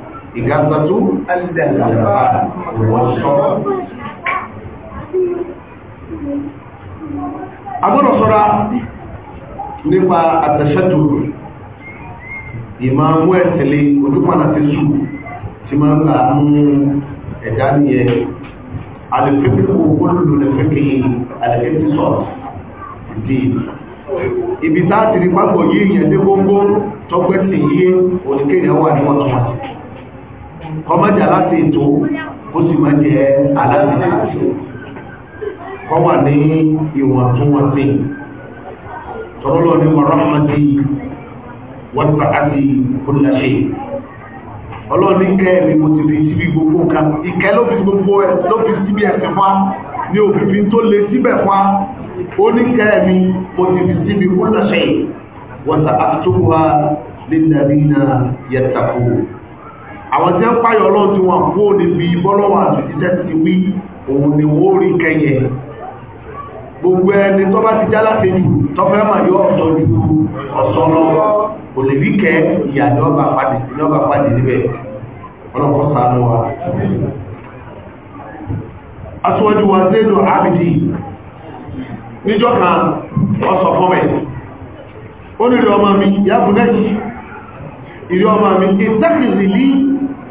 ìgágbàtú alìdàgbà wọ́n sọ́rọ̀ agbọ́dọ̀ sọ́ra nípa àtẹ̀ṣẹ́tù ìmá mú ẹ̀tẹ̀lé ojúpànà ti sù tí máa ń gbà mú ẹ̀dá nìyẹn alìfẹ́kẹ́kọ̀ olùlù lẹ́fẹ́kẹ́ alìfẹ́kẹ́ sọ̀rọ̀ ìdí ibi táàtì ní pápọ̀ yíyàn dé gbogbo tọ́gbẹ́sì yíyé oníkẹ́yàn wà ní wọ́n kọmọ́jà láti ètò ó sì máa jẹ aláàbìnà àṣọ kọ́ wà ní ìwọ̀ntúnwọ̀nsí tọ́lọ́lọ́ ní wàrọ́mọ́dé wọ́ta àti kúnlẹ̀ṣe ọlọ́ọ̀ní kẹ́ ni mo ti fi síbi gbogbo nǹkan ìkẹ́ ló fi gbogbo ẹ̀ ló fi síbi ẹ̀sìn fún wa ní òfìfin tó lè síbẹ̀ fún ó ní kẹ́ mi mo ti fi síbi kúnlẹ̀ṣe wọ́ta àtúwà lẹ́nàdínà yẹtàkùn àwọn tí ń páyọ̀ ọlọ́run tí wọ́n fó níbi bọ́lọ́wọ́ àtúntíṣẹ́ ti wí òun ni wọ́n rí kẹyẹ gbogbo ẹni tó bá ti já láti jù tó fẹ́ mà yọ ọ̀sọ́ ju ọ̀sọ́ lọ kò lè rí kẹ ìyà ní ọba padì ní ọba padì níbẹ̀ ọlọ́kọ́ sànú wa aṣíwájú wa zéèdù ábìdì níjọ́ kan wọ́n sọ fún mẹ́ ó nílò ọmọ mi yàbùnẹ́jì ìrí ọmọ mi ìtẹ́kìlì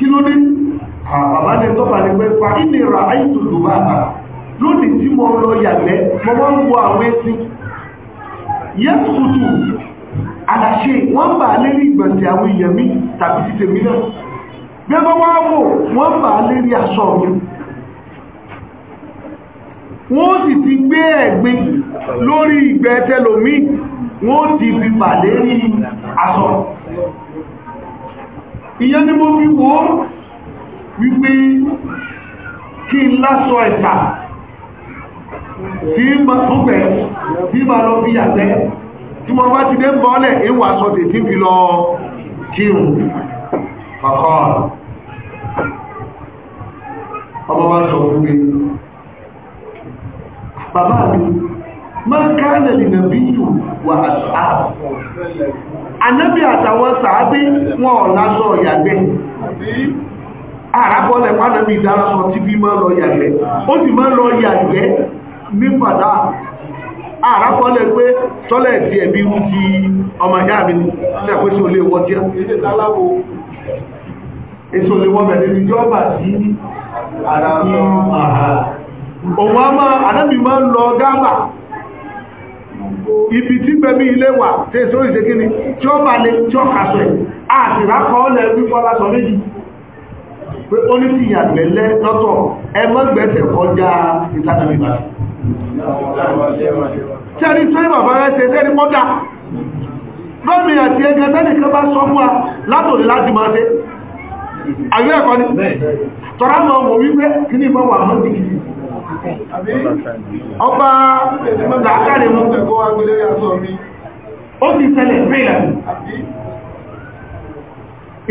kí ló dé àbàbá lè tọ́fà ní pé fa ìnira àìtò tó bá bà lónìí tí mo lọ yàgbẹ́ mo máa ń wo àwọn ẹṣin yẹn tutù àdàṣe wọ́n bà lérí ìgbọ̀nsẹ̀ àwọn èèyàn mi tàbí ti tèmi náà bí ẹgbẹ́ wá wò wọ́n bà lérí aṣọ mi wọ́n sì ti gbé ẹ̀gbin lórí ìgbẹ́ tẹlòmí wọ́n ti fi bà lérí aṣọ ìyẹn ni wíwó wípé kí n lásọ ẹ̀ta tí ma tó pẹ̀ tí ma lọ bí àtẹ́ tí mo bá ti dé bọ́ọ̀lẹ̀ ìwà sọ tètí fi lọ kírun kọ̀kọ́ ọmọ wa sọ fún mi bàbá mi máa káàlẹ̀ lè nà bí jù wà àṣà ànábì àtàwọn sàábé wọn ọ̀lá sọ ìyàgbẹ́ àrábọ̀lẹ̀ pánàbí ìdárasọ tí bí máa lọ yàgbẹ́ ó sì máa lọ yàgbẹ́ ní pàdá àrábọ̀lẹ̀ pé tọ́lẹ̀ ti ẹ̀bí rú ti ọmọ ìyá mi ní ṣàpèsè olè wọ́n jẹ́ èso olè a máa àdábì ibi tí gbẹ̀mí ilé wà tí èso ìṣẹ́kíní tí ó bá lè tí ó kàṣẹ̀ àti ìrákọọ́lẹ̀ wípọ́ méjì pé ó ní ti yàgbẹ́lẹ́ lọ́tọ̀ ẹ mọ́gbẹ̀ẹ́sẹ̀ kọjá ìtànàmì ìbàdàn tẹ́rí tó ìbàbá rẹ̀ ṣe tẹ́rí mọ́dá lọ́mí àti ẹgbẹ́ tẹ́nìkan bá sọ fún wa látòrí láti máa ṣe àríwẹ̀ ẹ̀kọ́ ni tọ́rá mọ́ mọ̀ wípé kí ní mọ́ wà mọ́ ní kìí ọba làákàrẹ̀ mọ́ ó ti tẹ́lẹ̀ fẹ́lẹ̀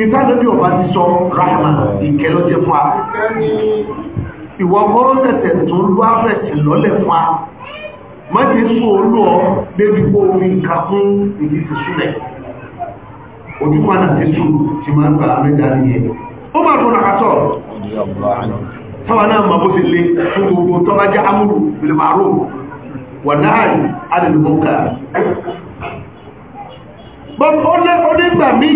ìtàdébí ọba ti sọ rahman ìkẹ́ ló jẹ́ fún wa ìwọ gbọ́rọ̀ tẹ̀tẹ̀ tó ń lọ àfẹ́sì lọ́lẹ̀ fún wa mọ́jẹ́ sọ olú ọ débi kó omi nǹka fún ìdí ti súnlẹ̀ ojúpadà jésù ti máa ń gbà mẹ́ta nìyẹn ó máa tún àkàtọ̀ tọ́wọ́ náà máa bó ti lé fún gbogbo tọ́bá jẹ́ amúlù bìlìmàrò wà náà adìlúmọ́kà ó nígbà míì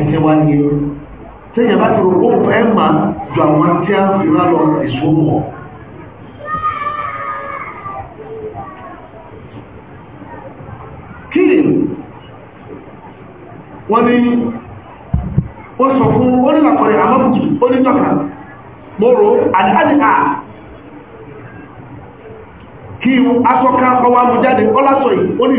ẹ̀jẹ̀ wá ní ẹ̀rọ tẹ́yẹ̀ bá ti rò ó fẹ́ mà ju àwọn tí a fi rán lọ èso mọ̀ kí wọ́n ní ó sọ fún onílàkọ̀rẹ̀ àmọ́bùtù onítọ́ka mọ́rọ̀ àdájíà kí asọ́ká ọwá mú jáde ọlásọ̀ yìí ó ní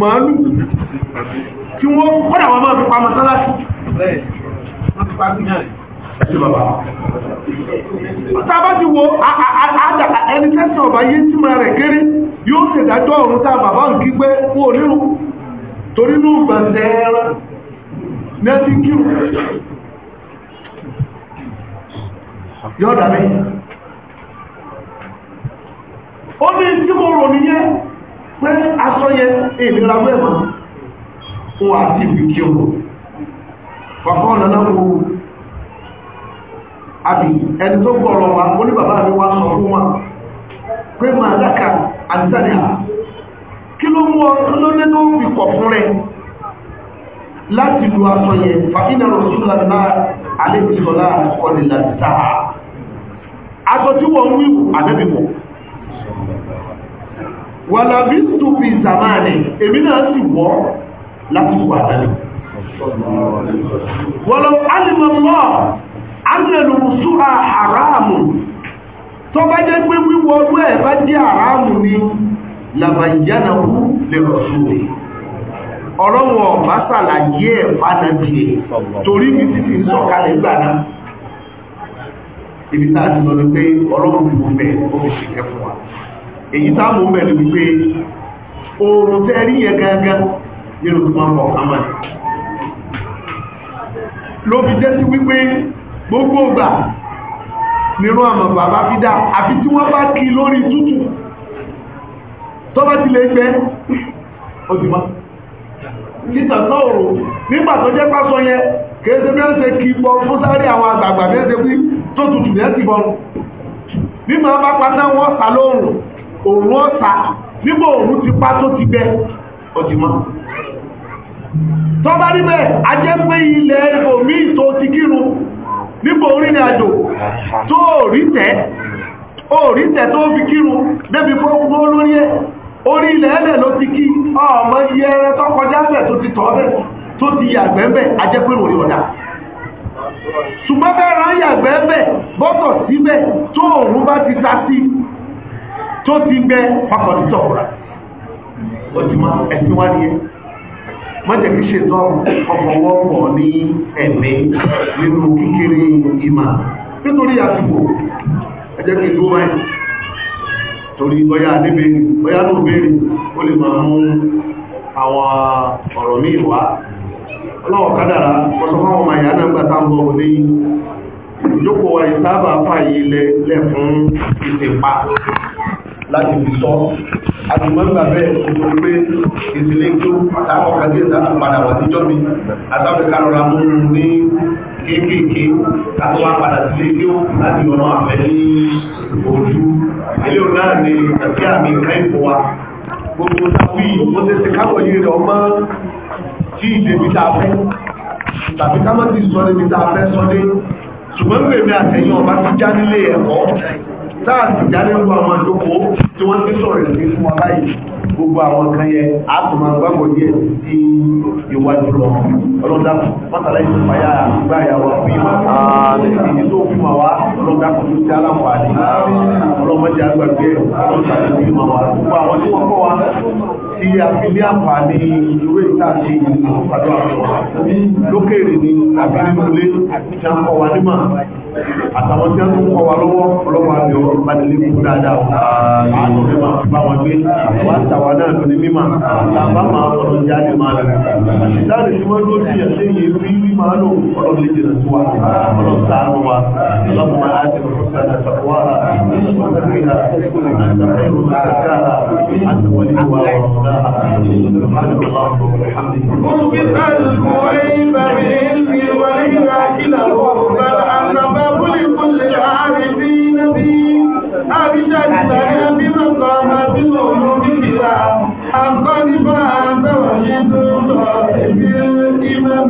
màálù kí wọ́n kọ́nà wọn máa fi pa ti wo ẹni tẹ́sán ọba yé tí máa rẹ̀ kéré yóò sì dájọ́ ọ̀run tá bàbá ń kí pé wọn torí ní pé aṣọ yẹn ìlera wẹ́ mọ́ fún àti ìwé kí o bàbá ọ̀nà náà wo àbí ẹni tó gbọ́rọ̀ wa ó ní bàbá mi wá sọ fún wa pé máa dákà àdìsáníà kí ló mú ọ ló lé tó fi kọ̀ fún rẹ láti lu aṣọ yẹn fàkínà rọ̀sùlá náà alébìsọ̀lá ọ̀nìlàdìsáà aṣọ tí wọ́n wíwù àdẹ́bìwọ̀n wàlàbí tó fi ìzàmáàni èmi náà sì wọ́ láti wà náà wọ́lọ́ alìmọ̀lọ́ alẹ́lù súra àràmù tó bá jẹ́ pé wíwọ́lú ẹ̀ bá jẹ́ àràmù ni làbàyánàwó lè rọ̀sùnlẹ̀ ọ̀rọ̀wọ̀ bá sàlàyé ẹ̀ fánàbí torí bí ti fi sọ̀kalẹ̀ gbàná ibi táà ti lọ ní pé ọlọ́pùpù bẹ̀ ó fi ṣe kẹfún wa èyí táàmù mẹ́lẹ̀ wípé oòrùn tẹ́ rí yẹ gẹ́gẹ́ nínú tó máa bọ̀ kàmà ló fi jẹ́ sí wípé gbogbo ọgbà nínú àmọ̀ bàbá fi dá àfi tí wọ́n bá kí lórí tútù tó bá ti lè gbẹ́ ó títà sọ́ọ̀rọ̀ nígbà tó jẹ́ pásọ bí ó kí bọ fún sáré àwọn àgbààgbà bí ó wí tó ti nígbà bá wọn lóòrùn òun ọ̀sà nígbò òun ti pa tó ti bẹ ọdìmọ́ tó bá níbẹ̀ a jẹ́ pé ilẹ̀ omi tó ti kírun nígbò orílẹ̀ àjò tó rí tẹ́ orí tẹ́ tó fi kírun débi fọ́gbọ́ lórí ẹ̀ orí ilẹ̀ ẹlẹ̀ ló ti kí ọmọ iye ẹrẹ tó kọjá bẹ̀ tó ti tọ́ bẹ̀ tó ti yàgbẹ́ a jẹ́ pé ròrí ọ̀dà ṣùgbọ́n bẹ́ẹ̀ rán yàgbẹ́ bẹ̀ bọ́tọ̀ síbẹ̀ tó òun bá ti ta sí tó ti gbẹ́ fakọ̀dí tọ̀kùrà òtìmọ̀ ẹ̀sìn wá nìyẹn mọ́jẹ̀ kí ṣe tọ́ ní ẹ̀mí nínú kékeré ìmà nítorí àsìkò ẹjẹ́ kí ló wáyé torí bọ́yá níbèrè bọ́yá ló bèèrè ó lè máa mú àwọn ọ̀rọ̀ wá ọlọ́wọ̀ kádàrá láti fi sọ àtìmọ́gbà bẹ́ẹ̀ tó pé ìsinlẹ̀ tó àtàkọ̀kà díẹ̀ láti padà wà níjọ́ mi àtàkọ̀kà rọra mú ní kéékèèké láti wá padà sílé tí ó láti ọ̀nà àfẹ́ ní ojú ilé ò náà ni tàbí àmì kẹ́ẹ̀kọ́ wa gbogbo tàbí ó tẹ́sẹ̀ káwọ̀ yìí rẹ̀ ọmọ tí ìdèbí ta fẹ́ tàbí ká má ti sọ níbi ta fẹ́ sọdé ṣùgbọ́n gbèmí àtẹ̀yìn ọba ti já nílé ẹ̀kọ́ táàsì jáde gbogbo àwọn àjókòó tí wọ́n ti sọ̀rọ̀ ìrìn fún wọn láyé gbogbo àwọn kan yẹ àtùmọ̀ gbàgbọ́ díẹ̀ sí ìwájú lọ ọlọ́dà pátálà ìfàyà àgbà ìyàwó àfihàn àti tó fi mà wá ọlọ́dà kò tó ti aláǹfààní ọlọ́mọdé àgbàgbé ọlọ́dà tó fi mà wá gbogbo àwọn tí wọ́n kọ́ wa tí a fi ní àǹfààní ìwé ìtàṣe àpàdé lókèrè ní àbílẹ̀mọ́lé tí a ń kọ wa nímọ̀ àtàwọn tí a tún kọ wa lọ́wọ́ ọlọ́wọ́ àbẹ̀ ọ̀rọ̀ balẹ̀lẹ́ fún dáadáa àánú rẹ̀ máa fi bá wọn gbé wá tàwa náà tó ní mímọ̀ àbá máa sọ̀rọ̀ jáde máa rẹ̀ àṣìdáàrẹ̀ tí wọ́n tó ti ẹ̀ṣẹ́ yìí rí máa lò ọlọ́run lè jìnà sí wa ọlọ́run ṣàánú wa ọlọ́run máa á jẹ́ ọ̀sán náà ṣàkóhá ọ̀sán náà Àkọ́ni bá àtàwọn ìdúró ìmọ̀